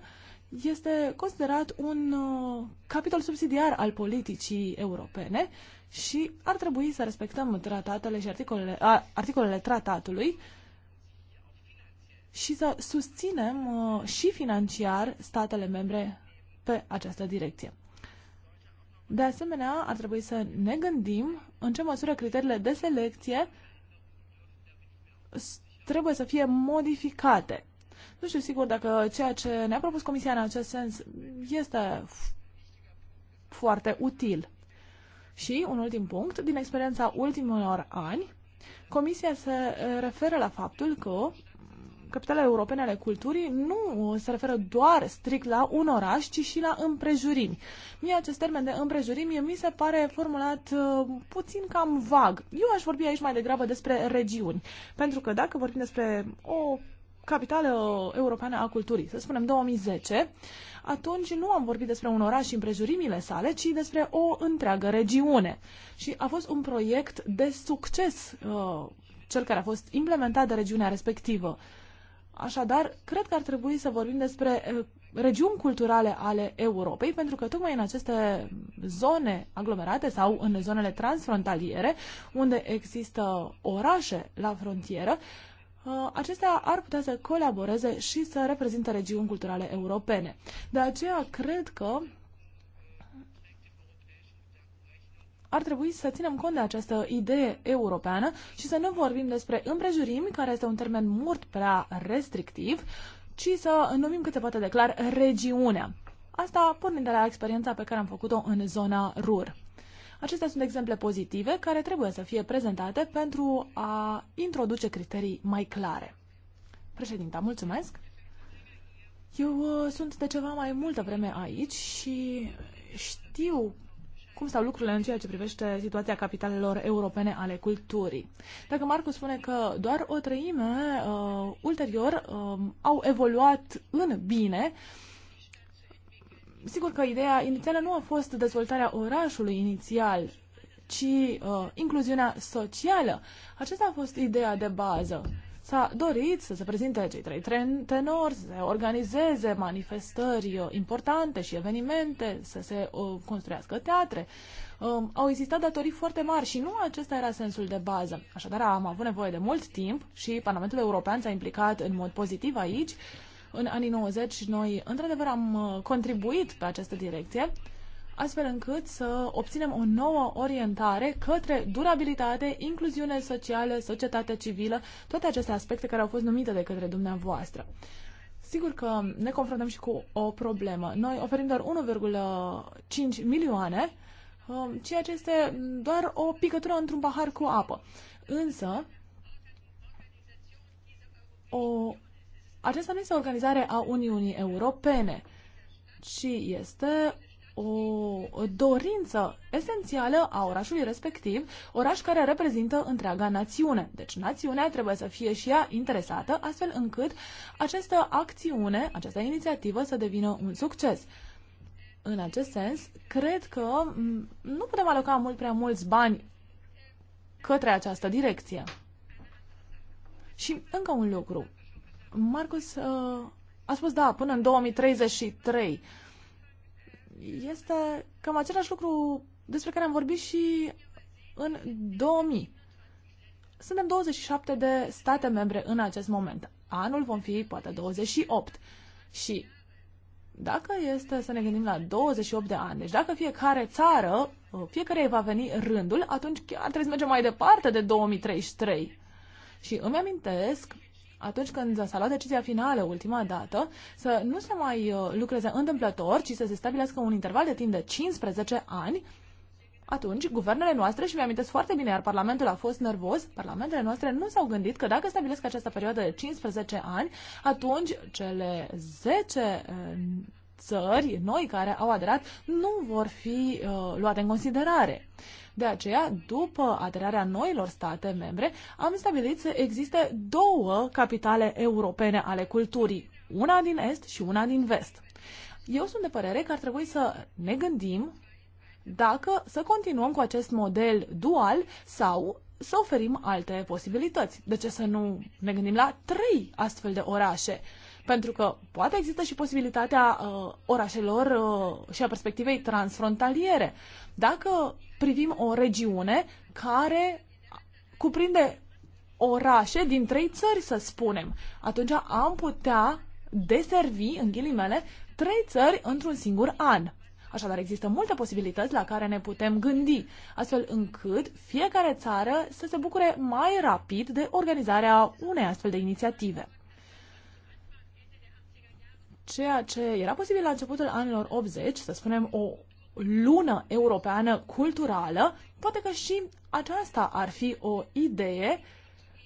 este considerat un uh, capitol subsidiar al politicii europene și ar trebui să respectăm tratatele și articolele, a, articolele tratatului și să susținem uh, și financiar statele membre pe această direcție. De asemenea, ar trebui să ne gândim în ce măsură criteriile de selecție trebuie să fie modificate. Nu știu sigur dacă ceea ce ne-a propus Comisia în acest sens este foarte util. Și un ultim punct, din experiența ultimilor ani, Comisia se referă la faptul că capitalele europene ale culturii nu se referă doar strict la un oraș, ci și la împrejurimi. Mie acest termen de împrejurimi mi se pare formulat puțin cam vag. Eu aș vorbi aici mai degrabă despre regiuni, pentru că dacă vorbim despre o capitală uh, europeană a culturii, să spunem 2010, atunci nu am vorbit despre un oraș și împrejurimile sale, ci despre o întreagă regiune. Și a fost un proiect de succes, uh, cel care a fost implementat de regiunea respectivă. Așadar, cred că ar trebui să vorbim despre uh, regiuni culturale ale Europei, pentru că tocmai în aceste zone aglomerate sau în zonele transfrontaliere, unde există orașe la frontieră, uh, Uh, acestea ar putea să colaboreze și să reprezinte regiuni culturale europene. De aceea cred că ar trebui să ținem cont de această idee europeană și să nu vorbim despre împrejurimi, care este un termen mult prea restrictiv, ci să numim cât se poate declar regiunea. Asta pornind de la experiența pe care am făcut-o în zona RUR. Acestea sunt exemple pozitive care trebuie să fie prezentate pentru a introduce criterii mai clare. Președinta, mulțumesc! Eu uh, sunt de ceva mai multă vreme aici și știu cum stau lucrurile în ceea ce privește situația capitalelor europene ale culturii. Dacă Marcus spune că doar o treime uh, ulterior uh, au evoluat în bine, uh, sigur că ideea inițială nu a fost dezvoltarea orașului inițial, ci uh, incluziunea socială. Aceasta a fost ideea de bază. S-a dorit să se prezinte cei trei tenori, să se organizeze manifestări uh, importante și evenimente, să se uh, construiască teatre. Um, au existat datorii foarte mari și nu acesta era sensul de bază. Așadar, am avut nevoie de mult timp și Parlamentul European s-a implicat în mod pozitiv aici în anii 90 noi, într-adevăr, am uh, contribuit pe această direcție, astfel încât să obținem o nouă orientare către durabilitate, incluziune socială, societate civilă, toate aceste aspecte care au fost numite de către dumneavoastră. Sigur că ne confruntăm și cu o problemă. Noi oferim doar 1,5 milioane, um, ceea ce este doar o picătură într-un pahar cu apă. Însă, o aceasta nu este o organizare a Uniunii Europene, ci este o dorință esențială a orașului respectiv, oraș care reprezintă întreaga națiune. Deci națiunea trebuie să fie și ea interesată, astfel încât această acțiune, această inițiativă să devină un succes. În acest sens, cred că nu putem aloca mult prea mulți bani către această direcție. Și încă un lucru. Marcus uh, a spus da, până în 2033. Este cam același lucru despre care am vorbit și în 2000. Suntem 27 de state membre în acest moment. Anul vom fi poate 28. Și dacă este să ne gândim la 28 de ani, deci dacă fiecare țară, uh, fiecare va veni rândul, atunci chiar trebuie să mergem mai departe de 2033. Și îmi amintesc atunci când s-a luat decizia finală ultima dată, să nu se mai uh, lucreze întâmplător, ci să se stabilească un interval de timp de 15 ani atunci, guvernele noastre, și mi-amintesc foarte bine, iar Parlamentul a fost nervos, parlamentele noastre nu s-au gândit că dacă stabilesc această perioadă de 15 ani, atunci cele 10 uh, țări noi care au aderat nu vor fi uh, luate în considerare. De aceea, după aderarea noilor state membre, am stabilit să existe două capitale europene ale culturii, una din est și una din vest. Eu sunt de părere că ar trebui să ne gândim dacă să continuăm cu acest model dual sau să oferim alte posibilități. De ce să nu ne gândim la trei astfel de orașe? Pentru că poate există și posibilitatea uh, orașelor uh, și a perspectivei transfrontaliere. Dacă privim o regiune care cuprinde orașe din trei țări, să spunem, atunci am putea deservi, în ghilimele, trei țări într-un singur an. Așadar, există multe posibilități la care ne putem gândi, astfel încât fiecare țară să se bucure mai rapid de organizarea unei astfel de inițiative ceea ce era posibil la începutul anilor 80, să spunem o lună europeană culturală, poate că și aceasta ar fi o idee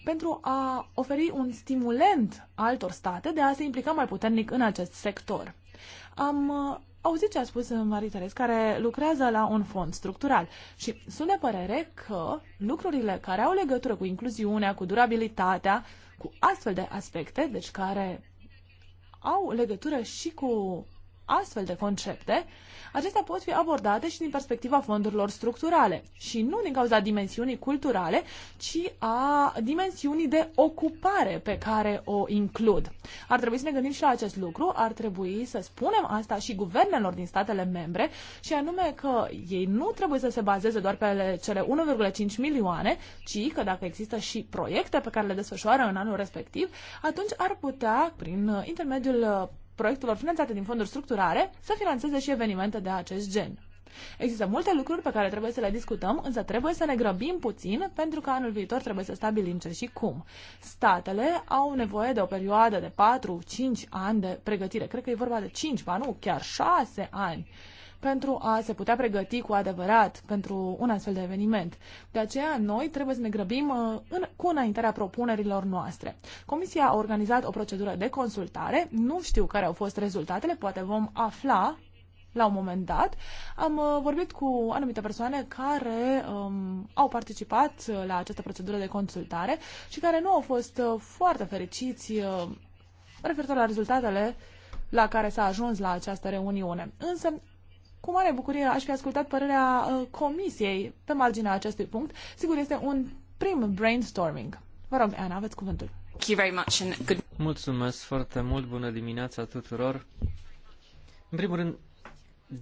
pentru a oferi un stimulent altor state de a se implica mai puternic în acest sector. Am uh, auzit ce a spus uh, Marie Teres, care lucrează la un fond structural și sunt de părere că lucrurile care au legătură cu incluziunea, cu durabilitatea, cu astfel de aspecte, deci care au legătură și cu astfel de concepte, acestea pot fi abordate și din perspectiva fondurilor structurale și nu din cauza dimensiunii culturale, ci a dimensiunii de ocupare pe care o includ. Ar trebui să ne gândim și la acest lucru, ar trebui să spunem asta și guvernelor din statele membre și anume că ei nu trebuie să se bazeze doar pe cele 1,5 milioane, ci că dacă există și proiecte pe care le desfășoară în anul respectiv, atunci ar putea, prin intermediul proiectelor finanțate din fonduri structurare să finanțeze și evenimente de acest gen. Există multe lucruri pe care trebuie să le discutăm, însă trebuie să ne grăbim puțin pentru că anul viitor trebuie să stabilim ce și cum. Statele au nevoie de o perioadă de 4-5 ani de pregătire. Cred că e vorba de 5, ba nu, chiar 6 ani pentru a se putea pregăti cu adevărat pentru un astfel de eveniment. De aceea, noi trebuie să ne grăbim uh, în, cu înaintarea propunerilor noastre. Comisia a organizat o procedură de consultare, nu știu care au fost rezultatele, poate vom afla la un moment dat. Am uh, vorbit cu anumite persoane care um, au participat uh, la această procedură de consultare și care nu au fost foarte fericiți referitor la rezultatele la care s-a ajuns la această reuniune. Însă cu mare bucurie aș fi ascultat părerea uh, comisiei pe marginea acestui punct. Sigur, este un prim brainstorming. Vă rog, Ana, aveți cuvântul. Mulțumesc foarte mult, bună dimineața tuturor. În primul rând,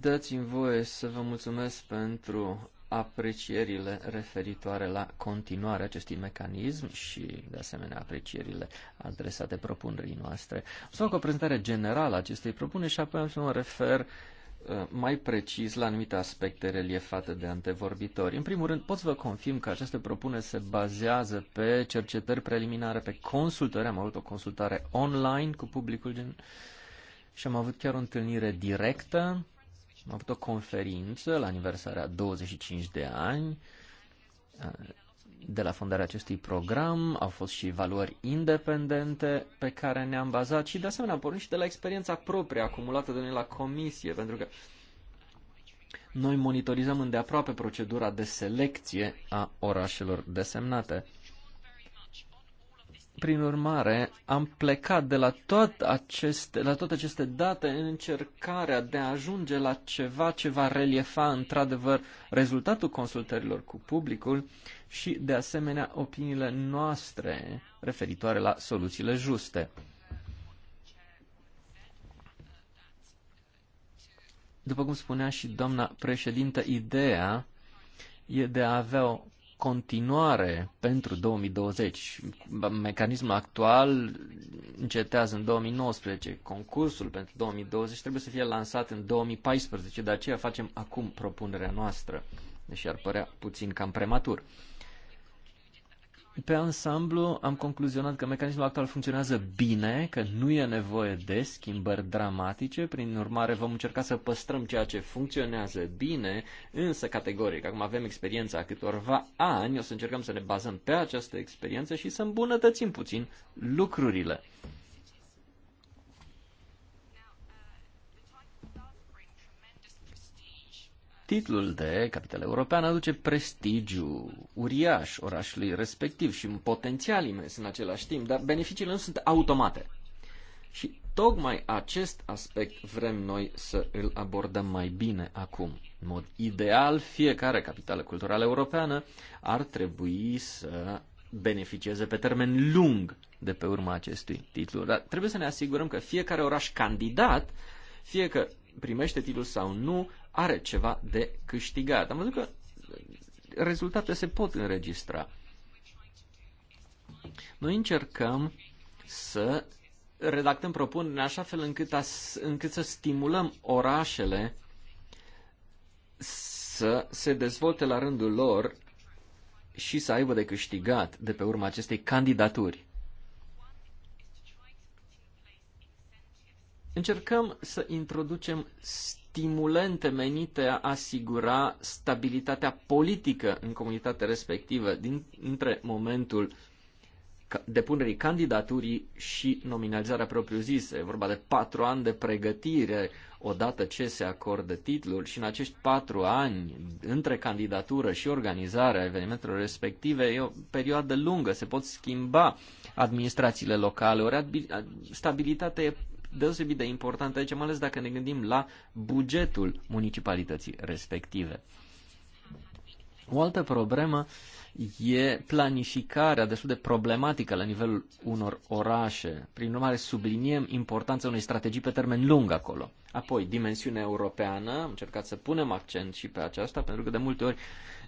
dați-mi voie să vă mulțumesc pentru aprecierile referitoare la continuarea acestui mecanism și, de asemenea, aprecierile adresate propunerii noastre. O să fac o prezentare generală a acestei propuneri și apoi am să mă refer Uh, mai precis la anumite aspecte reliefate de antevorbitori. În primul rând, pot să vă confirm că această propunere se bazează pe cercetări preliminare, pe consultări. Am avut o consultare online cu publicul din... și am avut chiar o întâlnire directă. Am avut o conferință la aniversarea 25 de ani uh, de la fondarea acestui program au fost și valori independente pe care ne-am bazat și de asemenea am pornit și de la experiența proprie acumulată de noi la comisie, pentru că noi monitorizăm îndeaproape procedura de selecție a orașelor desemnate. Prin urmare, am plecat de la, tot aceste, la toate aceste date în încercarea de a ajunge la ceva ce va reliefa într-adevăr rezultatul consultărilor cu publicul și, de asemenea, opiniile noastre referitoare la soluțiile juste. După cum spunea și doamna președintă, ideea e de a avea o continuare pentru 2020. Mecanismul actual încetează în 2019. Concursul pentru 2020 trebuie să fie lansat în 2014, de aceea facem acum propunerea noastră, deși ar părea puțin cam prematur. Pe ansamblu am concluzionat că mecanismul actual funcționează bine, că nu e nevoie de schimbări dramatice, prin urmare vom încerca să păstrăm ceea ce funcționează bine, însă categoric, acum avem experiența câtorva ani, o să încercăm să ne bazăm pe această experiență și să îmbunătățim puțin lucrurile. Titlul de capital european aduce prestigiu uriaș orașului respectiv și un potențial imens în același timp, dar beneficiile nu sunt automate. Și tocmai acest aspect vrem noi să îl abordăm mai bine acum. În mod ideal, fiecare capitală culturală europeană ar trebui să beneficieze pe termen lung de pe urma acestui titlu. Dar trebuie să ne asigurăm că fiecare oraș candidat, fie că primește titlul sau nu, are ceva de câștigat. Am văzut că rezultate se pot înregistra. Noi încercăm să redactăm propuneri în așa fel încât, a, încât să stimulăm orașele să se dezvolte la rândul lor și să aibă de câștigat de pe urma acestei candidaturi. Încercăm să introducem stimulente menite a asigura stabilitatea politică în comunitatea respectivă dintre momentul depunerii candidaturii și nominalizarea propriu-zisă. E vorba de patru ani de pregătire odată ce se acordă titlul și în acești patru ani între candidatură și organizarea evenimentelor respective e o perioadă lungă, se pot schimba administrațiile locale, ori stabilitatea e deosebit de importantă aici, mai ales dacă ne gândim la bugetul municipalității respective. O altă problemă e planificarea destul de problematică la nivelul unor orașe. Prin urmare, subliniem importanța unei strategii pe termen lung acolo. Apoi, dimensiunea europeană, am încercat să punem accent și pe aceasta, pentru că de multe ori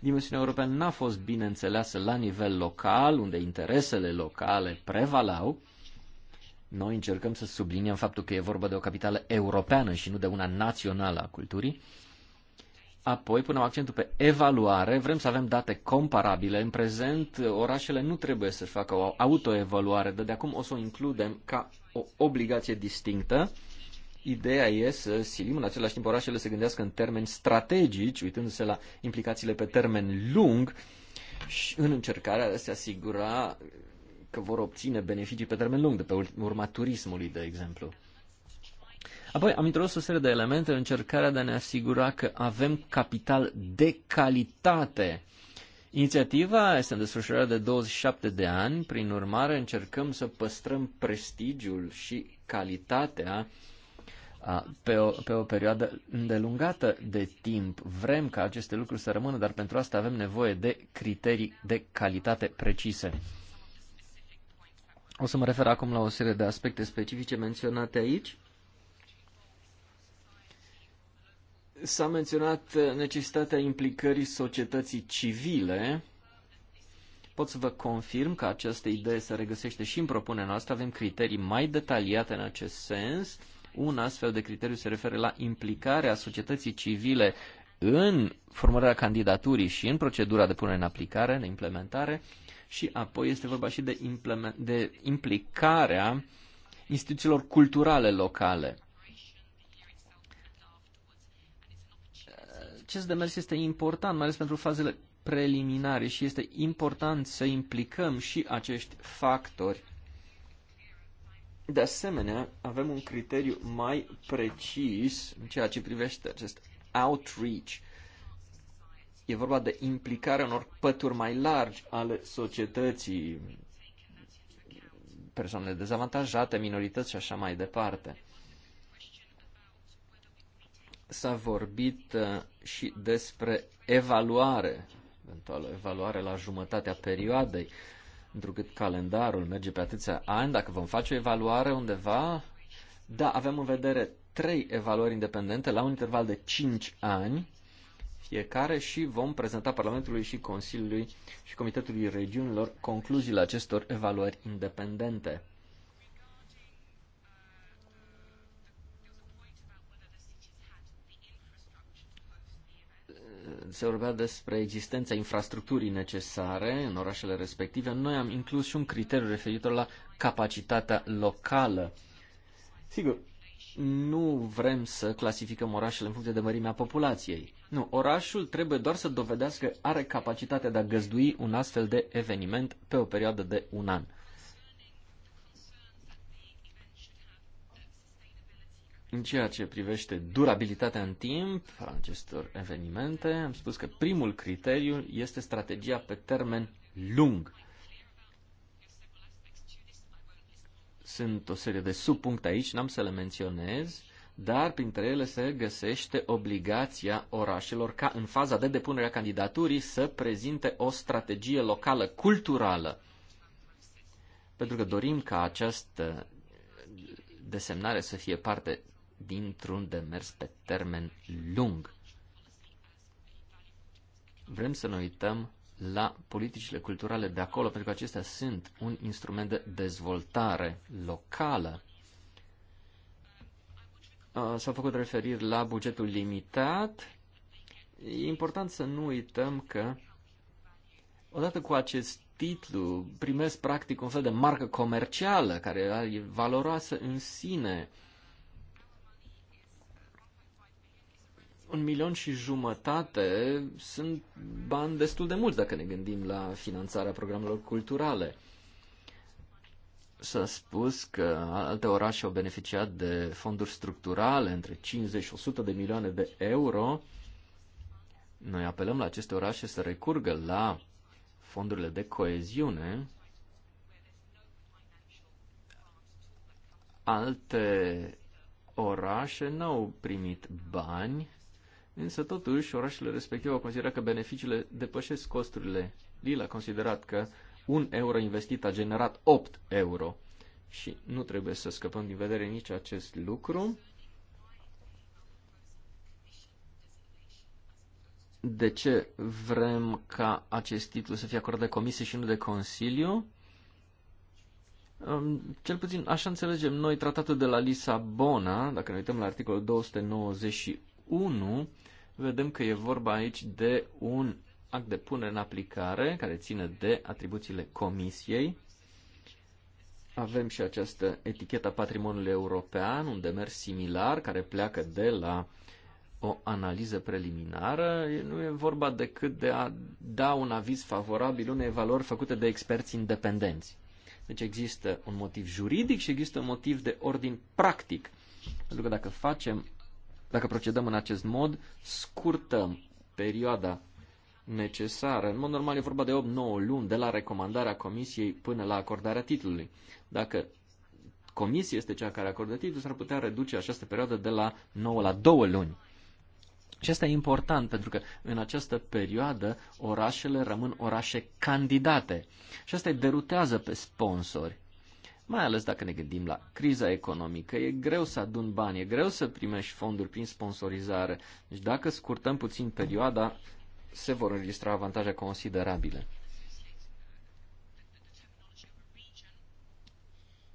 dimensiunea europeană n-a fost bine înțeleasă la nivel local, unde interesele locale prevalau, noi încercăm să subliniem faptul că e vorba de o capitală europeană și nu de una națională a culturii. Apoi punem accentul pe evaluare, vrem să avem date comparabile. În prezent, orașele nu trebuie să facă o autoevaluare, dar de acum o să o includem ca o obligație distinctă. Ideea e să silim în același timp orașele să gândească în termeni strategici, uitându-se la implicațiile pe termen lung, și în încercarea de a se asigura că vor obține beneficii pe termen lung de pe urma turismului, de exemplu. Apoi am introdus o serie de elemente în încercarea de a ne asigura că avem capital de calitate. Inițiativa este în desfășurare de 27 de ani, prin urmare încercăm să păstrăm prestigiul și calitatea pe o, pe o perioadă îndelungată de timp. Vrem ca aceste lucruri să rămână, dar pentru asta avem nevoie de criterii de calitate precise. O să mă refer acum la o serie de aspecte specifice menționate aici. S-a menționat necesitatea implicării societății civile. Pot să vă confirm că această idee se regăsește și în propunerea noastră. Avem criterii mai detaliate în acest sens. Un astfel de criteriu se referă la implicarea societății civile în formularea candidaturii și în procedura de punere în aplicare, în implementare. Uh, și apoi este vorba și de, de implicarea instituțiilor culturale locale. Acest demers este important, mai ales pentru fazele preliminare și este important să implicăm și acești factori. De asemenea, avem un criteriu mai precis în ceea ce privește acest outreach, E vorba de implicarea unor pături mai largi ale societății, persoanele dezavantajate, minorități și așa mai departe. S-a vorbit uh, și despre evaluare, eventuală evaluare la jumătatea perioadei, întrucât calendarul merge pe atâția ani. Dacă vom face o evaluare undeva, da, avem în vedere trei evaluări independente la un interval de 5 ani, fiecare și vom prezenta Parlamentului și Consiliului și Comitetului Regiunilor concluziile acestor evaluări independente. se vorbea despre existența infrastructurii necesare în orașele respective, noi am inclus și un criteriu referitor la capacitatea locală. Sigur, nu vrem să clasificăm orașele în funcție de mărimea populației. Nu, orașul trebuie doar să dovedească că are capacitatea de a găzdui un astfel de eveniment pe o perioadă de un an. În ceea ce privește durabilitatea în timp a acestor evenimente, am spus că primul criteriu este strategia pe termen lung. Sunt o serie de subpuncte aici, n-am să le menționez, dar printre ele se găsește obligația orașelor ca în faza de depunere a candidaturii să prezinte o strategie locală, culturală. Pentru că dorim ca această desemnare să fie parte dintr-un demers pe termen lung. Vrem să ne uităm la politicile culturale de acolo, pentru că acestea sunt un instrument de dezvoltare locală. S-au făcut referiri la bugetul limitat. E important să nu uităm că odată cu acest titlu primesc practic un fel de marcă comercială care e valoroasă în sine un milion și jumătate sunt bani destul de mulți dacă ne gândim la finanțarea programelor culturale. S-a spus că alte orașe au beneficiat de fonduri structurale între 50 și 100 de milioane de euro. Noi apelăm la aceste orașe să recurgă la fondurile de coeziune. Alte orașe n-au primit bani Însă, totuși, orașele respective au considerat că beneficiile depășesc costurile. Lila a considerat că un euro investit a generat 8 euro și nu trebuie să scăpăm din vedere nici acest lucru. De ce vrem ca acest titlu să fie acordat de comisie și nu de Consiliu? Cel puțin așa înțelegem noi tratatul de la Lisabona, dacă ne uităm la articolul 291, vedem că e vorba aici de un act de punere în aplicare care ține de atribuțiile comisiei. Avem și această a patrimoniului european, un demers similar care pleacă de la o analiză preliminară. Nu e vorba decât de a da un aviz favorabil unei valori făcute de experți independenți. Deci există un motiv juridic și există un motiv de ordin practic. Pentru că dacă facem dacă procedăm în acest mod, scurtăm perioada necesară. În mod normal e vorba de 8-9 luni de la recomandarea comisiei până la acordarea titlului. Dacă comisia este cea care acordă titlul, s-ar putea reduce această perioadă de la 9 la 2 luni. Și asta e important pentru că în această perioadă orașele rămân orașe candidate. Și asta îi derutează pe sponsori mai ales dacă ne gândim la criza economică. E greu să adun bani, e greu să primești fonduri prin sponsorizare. Deci dacă scurtăm puțin perioada, se vor înregistra avantaje considerabile.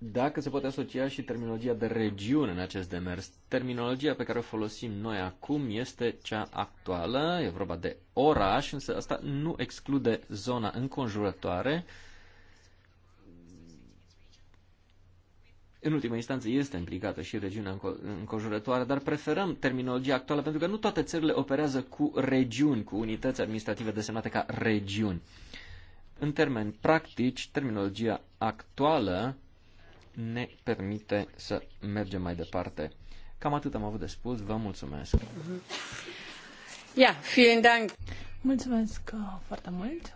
Dacă se poate asocia și terminologia de regiune în acest demers, terminologia pe care o folosim noi acum este cea actuală, e vorba de oraș, însă asta nu exclude zona înconjurătoare, uh, În ultima instanță este implicată și regiunea înconjurătoare, dar preferăm terminologia actuală pentru că nu toate țările operează cu regiuni, cu unități administrative desemnate ca regiuni. În termeni practici, terminologia actuală ne permite să mergem mai departe. Cam atât am avut de spus, vă mulțumesc. Ia, vielen Dank. Mulțumesc uh, foarte mult.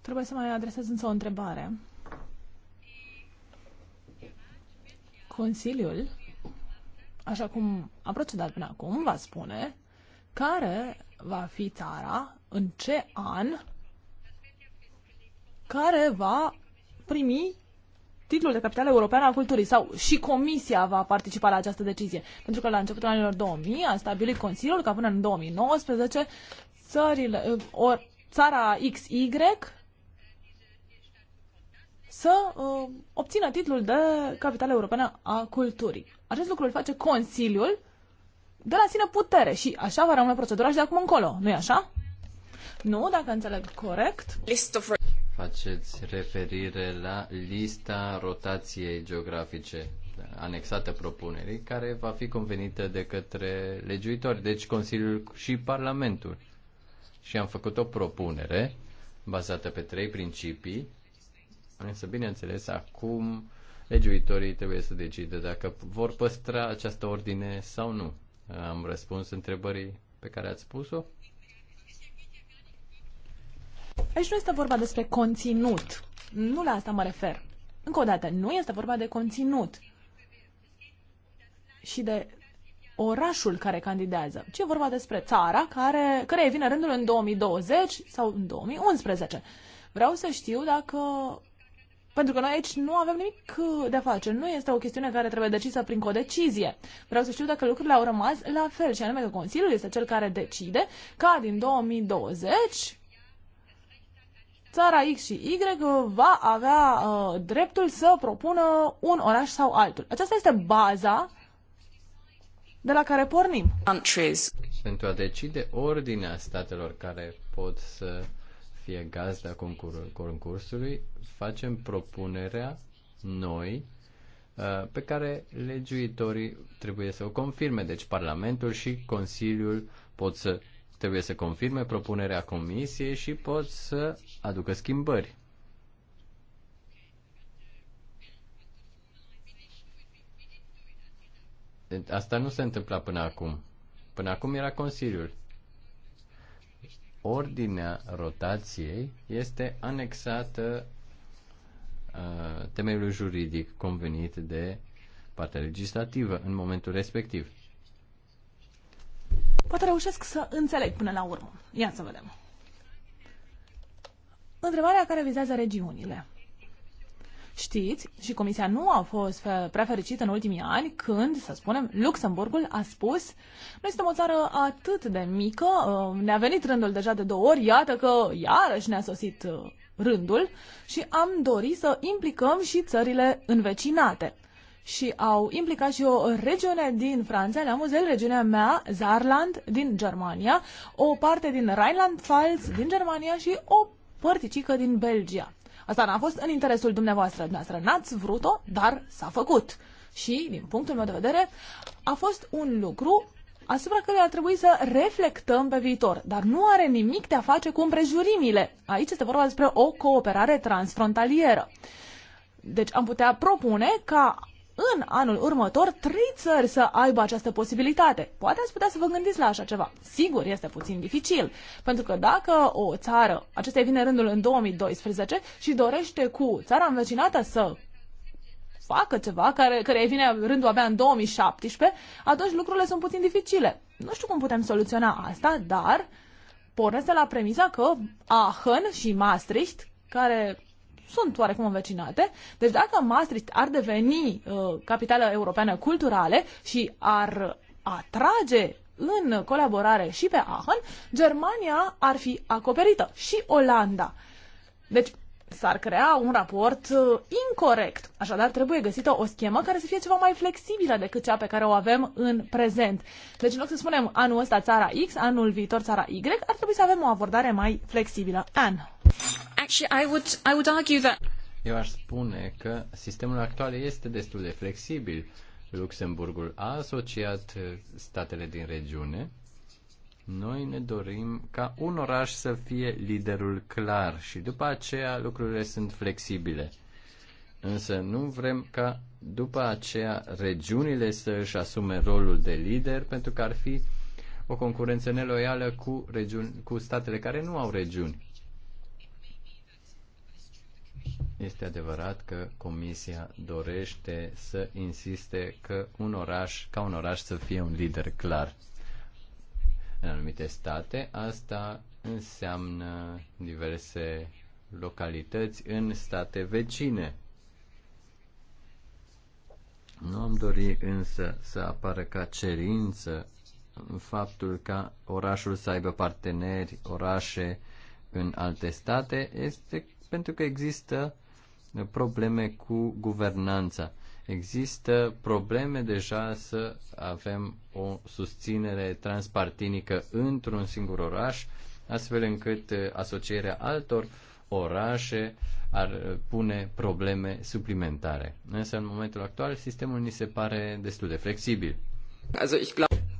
Trebuie să mai adresez însă o întrebare. Consiliul, așa cum a procedat până acum, va spune care va fi țara, în ce an, care va primi titlul de capitală europeană a culturii sau și Comisia va participa la această decizie. Pentru că la începutul anilor 2000 a stabilit Consiliul ca până în 2019 țările, ă, or, țara XY să uh, obțină titlul de capitală europeană a culturii. Acest lucru îl face Consiliul de la sine putere și așa va rămâne procedura și de acum încolo, nu e așa? Nu, dacă înțeleg corect. Faceți referire la lista rotației geografice anexată propunerii, care va fi convenită de către legiuitori, deci Consiliul și Parlamentul. Și am făcut o propunere bazată pe trei principii Însă, bineînțeles, acum legiuitorii trebuie să decide dacă vor păstra această ordine sau nu. Am răspuns întrebării pe care ați spus-o. Aici nu este vorba despre conținut. Nu la asta mă refer. Încă o dată, nu este vorba de conținut și de orașul care candidează, ci e vorba despre țara care, care vine rândul în 2020 sau în 2011. Vreau să știu dacă pentru că noi aici nu avem nimic uh, de a face. Nu este o chestiune care trebuie decisă prin codecizie. Vreau să știu dacă lucrurile au rămas la fel și anume că Consiliul este cel care decide ca din 2020 țara X și Y va avea uh, dreptul să propună un oraș sau altul. Aceasta este baza de la care pornim. Pentru a decide ordinea statelor care pot să fie gazda concur- concursului, facem propunerea noi uh, pe care legiuitorii trebuie să o confirme. Deci Parlamentul și Consiliul pot să trebuie să confirme propunerea Comisiei și pot să aducă schimbări. Asta nu se întâmpla până acum. Până acum era Consiliul ordinea rotației este anexată uh, temeiului juridic convenit de partea legislativă în momentul respectiv. Poate reușesc să înțeleg până la urmă. Ia să vedem. Întrebarea care vizează regiunile. Știți, și Comisia nu a fost prea fericită în ultimii ani când, să spunem, Luxemburgul a spus noi suntem o țară atât de mică, uh, ne-a venit rândul deja de două ori, iată că iarăși ne-a sosit uh, rândul și am dorit să implicăm și țările învecinate. Și au implicat și o regiune din Franța, la muzel, regiunea mea, Zarland, din Germania, o parte din Rheinland-Pfalz, din Germania și o părticică din Belgia. Asta n-a fost în interesul dumneavoastră. Dumneavoastră n-ați vrut-o, dar s-a făcut. Și, din punctul meu de vedere, a fost un lucru asupra căruia ar trebui să reflectăm pe viitor, dar nu are nimic de a face cu împrejurimile. Aici este vorba despre o cooperare transfrontalieră. Deci am putea propune ca în anul următor trei țări să aibă această posibilitate. Poate ați putea să vă gândiți la așa ceva. Sigur, este puțin dificil, pentru că dacă o țară, acesta vine rândul în 2012 și dorește cu țara învecinată să facă ceva, care, care vine rândul abia în 2017, atunci lucrurile sunt puțin dificile. Nu știu cum putem soluționa asta, dar pornesc de la premisa că Aachen și Maastricht, care sunt oarecum învecinate. Deci dacă Maastricht ar deveni uh, capitală europeană culturale și ar atrage în colaborare și pe Aachen, Germania ar fi acoperită și Olanda. Deci s-ar crea un raport uh, incorrect. Așadar, trebuie găsită o schemă care să fie ceva mai flexibilă decât cea pe care o avem în prezent. Deci, în loc să spunem anul ăsta țara X, anul viitor țara Y, ar trebui să avem o abordare mai flexibilă. An. I would, I would argue that... Eu aș spune că sistemul actual este destul de flexibil. Luxemburgul a asociat uh, statele din regiune. Noi ne dorim ca un oraș să fie liderul clar și după aceea lucrurile sunt flexibile. Însă nu vrem ca după aceea regiunile să își asume rolul de lider pentru că ar fi o concurență neloială cu, regiuni, cu statele care nu au regiuni. Este adevărat că Comisia dorește să insiste că un oraș, ca un oraș să fie un lider clar. În anumite state, asta înseamnă diverse localități în state vecine. Nu am dorit însă să apară ca cerință faptul ca orașul să aibă parteneri, orașe în alte state, este pentru că există uh, probleme cu guvernanța. Există probleme deja să avem o susținere transpartinică într-un singur oraș, astfel încât uh, asocierea altor orașe ar uh, pune probleme suplimentare. Însă, în momentul actual, sistemul ni se pare destul de flexibil.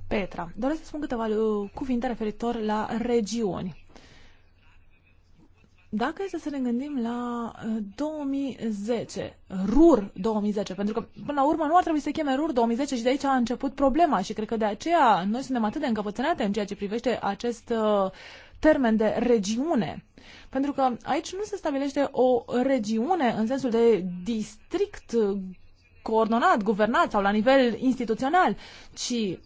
Petra, doresc să spun câteva uh, cuvinte referitor la regiuni. Dacă este să ne gândim la 2010, uh, RUR 2010, pentru că până la urmă nu ar trebui să cheme RUR 2010 și de aici a început problema și cred că de aceea noi suntem atât de încăpățânate în ceea ce privește acest uh, termen de regiune. Pentru că aici nu se stabilește o regiune în sensul de district uh, coordonat, guvernat sau la nivel instituțional, ci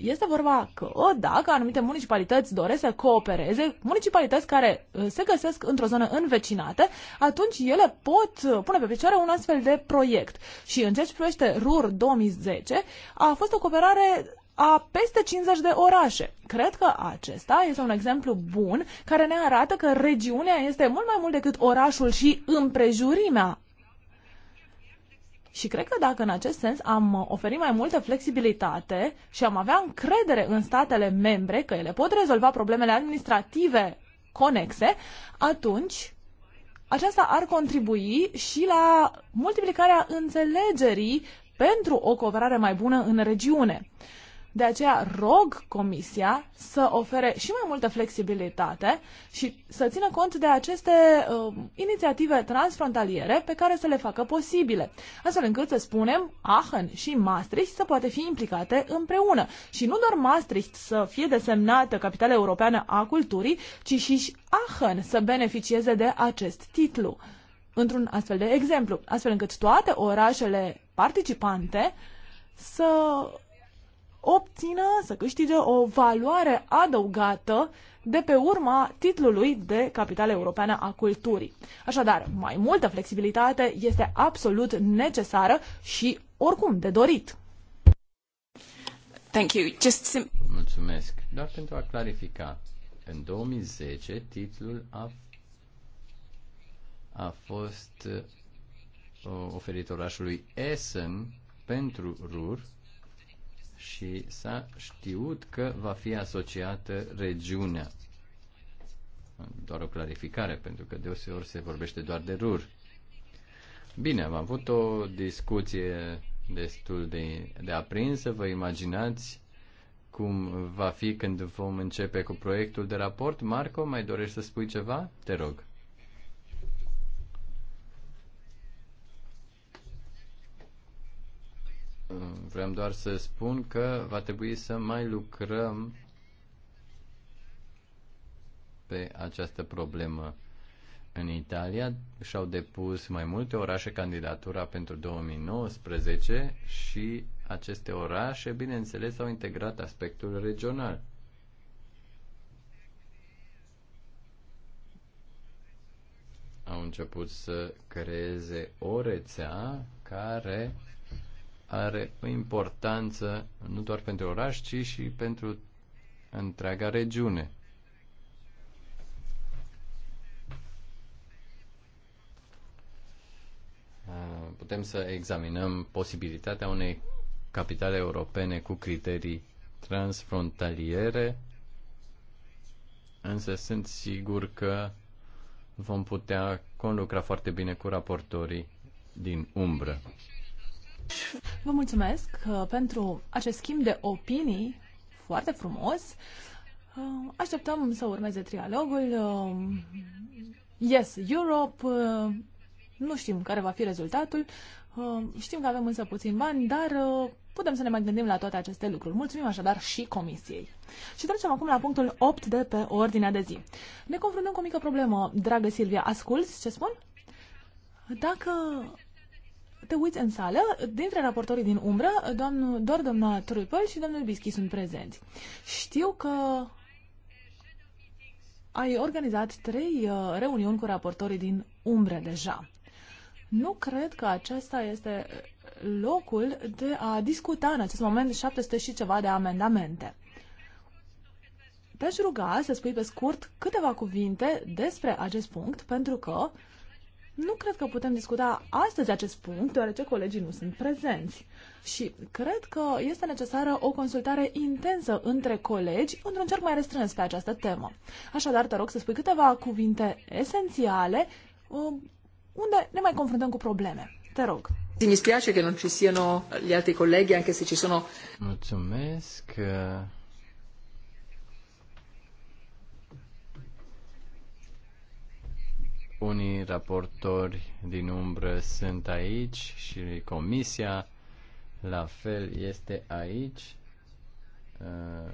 este vorba că dacă anumite municipalități doresc să coopereze, municipalități care uh, se găsesc într-o zonă învecinată, atunci ele pot uh, pune pe picioare un astfel de proiect. Și în ceea ce privește RUR 2010, a fost o cooperare a peste 50 de orașe. Cred că acesta este un exemplu bun care ne arată că regiunea este mult mai mult decât orașul și împrejurimea și cred că dacă în acest sens am uh, oferit mai multă flexibilitate și am avea încredere în statele membre că ele pot rezolva problemele administrative conexe, atunci aceasta ar contribui și la multiplicarea înțelegerii pentru o cooperare mai bună în regiune. De aceea rog Comisia să ofere și mai multă flexibilitate și să țină cont de aceste uh, inițiative transfrontaliere pe care să le facă posibile, astfel încât să spunem Aachen și Maastricht să poate fi implicate împreună. Și nu doar Maastricht să fie desemnată capitală europeană a culturii, ci și Aachen să beneficieze de acest titlu. Într-un astfel de exemplu, astfel încât toate orașele participante să obțină, să câștige o valoare adăugată de pe urma titlului de capitală europeană a culturii. Așadar, mai multă flexibilitate este absolut necesară și oricum de dorit. Thank you. Just sim- Mulțumesc. Doar pentru a clarifica, în 2010 titlul a, a fost uh, oferit orașului Essen pentru Rur și s-a știut că va fi asociată regiunea. Doar o clarificare, pentru că deseori se vorbește doar de rur. Bine, am avut o discuție destul de, de aprinsă, vă imaginați cum va fi când vom începe cu proiectul de raport. Marco, mai dorești să spui ceva? Te rog. Vreau doar să spun că va trebui să mai lucrăm pe această problemă. În Italia și-au depus mai multe orașe candidatura pentru 2019 și aceste orașe, bineînțeles, au integrat aspectul regional. Au început să creeze o rețea care are o importanță nu doar pentru oraș, ci și pentru întreaga regiune. Ah, putem să examinăm posibilitatea unei capitale europene cu criterii transfrontaliere, însă sunt sigur că vom putea conlucra foarte bine cu raportorii din umbră. Vă mulțumesc uh, pentru acest schimb de opinii foarte frumos. Uh, așteptăm să urmeze trialogul. Uh, yes, Europe. Nu știm care va fi rezultatul. Știm că avem însă puțin bani, dar putem să ne mai gândim la toate aceste lucruri. Mulțumim așadar și comisiei. Și trecem acum la punctul 8 de pe ordinea de zi. Ne confruntăm cu o mică problemă. Dragă Silvia, asculți ce spun? Dacă te uiți în sală, dintre raportorii din umbră, doamnul, doar doamna Trupel și domnul Bischi sunt prezenți. Știu că ai organizat trei uh, reuniuni cu raportorii din umbră deja. Nu cred că acesta este locul de a discuta în acest moment 700 și ceva de amendamente. Te-aș ruga să spui pe scurt câteva cuvinte despre acest punct, pentru că nu cred că putem discuta astăzi acest punct, deoarece colegii nu sunt prezenți. Și cred că este necesară o consultare intensă între colegi într-un cerc mai restrâns pe această temă. Așadar, te rog să spui câteva cuvinte esențiale um, unde ne mai confruntăm cu probleme. Te rog. Mi spiace că nu ci siano gli altri colleghi, anche se ci sono... Mulțumesc. unii raportori din umbră sunt aici și comisia la fel este aici. Uh,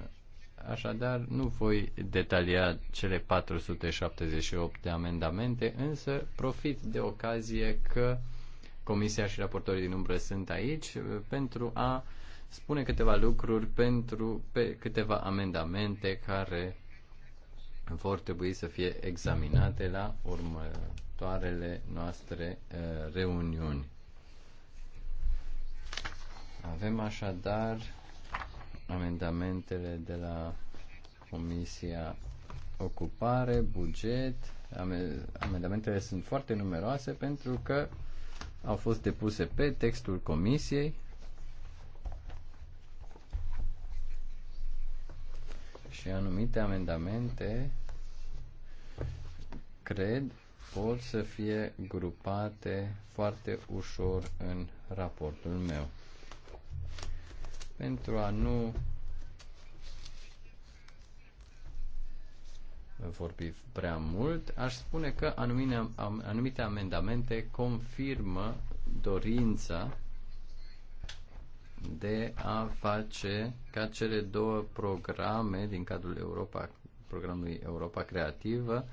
așadar, nu voi detalia cele 478 de amendamente, însă profit de ocazie că comisia și raportorii din umbră sunt aici uh, pentru a spune câteva lucruri pentru pe câteva amendamente care vor trebui să fie examinate la următoarele noastre uh, reuniuni. Avem așadar amendamentele de la Comisia Ocupare, Buget. Amendamentele sunt foarte numeroase pentru că au fost depuse pe textul Comisiei și anumite amendamente cred pot să fie grupate foarte ușor în raportul meu. Pentru a nu vorbi prea mult, aș spune că anumite, amendamente confirmă dorința de a face ca cele două programe din cadrul Europa, programului Europa Creativă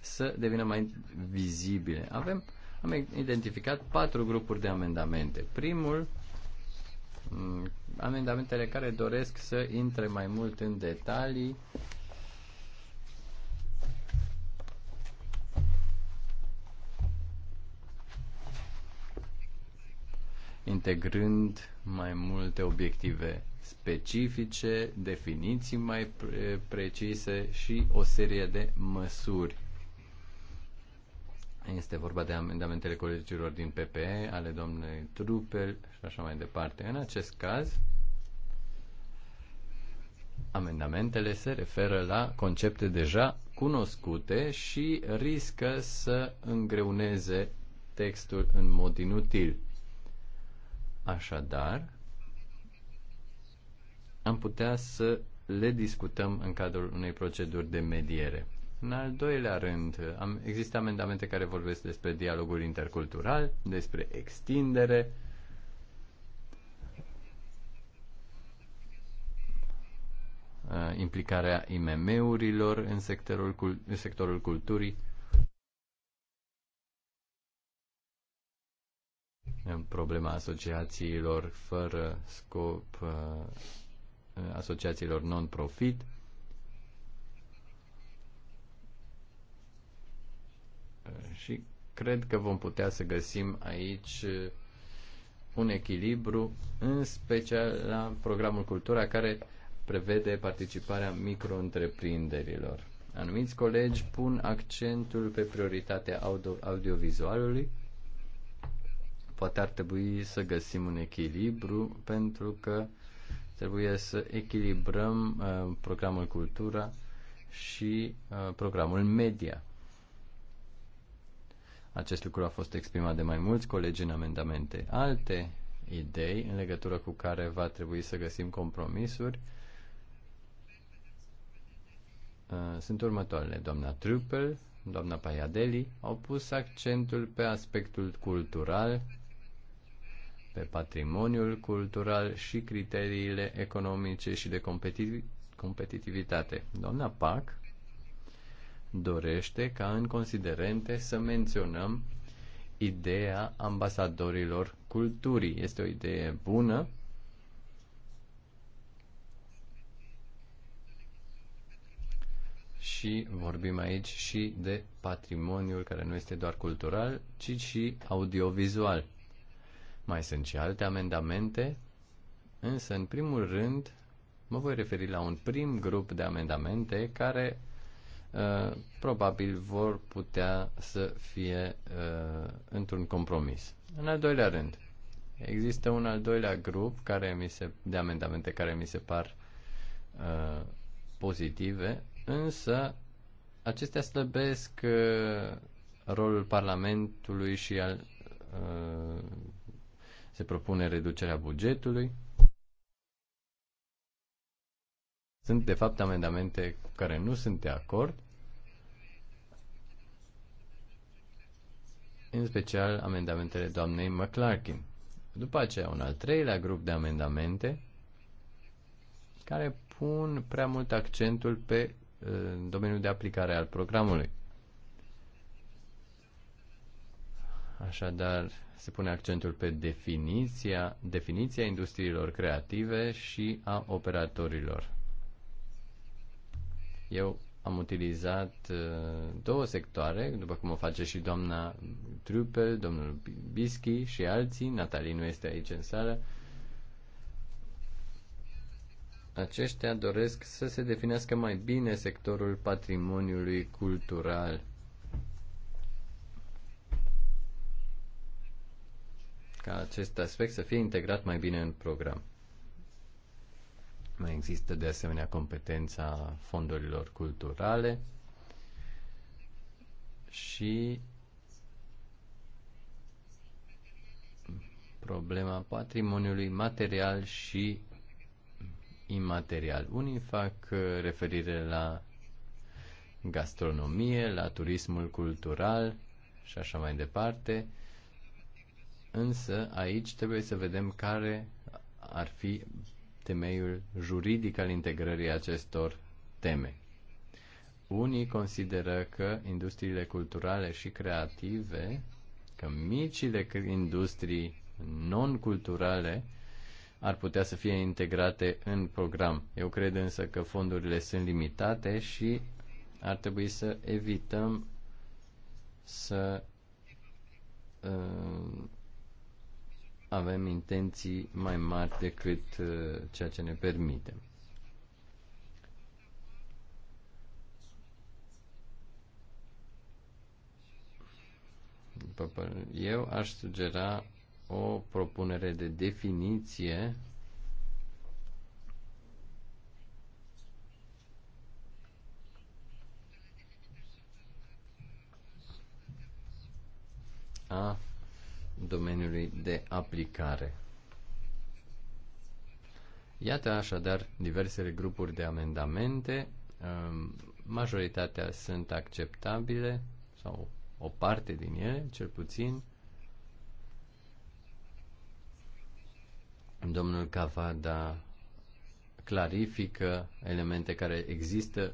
să devină mai vizibile. Avem, am identificat patru grupuri de amendamente. Primul, mm, amendamentele care doresc să intre mai mult în detalii integrând mai multe obiective specifice, definiții mai precise și o serie de măsuri. Este vorba de amendamentele colegilor din PPE, ale domnului Trupel și așa mai departe. În acest caz, amendamentele se referă la concepte deja cunoscute și riscă să îngreuneze textul în mod inutil. Așadar, am putea să le discutăm în cadrul unei proceduri de mediere. În al doilea rând, am, există amendamente care vorbesc despre dialogul intercultural, despre extindere. Uh, implicarea IMM-urilor în sectorul, în sectorul culturii problema asociațiilor fără scop, uh, asociațiilor non-profit. Uh, și cred că vom putea să găsim aici uh, un echilibru, în special la programul Cultura, care prevede participarea micro-întreprinderilor. Anumiți colegi pun accentul pe prioritatea audio- audiovizualului poate ar trebui să găsim un echilibru pentru că trebuie să echilibrăm uh, programul cultura și uh, programul media. Acest lucru a fost exprimat de mai mulți colegi în amendamente. Alte idei în legătură cu care va trebui să găsim compromisuri uh, sunt următoarele. Doamna Truppel, doamna Paiadeli au pus accentul pe aspectul cultural pe patrimoniul cultural și criteriile economice și de competitiv- competitivitate. Doamna PAC dorește ca în considerente să menționăm ideea ambasadorilor culturii. Este o idee bună și vorbim aici și de patrimoniul care nu este doar cultural, ci și audiovizual. Mai sunt și alte amendamente, însă, în primul rând, mă voi referi la un prim grup de amendamente care uh, probabil vor putea să fie uh, într-un compromis. În al doilea rând, există un al doilea grup care mi se, de amendamente care mi se par uh, pozitive, însă acestea slăbesc uh, rolul Parlamentului și al uh, se propune reducerea bugetului. Sunt, de fapt, amendamente cu care nu sunt de acord, în special amendamentele doamnei McClarkin. După aceea, un al treilea grup de amendamente care pun prea mult accentul pe uh, domeniul de aplicare al programului. Așadar, se pune accentul pe definiția, definiția industriilor creative și a operatorilor. Eu am utilizat uh, două sectoare, după cum o face și doamna Trupel, domnul Bischi și alții. Natalie nu este aici în sală. Aceștia doresc să se definească mai bine sectorul patrimoniului cultural ca acest aspect să fie integrat mai bine în program. Mai există de asemenea competența fondurilor culturale și problema patrimoniului material și imaterial. Unii fac uh, referire la gastronomie, la turismul cultural și așa mai departe. Însă aici trebuie să vedem care ar fi temeiul juridic al integrării acestor teme. Unii consideră că industriile culturale și creative, că micile industrii non-culturale ar putea să fie integrate în program. Eu cred însă că fondurile sunt limitate și ar trebui să evităm să uh, avem intenții mai mari decât uh, ceea ce ne permitem. eu aș sugera o propunere de definiție a domeniului de aplicare. Iată așadar diversele grupuri de amendamente, um, majoritatea sunt acceptabile sau o parte din ele, cel puțin. Domnul Cavada clarifică elemente care există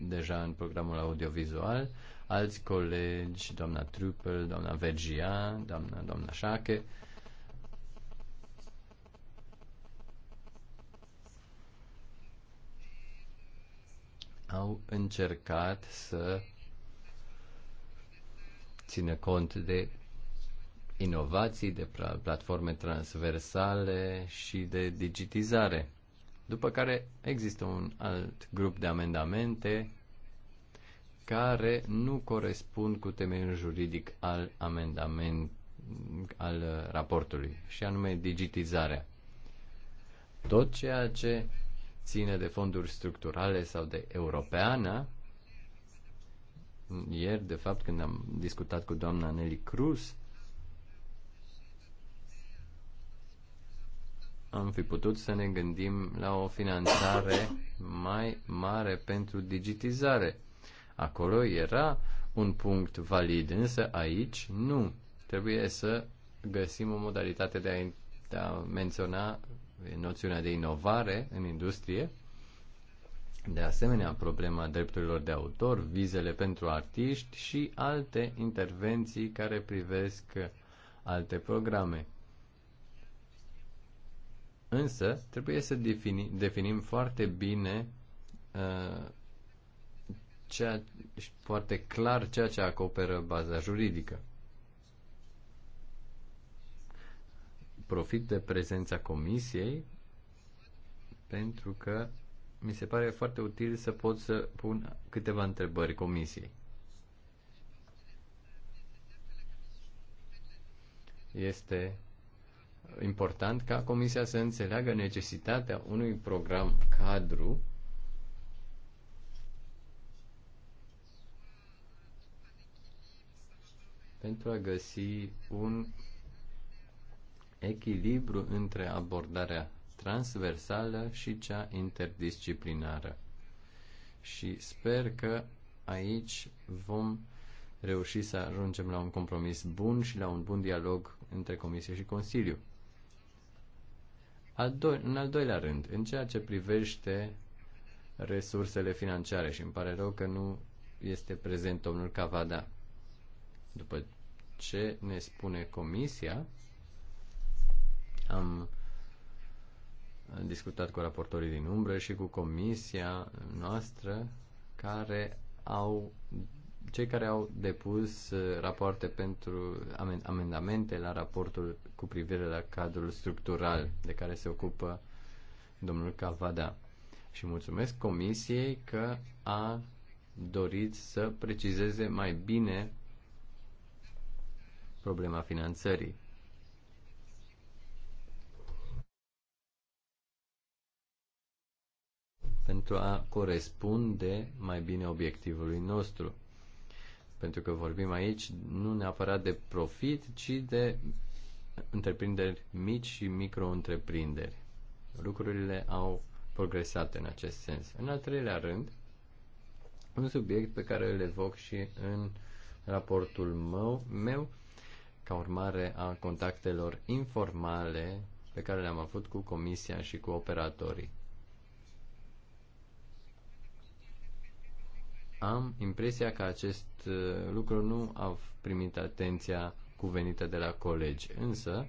deja în programul audiovizual alți colegi, doamna Trupel, doamna Vergia, doamna, doamna Șache. au încercat să țină cont de inovații, de platforme transversale și de digitizare. După care există un alt grup de amendamente care nu corespund cu temeiul juridic al amendament al uh, raportului, și anume digitizarea. Tot ceea ce ține de fonduri structurale sau de europeană, ieri, de fapt, când am discutat cu doamna Nelly Cruz, am fi putut să ne gândim la o finanțare mai mare pentru digitizare. Acolo era un punct valid, însă aici nu. Trebuie să găsim o modalitate de a, de a menționa noțiunea de inovare în industrie, de asemenea problema drepturilor de autor, vizele pentru artiști și alte intervenții care privesc alte programe. Însă, trebuie să defini, definim foarte bine uh, ceea, deci, foarte clar ceea ce acoperă baza juridică. Profit de prezența comisiei pentru că mi se pare foarte util să pot să pun câteva întrebări comisiei. Este important ca comisia să înțeleagă necesitatea unui program cadru pentru a găsi un echilibru între abordarea transversală și cea interdisciplinară. Și sper că aici vom reuși să ajungem la un compromis bun și la un bun dialog între Comisie și Consiliu. Al do- în al doilea rând, în ceea ce privește resursele financiare și îmi pare rău că nu este prezent domnul Cavada. După ce ne spune Comisia. Am discutat cu raportorii din umbră și cu Comisia noastră care au cei care au depus uh, rapoarte pentru amendamente la raportul cu privire la cadrul structural de care se ocupă domnul Cavada. Și mulțumesc comisiei că a dorit să precizeze mai bine problema finanțării. pentru a corespunde mai bine obiectivului nostru. Pentru că vorbim aici nu neapărat de profit, ci de întreprinderi mici și micro-întreprinderi. Lucrurile au progresat în acest sens. În al treilea rând, un subiect pe care îl evoc și în raportul meu, meu ca urmare a contactelor informale pe care le-am avut cu comisia și cu operatorii. Am impresia că acest uh, lucru nu a primit atenția cuvenită de la colegi, însă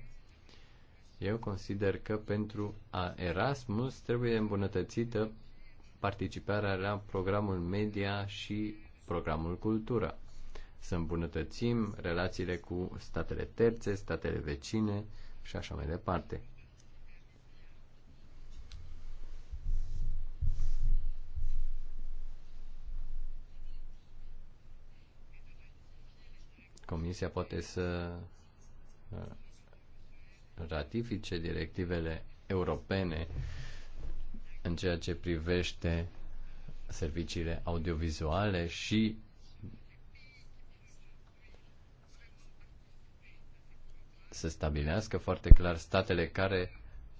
eu consider că pentru a Erasmus trebuie îmbunătățită participarea la programul media și programul cultură să îmbunătățim relațiile cu statele terțe, statele vecine și așa mai departe. Comisia poate să uh, ratifice directivele europene în ceea ce privește serviciile audiovizuale și să stabilească foarte clar statele care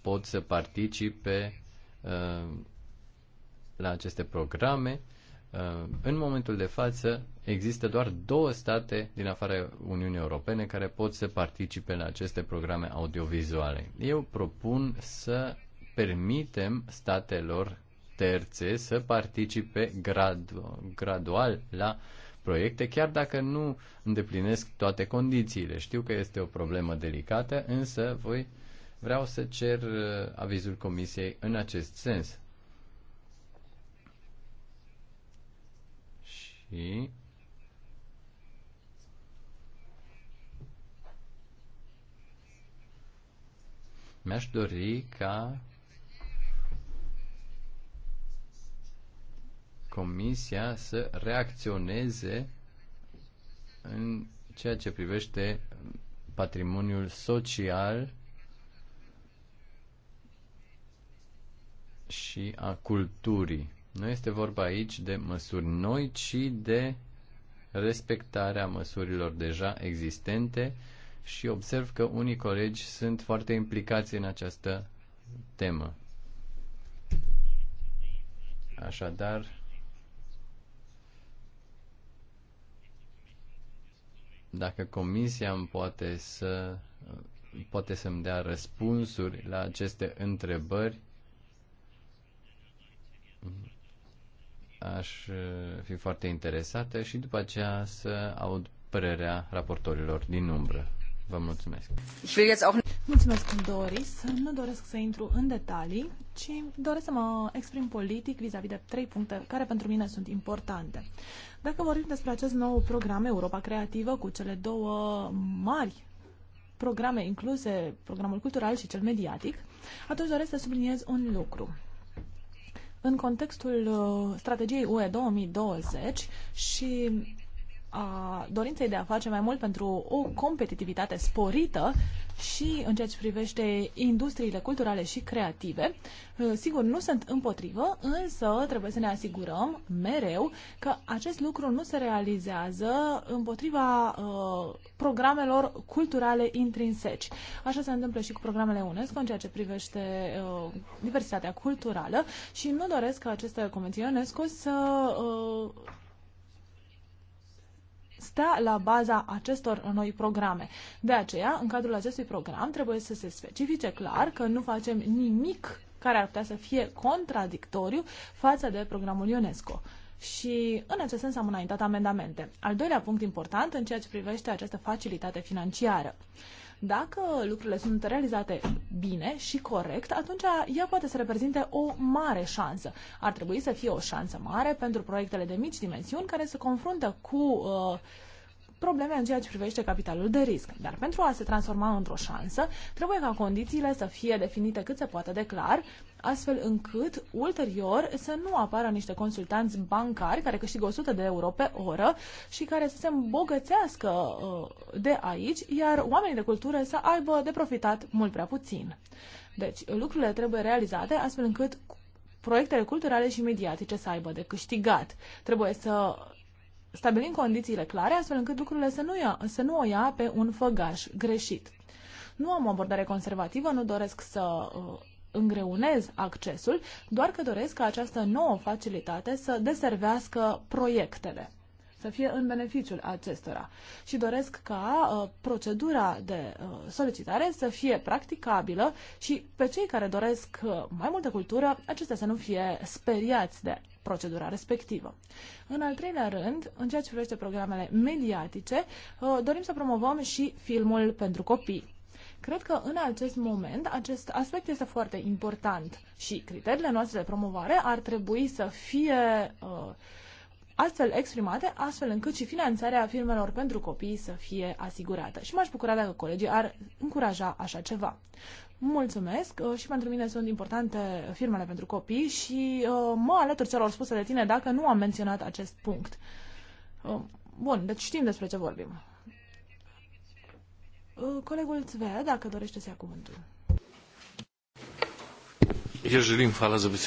pot să participe uh, la aceste programe. Uh, în momentul de față există doar două state din afara Uniunii Europene care pot să participe la aceste programe audiovizuale. Eu propun să permitem statelor terțe să participe gradu- gradual la uh, proiecte, chiar dacă nu îndeplinesc toate condițiile. Știu că este o problemă delicată, însă voi vreau să cer uh, avizul Comisiei în acest sens. Și mi-aș dori ca Comisia să reacționeze în ceea ce privește patrimoniul social și a culturii. Nu este vorba aici de măsuri noi, ci de respectarea măsurilor deja existente și observ că unii colegi sunt foarte implicați în această temă. Așadar, Dacă comisia îmi poate să poate să îmi dea răspunsuri la aceste întrebări, aș fi foarte interesată și după aceea să aud părerea raportorilor din umbră. Vă mulțumesc. Mulțumesc, Doris. Nu doresc să intru în detalii, ci doresc să mă exprim politic vis-a-vis -vis de trei puncte care pentru mine sunt importante. Dacă vorbim despre acest nou program Europa Creativă cu cele două mari programe incluse, programul cultural și cel mediatic, atunci doresc să subliniez un lucru. În contextul uh, strategiei UE 2020 și a dorinței de a face mai mult pentru o competitivitate sporită și în ceea ce privește industriile culturale și creative. Uh, sigur, nu sunt împotrivă, însă trebuie să ne asigurăm mereu că acest lucru nu se realizează împotriva uh, programelor culturale intrinseci. Așa se întâmplă și cu programele UNESCO în ceea ce privește uh, diversitatea culturală și nu doresc ca aceste convenții UNESCO să uh, stă la baza acestor noi programe. De aceea, în cadrul acestui program, trebuie să se specifice clar că nu facem nimic care ar putea să fie contradictoriu față de programul UNESCO. Și în acest sens am înaintat amendamente. Al doilea punct important în ceea ce privește această facilitate financiară. Dacă lucrurile sunt realizate bine și corect, atunci ea poate să reprezinte o mare șansă. Ar trebui să fie o șansă mare pentru proiectele de mici dimensiuni care se confruntă cu uh, probleme în ceea ce privește capitalul de risc. Dar pentru a se transforma într-o șansă, trebuie ca condițiile să fie definite cât se poate de clar, astfel încât ulterior să nu apară niște consultanți bancari care câștigă 100 de euro pe oră și care să se îmbogățească uh, de aici, iar oamenii de cultură să aibă de profitat mult prea puțin. Deci, lucrurile trebuie realizate astfel încât proiectele culturale și mediatice să aibă de câștigat. Trebuie să stabilim condițiile clare, astfel încât lucrurile să nu, ia, să nu o ia pe un făgaș greșit. Nu am o abordare conservativă, nu doresc să uh, îngreunez accesul, doar că doresc ca această nouă facilitate să deservească proiectele să fie în beneficiul acestora și doresc ca uh, procedura de uh, solicitare să fie practicabilă și pe cei care doresc uh, mai multă cultură, acestea să nu fie speriați de procedura respectivă. În al treilea rând, în ceea ce privește programele mediatice, uh, dorim să promovăm și filmul pentru copii. Cred că în acest moment acest aspect este foarte important și criteriile noastre de promovare ar trebui să fie uh, astfel exprimate, astfel încât și finanțarea filmelor pentru copii să fie asigurată. Și m-aș bucura dacă colegii ar încuraja așa ceva. Mulțumesc uh, și pentru mine sunt importante firmele pentru copii și uh, mă alătur celor spuse de tine dacă nu am menționat acest punct. Uh, bun, deci știm despre ce vorbim. Colegul Țvea, dacă dorește să ia cuvântul.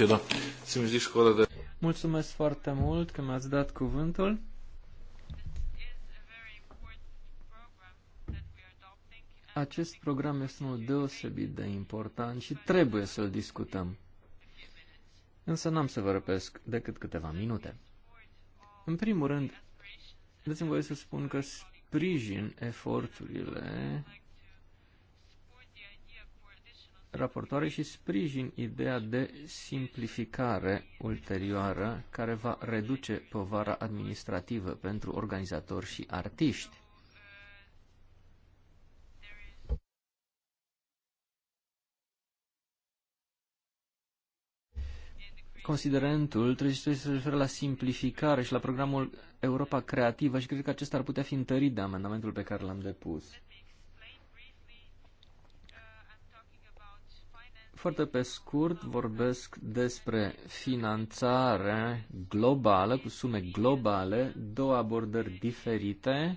Da- Mulțumesc foarte mult că mi-ați dat cuvântul. Acest program este unul deosebit de important și trebuie să-l discutăm. Însă n-am să vă răpesc decât câteva minute. În primul rând, dați-mi voie să spun că sprijin eforturile raportoare și sprijin ideea de simplificare ulterioară care va reduce povara administrativă pentru organizatori și artiști. considerentul să se referă la simplificare și la programul Europa Creativă și cred că acesta ar putea fi întărit de amendamentul pe care l-am depus. Foarte pe scurt vorbesc despre finanțare globală, cu sume globale, două abordări diferite.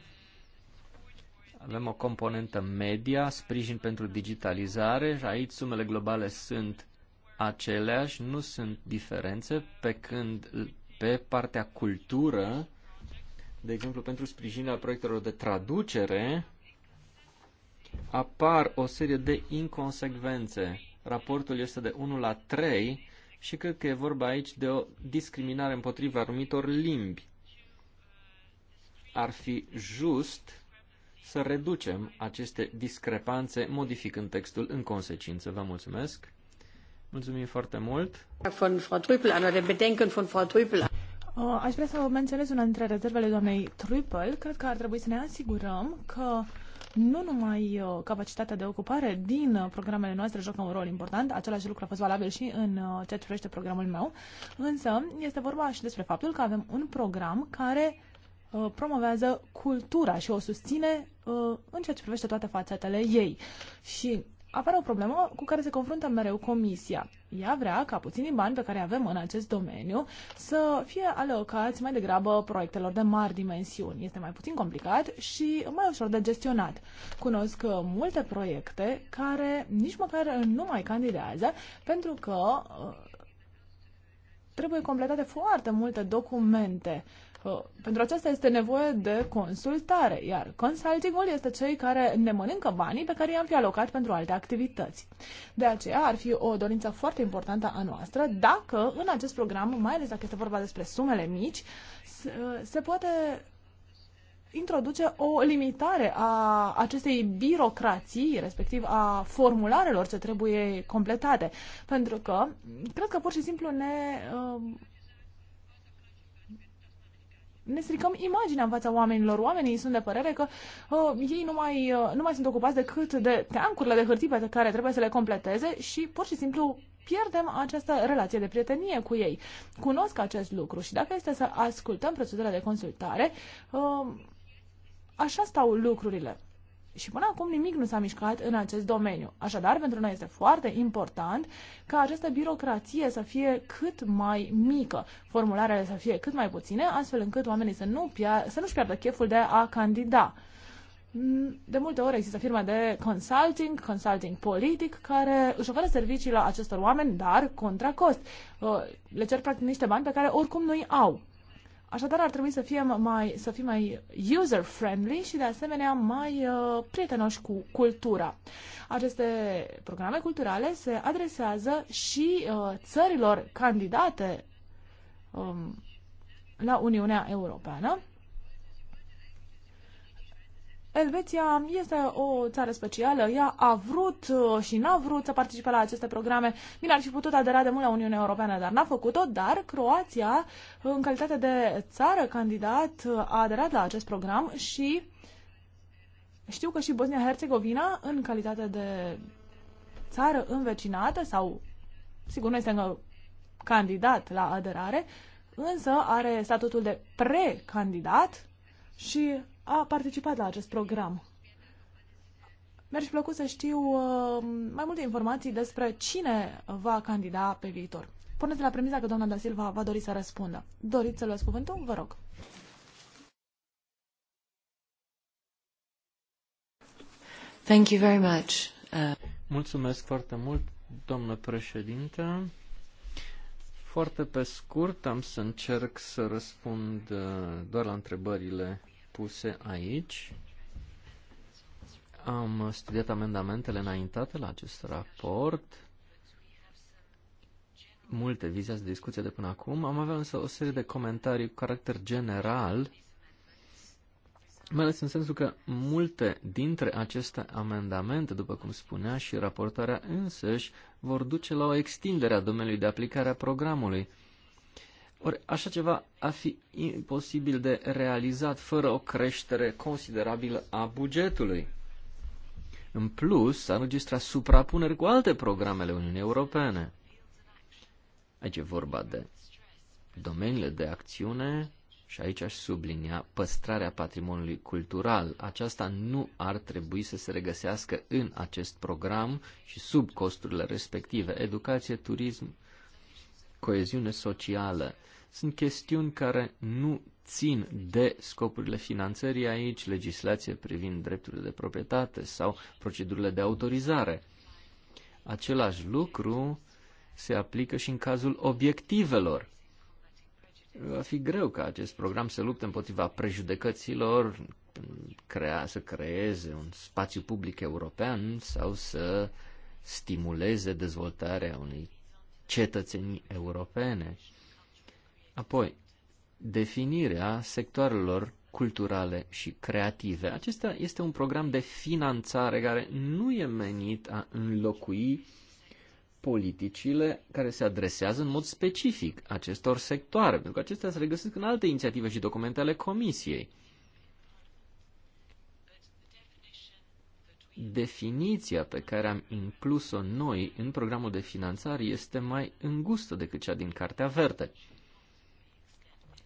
Avem o componentă media, sprijin pentru digitalizare și aici sumele globale sunt aceleași, nu sunt diferențe, pe când pe partea cultură, de exemplu, pentru sprijinirea proiectelor de traducere, apar o serie de inconsecvențe. Raportul este de 1 la 3 și cred că e vorba aici de o discriminare împotriva anumitor limbi. Ar fi just să reducem aceste discrepanțe modificând textul în consecință. Vă mulțumesc! Mulțumim foarte mult. Aș vrea să menționez una dintre rezervele doamnei Trupel. Cred că ar trebui să ne asigurăm că nu numai uh, capacitatea de ocupare din uh, programele noastre joacă un rol important, același lucru a fost valabil și în uh, ceea ce privește programul meu, însă este vorba și despre faptul că avem un program care promovează cultura și o susține în ceea ce privește toate fațetele ei. Și apare o problemă cu care se confruntă mereu Comisia. Ea vrea ca puținii bani pe care avem în acest domeniu să fie alocați mai degrabă proiectelor de mari dimensiuni. Este mai puțin complicat și mai ușor de gestionat. Cunosc multe proiecte care nici măcar nu mai candidează pentru că uh, trebuie completate foarte multe documente Uh, pentru aceasta este nevoie de consultare, iar consultingul este cei care ne mănâncă banii pe care i-am fi alocat pentru alte activități. De aceea ar fi o dorință foarte importantă a noastră dacă în acest program, mai ales dacă este vorba despre sumele mici, se poate introduce o limitare a acestei birocrații, respectiv a formularelor ce trebuie completate. Pentru că cred că pur și simplu ne uh, ne stricăm imaginea în fața oamenilor. Oamenii sunt de părere că uh, ei nu mai, uh, nu mai sunt ocupați decât de teancurile de hârtii pe care trebuie să le completeze și pur și simplu pierdem această relație de prietenie cu ei. Cunosc acest lucru și dacă este să ascultăm procedura de consultare, uh, așa stau lucrurile. Și până acum nimic nu s-a mișcat în acest domeniu. Așadar, pentru noi este foarte important ca această birocrație să fie cât mai mică, formularele să fie cât mai puține, astfel încât oamenii să, nu piar- să nu-și piardă cheful de a candida. De multe ori există firme de consulting, consulting politic, care își oferă la acestor oameni, dar contra cost. Uh, le cer practic niște bani pe care oricum nu-i au. Așadar, ar trebui să fie mai, să fie mai user-friendly și, de asemenea, mai uh, prietenoși cu cultura. Aceste programe culturale se adresează și uh, țărilor candidate um, la Uniunea Europeană Elveția este o țară specială, ea a vrut uh, și n-a vrut să participe la aceste programe. Bine, ar fi putut adera de mult la Uniunea Europeană, dar n-a făcut-o, dar Croația, în calitate de țară candidat, a aderat la acest program și știu că și Bosnia-Herzegovina, în calitate de țară învecinată sau, sigur, nu este încă candidat la aderare, însă are statutul de precandidat și a participat la acest program. Mi-ar fi plăcut să știu uh, mai multe informații despre cine va candida pe viitor. Puneți la premisa că doamna Da Silva va dori să răspundă. Doriți să luați cuvântul? Vă rog. Thank you very much. Uh... Mulțumesc foarte mult, domnule președinte. Foarte pe scurt am să încerc să răspund uh, doar la întrebările puse aici. Am studiat amendamentele înaintate la acest raport. Multe vizează discuția de până acum. Am avea însă o serie de comentarii cu caracter general, mai ales în sensul că multe dintre aceste amendamente, după cum spunea și raportarea însăși, vor duce la o extindere a domeniului de aplicare a programului ori așa ceva ar fi imposibil de realizat fără o creștere considerabilă a bugetului. În plus, s a înregistrat suprapuneri cu alte programele Uniunii Europene. Aici e vorba de domeniile de acțiune și aici aș sublinia păstrarea patrimoniului cultural. Aceasta nu ar trebui să se regăsească în acest program și sub costurile respective. Educație, turism, coeziune socială. Sunt chestiuni care nu țin de scopurile finanțării aici, legislație privind drepturile de proprietate sau procedurile de autorizare. Același lucru se aplică și în cazul obiectivelor. Va fi greu ca acest program să lupte împotriva prejudecăților, crea, să creeze un spațiu public european sau să stimuleze dezvoltarea unei cetățenii europene. Apoi, definirea sectoarelor culturale și creative. Acesta este un program de finanțare care nu e menit a înlocui politicile care se adresează în mod specific acestor sectoare, pentru că acestea se regăsesc în alte inițiative și documente ale Comisiei. Definiția pe care am inclus-o noi în programul de finanțare este mai îngustă decât cea din Cartea Verde.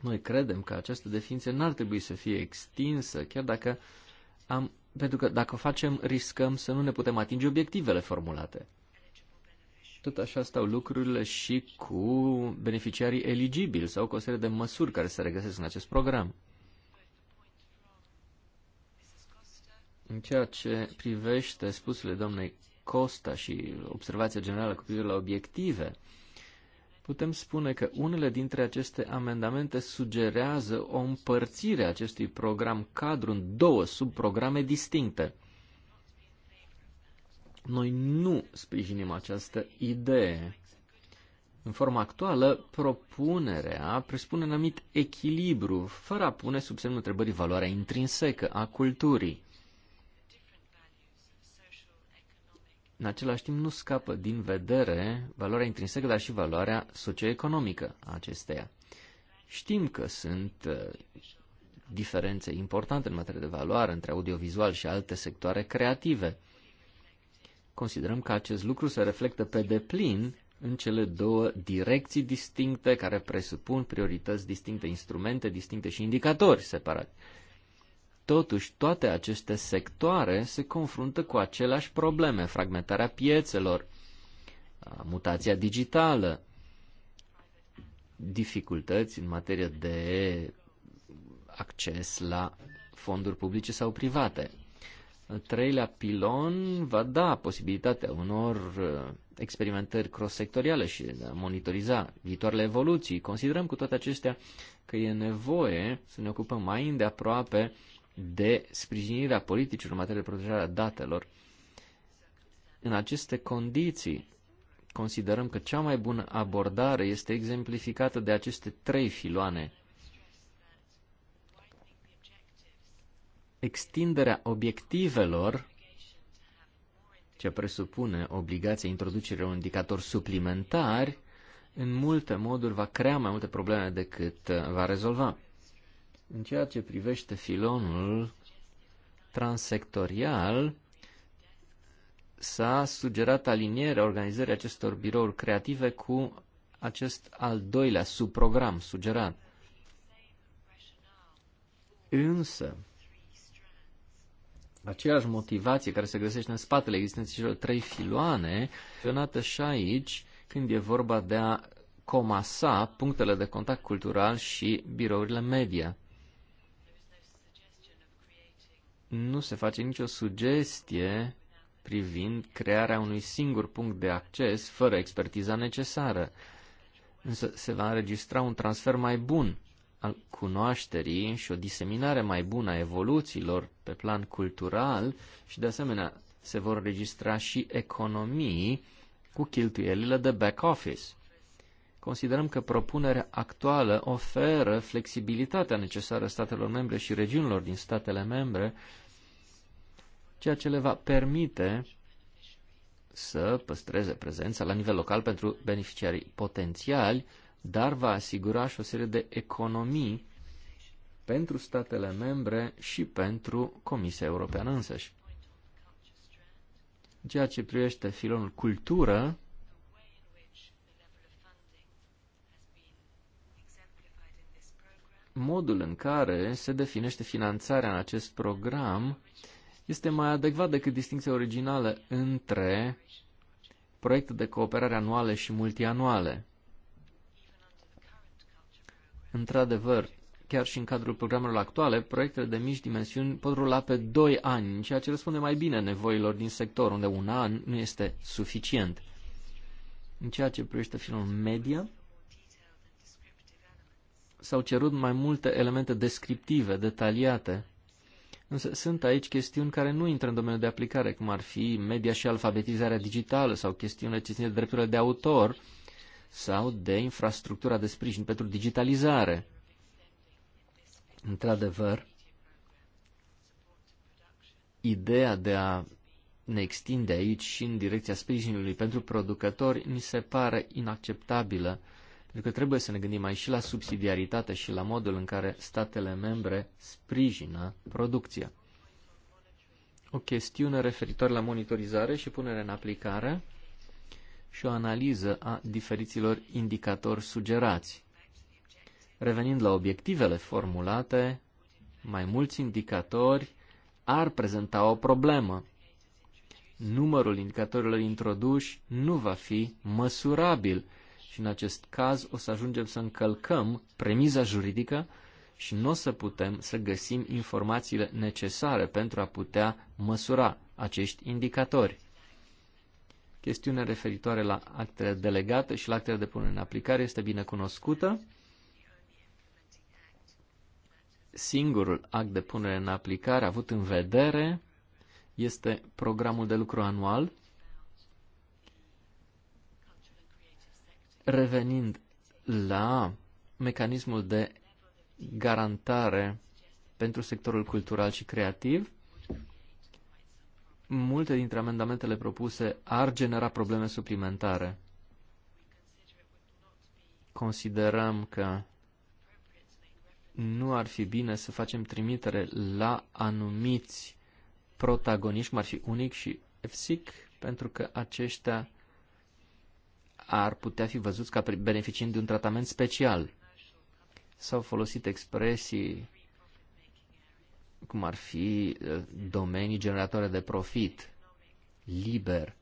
Noi credem că această definiție n-ar trebui să fie extinsă, chiar dacă am, pentru că dacă o facem, riscăm să nu ne putem atinge obiectivele formulate. Tot așa stau lucrurile și cu beneficiarii eligibili sau cu o serie de măsuri care se regăsesc în acest program. În ceea ce privește spusele doamnei Costa și observația generală cu privire la obiective, uh, putem spune că unele dintre aceste amendamente sugerează o împărțire a acestui program cadru în două subprograme distincte. Noi nu sprijinim această idee. În forma actuală, propunerea presupune un anumit echilibru, fără a pune sub semnul întrebării valoarea intrinsecă a culturii. în același timp nu scapă din vedere valoarea intrinsecă, dar și valoarea socioeconomică a acesteia. Știm că sunt uh, diferențe importante în materie de valoare între audiovizual și alte sectoare creative. Considerăm că acest lucru se reflectă pe deplin în cele două direcții distincte care presupun priorități distincte, instrumente distincte și indicatori separați. Totuși, toate aceste sectoare se confruntă cu aceleași probleme, fragmentarea piețelor, mutația digitală, dificultăți în materie de acces la fonduri publice sau private. Al treilea pilon va da posibilitatea unor experimentări cross-sectoriale și de a monitoriza viitoarele evoluții. Considerăm cu toate acestea că e nevoie să ne ocupăm mai îndeaproape de sprijinirea politicii în materie de protejare a datelor. În aceste condiții, considerăm că cea mai bună abordare este exemplificată de aceste trei filoane. Extinderea obiectivelor, ce presupune obligația introducerea unui indicator suplimentar, în multe moduri va crea mai multe probleme decât uh, va rezolva. În ceea ce privește filonul transectorial, s-a sugerat alinierea organizării acestor birouri creative cu acest al doilea subprogram sugerat. Însă, aceeași motivație care se găsește în spatele existenței celor trei filoane, menționată și aici când e vorba de a comasa punctele de contact cultural și birourile media nu se face nicio sugestie privind crearea unui singur punct de acces fără expertiza necesară. Însă se va înregistra un transfer mai bun al cunoașterii și o diseminare mai bună a evoluțiilor pe plan cultural și de asemenea se vor registra și economii cu cheltuielile de back office considerăm că propunerea actuală oferă flexibilitatea necesară statelor membre și regiunilor din statele membre, ceea ce le va permite să păstreze prezența la nivel local pentru beneficiarii potențiali, dar va asigura și o serie de economii pentru statele membre și pentru Comisia Europeană însăși. Ceea ce privește filonul cultură, modul în care se definește finanțarea în acest program este mai adecvat decât distinția originală între proiecte de cooperare anuale și multianuale. Într-adevăr, chiar și în cadrul programelor actuale, proiectele de mici dimensiuni pot rula pe 2 ani, ceea ce răspunde mai bine nevoilor din sector, unde un an nu este suficient. În ceea ce privește filmul media, s-au cerut mai multe elemente descriptive, detaliate. Însă sunt aici chestiuni care nu intră în domeniul de aplicare, cum ar fi media și alfabetizarea digitală sau chestiunile ce țin de drepturile de autor sau de infrastructura de sprijin pentru digitalizare. Într-adevăr, ideea de a ne extinde aici și în direcția sprijinului pentru producători mi se pare inacceptabilă pentru că trebuie să ne gândim mai și la subsidiaritate și la modul în care statele membre sprijină producția. O chestiune referitor la monitorizare și punere în aplicare și o analiză a diferiților indicatori sugerați. Revenind la obiectivele formulate, mai mulți indicatori ar prezenta o problemă. Numărul indicatorilor introduși nu va fi măsurabil și în acest caz o să ajungem să încălcăm premiza juridică și nu o să putem să găsim informațiile necesare pentru a putea măsura acești indicatori. Chestiunea referitoare la actele delegate și la actele de punere în aplicare este bine cunoscută. Singurul act de punere în aplicare avut în vedere este programul de lucru anual Revenind la mecanismul de garantare pentru sectorul cultural și creativ, multe dintre amendamentele propuse ar genera probleme suplimentare. Considerăm că nu ar fi bine să facem trimitere la anumiți protagoniști, ar fi Unic și EFSIC, pentru că aceștia ar putea fi văzuți ca beneficiind de un tratament special. S-au folosit expresii cum ar fi eh, domenii generatoare de profit, liber.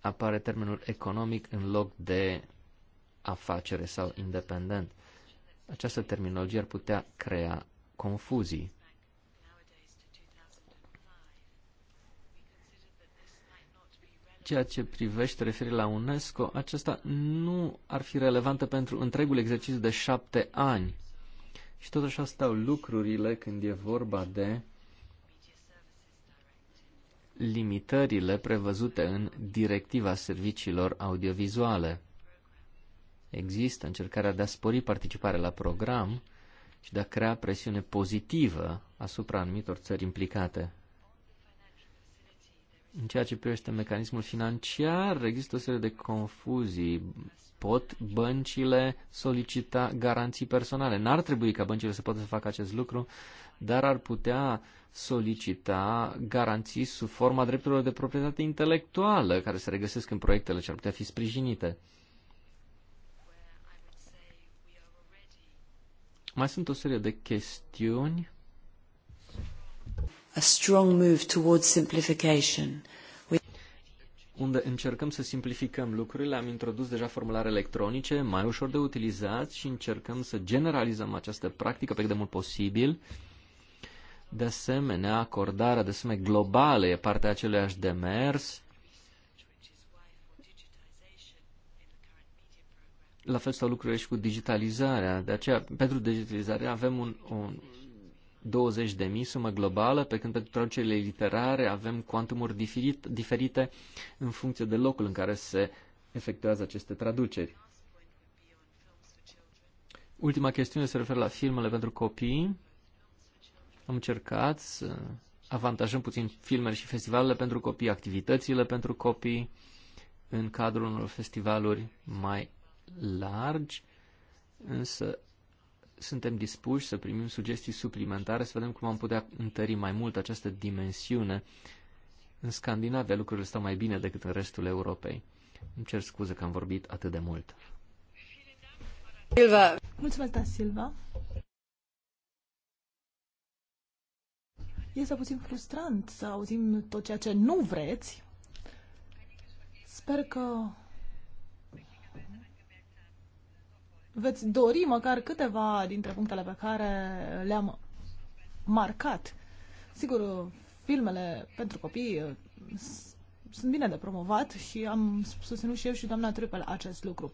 Apare termenul economic în loc de afacere sau independent. Această terminologie ar putea crea confuzii. ceea ce privește referire la UNESCO, acesta nu ar fi relevantă pentru întregul exercițiu de șapte ani. Și tot așa stau lucrurile când e vorba de limitările prevăzute în directiva serviciilor audiovizuale. Există încercarea de a spori participarea la program și de a crea presiune pozitivă asupra anumitor țări implicate. În ceea ce privește mecanismul financiar, există o serie de confuzii. Pot băncile solicita garanții personale? N-ar trebui ca băncile să poată să facă acest lucru, dar ar putea solicita garanții sub forma drepturilor de proprietate intelectuală, care se regăsesc în proiectele ce ar putea fi sprijinite. Mai sunt o serie de chestiuni a strong move towards simplification. Unde încercăm să simplificăm lucrurile, am introdus deja formulare electronice, mai ușor de utilizat și încercăm să generalizăm această practică pe cât de mult posibil. De asemenea, acordarea de sume globale e partea aceleiași demers. La fel stau lucrurile și cu digitalizarea. De aceea, pentru digitalizare avem un, un 20.000 sumă globală, pe când pentru traducerile literare avem cuantumuri diferit, diferite în funcție de locul în care se efectuează aceste traduceri. Ultima chestiune se referă la filmele pentru copii. Am încercat să avantajăm puțin filmele și festivalele pentru copii, activitățile pentru copii în cadrul unor festivaluri mai largi, însă suntem dispuși să primim sugestii suplimentare, să vedem cum am putea întări mai mult această dimensiune. În Scandinavia lucrurile stau mai bine decât în restul Europei. Îmi cer scuze că am vorbit atât de mult. Silva. Mulțumesc, da, Silva. Este puțin frustrant să auzim tot ceea ce nu vreți. Sper că veți dori măcar câteva dintre punctele pe care le-am marcat. Sigur, filmele pentru copii uh, sunt bine de promovat și am susținut și eu și doamna Trupel acest lucru.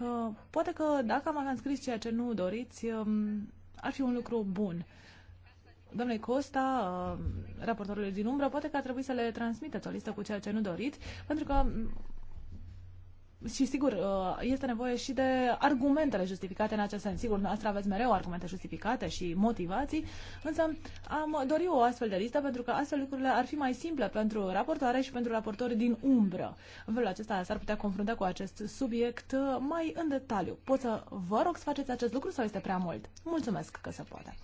Uh, poate că dacă am avea scris ceea ce nu doriți, um, ar fi un lucru bun. Domnule Costa, uh, raportorul din umbră, poate că ar trebui să le transmiteți o listă cu ceea ce nu doriți, pentru că și sigur, uh, este nevoie și de argumentele justificate în acest sens. Sigur, noastră aveți mereu argumente justificate și motivații, însă am dorit o astfel de listă pentru că astfel lucrurile ar fi mai simple pentru raportoare și pentru raportori din umbră. În felul acesta s-ar putea confrunta cu acest subiect uh, mai în detaliu. Pot să vă rog să faceți acest lucru sau este prea mult? Mulțumesc că se poate.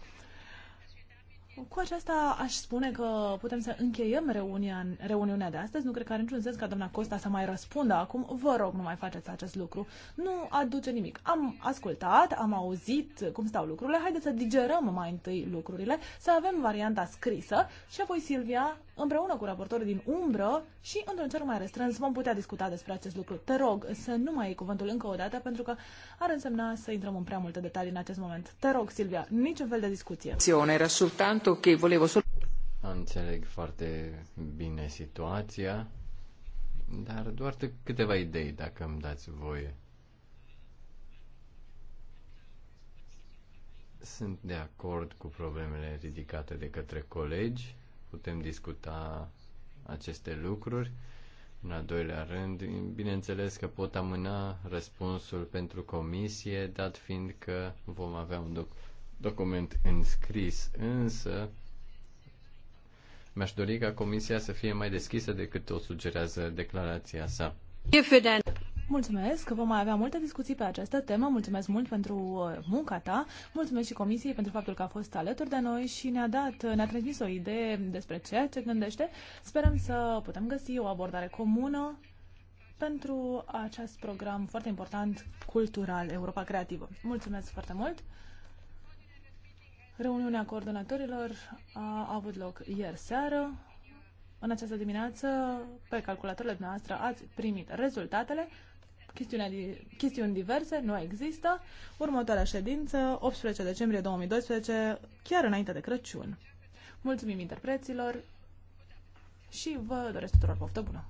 Cu aceasta aș spune că putem să încheiem reunia, reuniunea de astăzi. Nu cred că are niciun sens ca doamna Costa să mai răspundă acum. Vă rog, nu mai faceți acest lucru. Nu aduce nimic. Am ascultat, am auzit cum stau lucrurile. Haideți să digerăm mai întâi lucrurile, să avem varianta scrisă și apoi Silvia, împreună cu raportorul din umbră și într-un cer mai restrâns, vom putea discuta despre acest lucru. Te rog să nu mai iei cuvântul încă o dată, pentru că ar însemna să intrăm în prea multe detalii în acest moment. Te rog, Silvia, niciun fel de discuție. Era soltanto fatto volevo solo... Înțeleg foarte bine situația, dar doar câteva idei, dacă îmi dați voie. Sunt de acord cu problemele ridicate de către colegi. Putem discuta aceste lucruri. În al doilea rând, bineînțeles că pot amâna răspunsul pentru comisie, dat fiind că vom avea un document document înscris, însă mi-aș dori ca comisia să fie mai deschisă decât o sugerează declarația sa. Mulțumesc, vom mai avea multe discuții pe această temă. Mulțumesc mult pentru uh, munca ta. Mulțumesc și comisiei pentru faptul că a fost alături de noi și ne-a dat, ne-a transmis o idee despre ceea ce gândește. Sperăm să putem găsi o abordare comună pentru acest program foarte important cultural Europa Creativă. Mulțumesc foarte mult! Reuniunea coordonatorilor a avut loc ieri seară. În această dimineață, pe calculatorul noastre, ați primit rezultatele. Chestiuni diverse nu există. Următoarea ședință, 18 decembrie 2012, chiar înainte de Crăciun. Mulțumim interpreților și vă doresc tuturor poftă bună!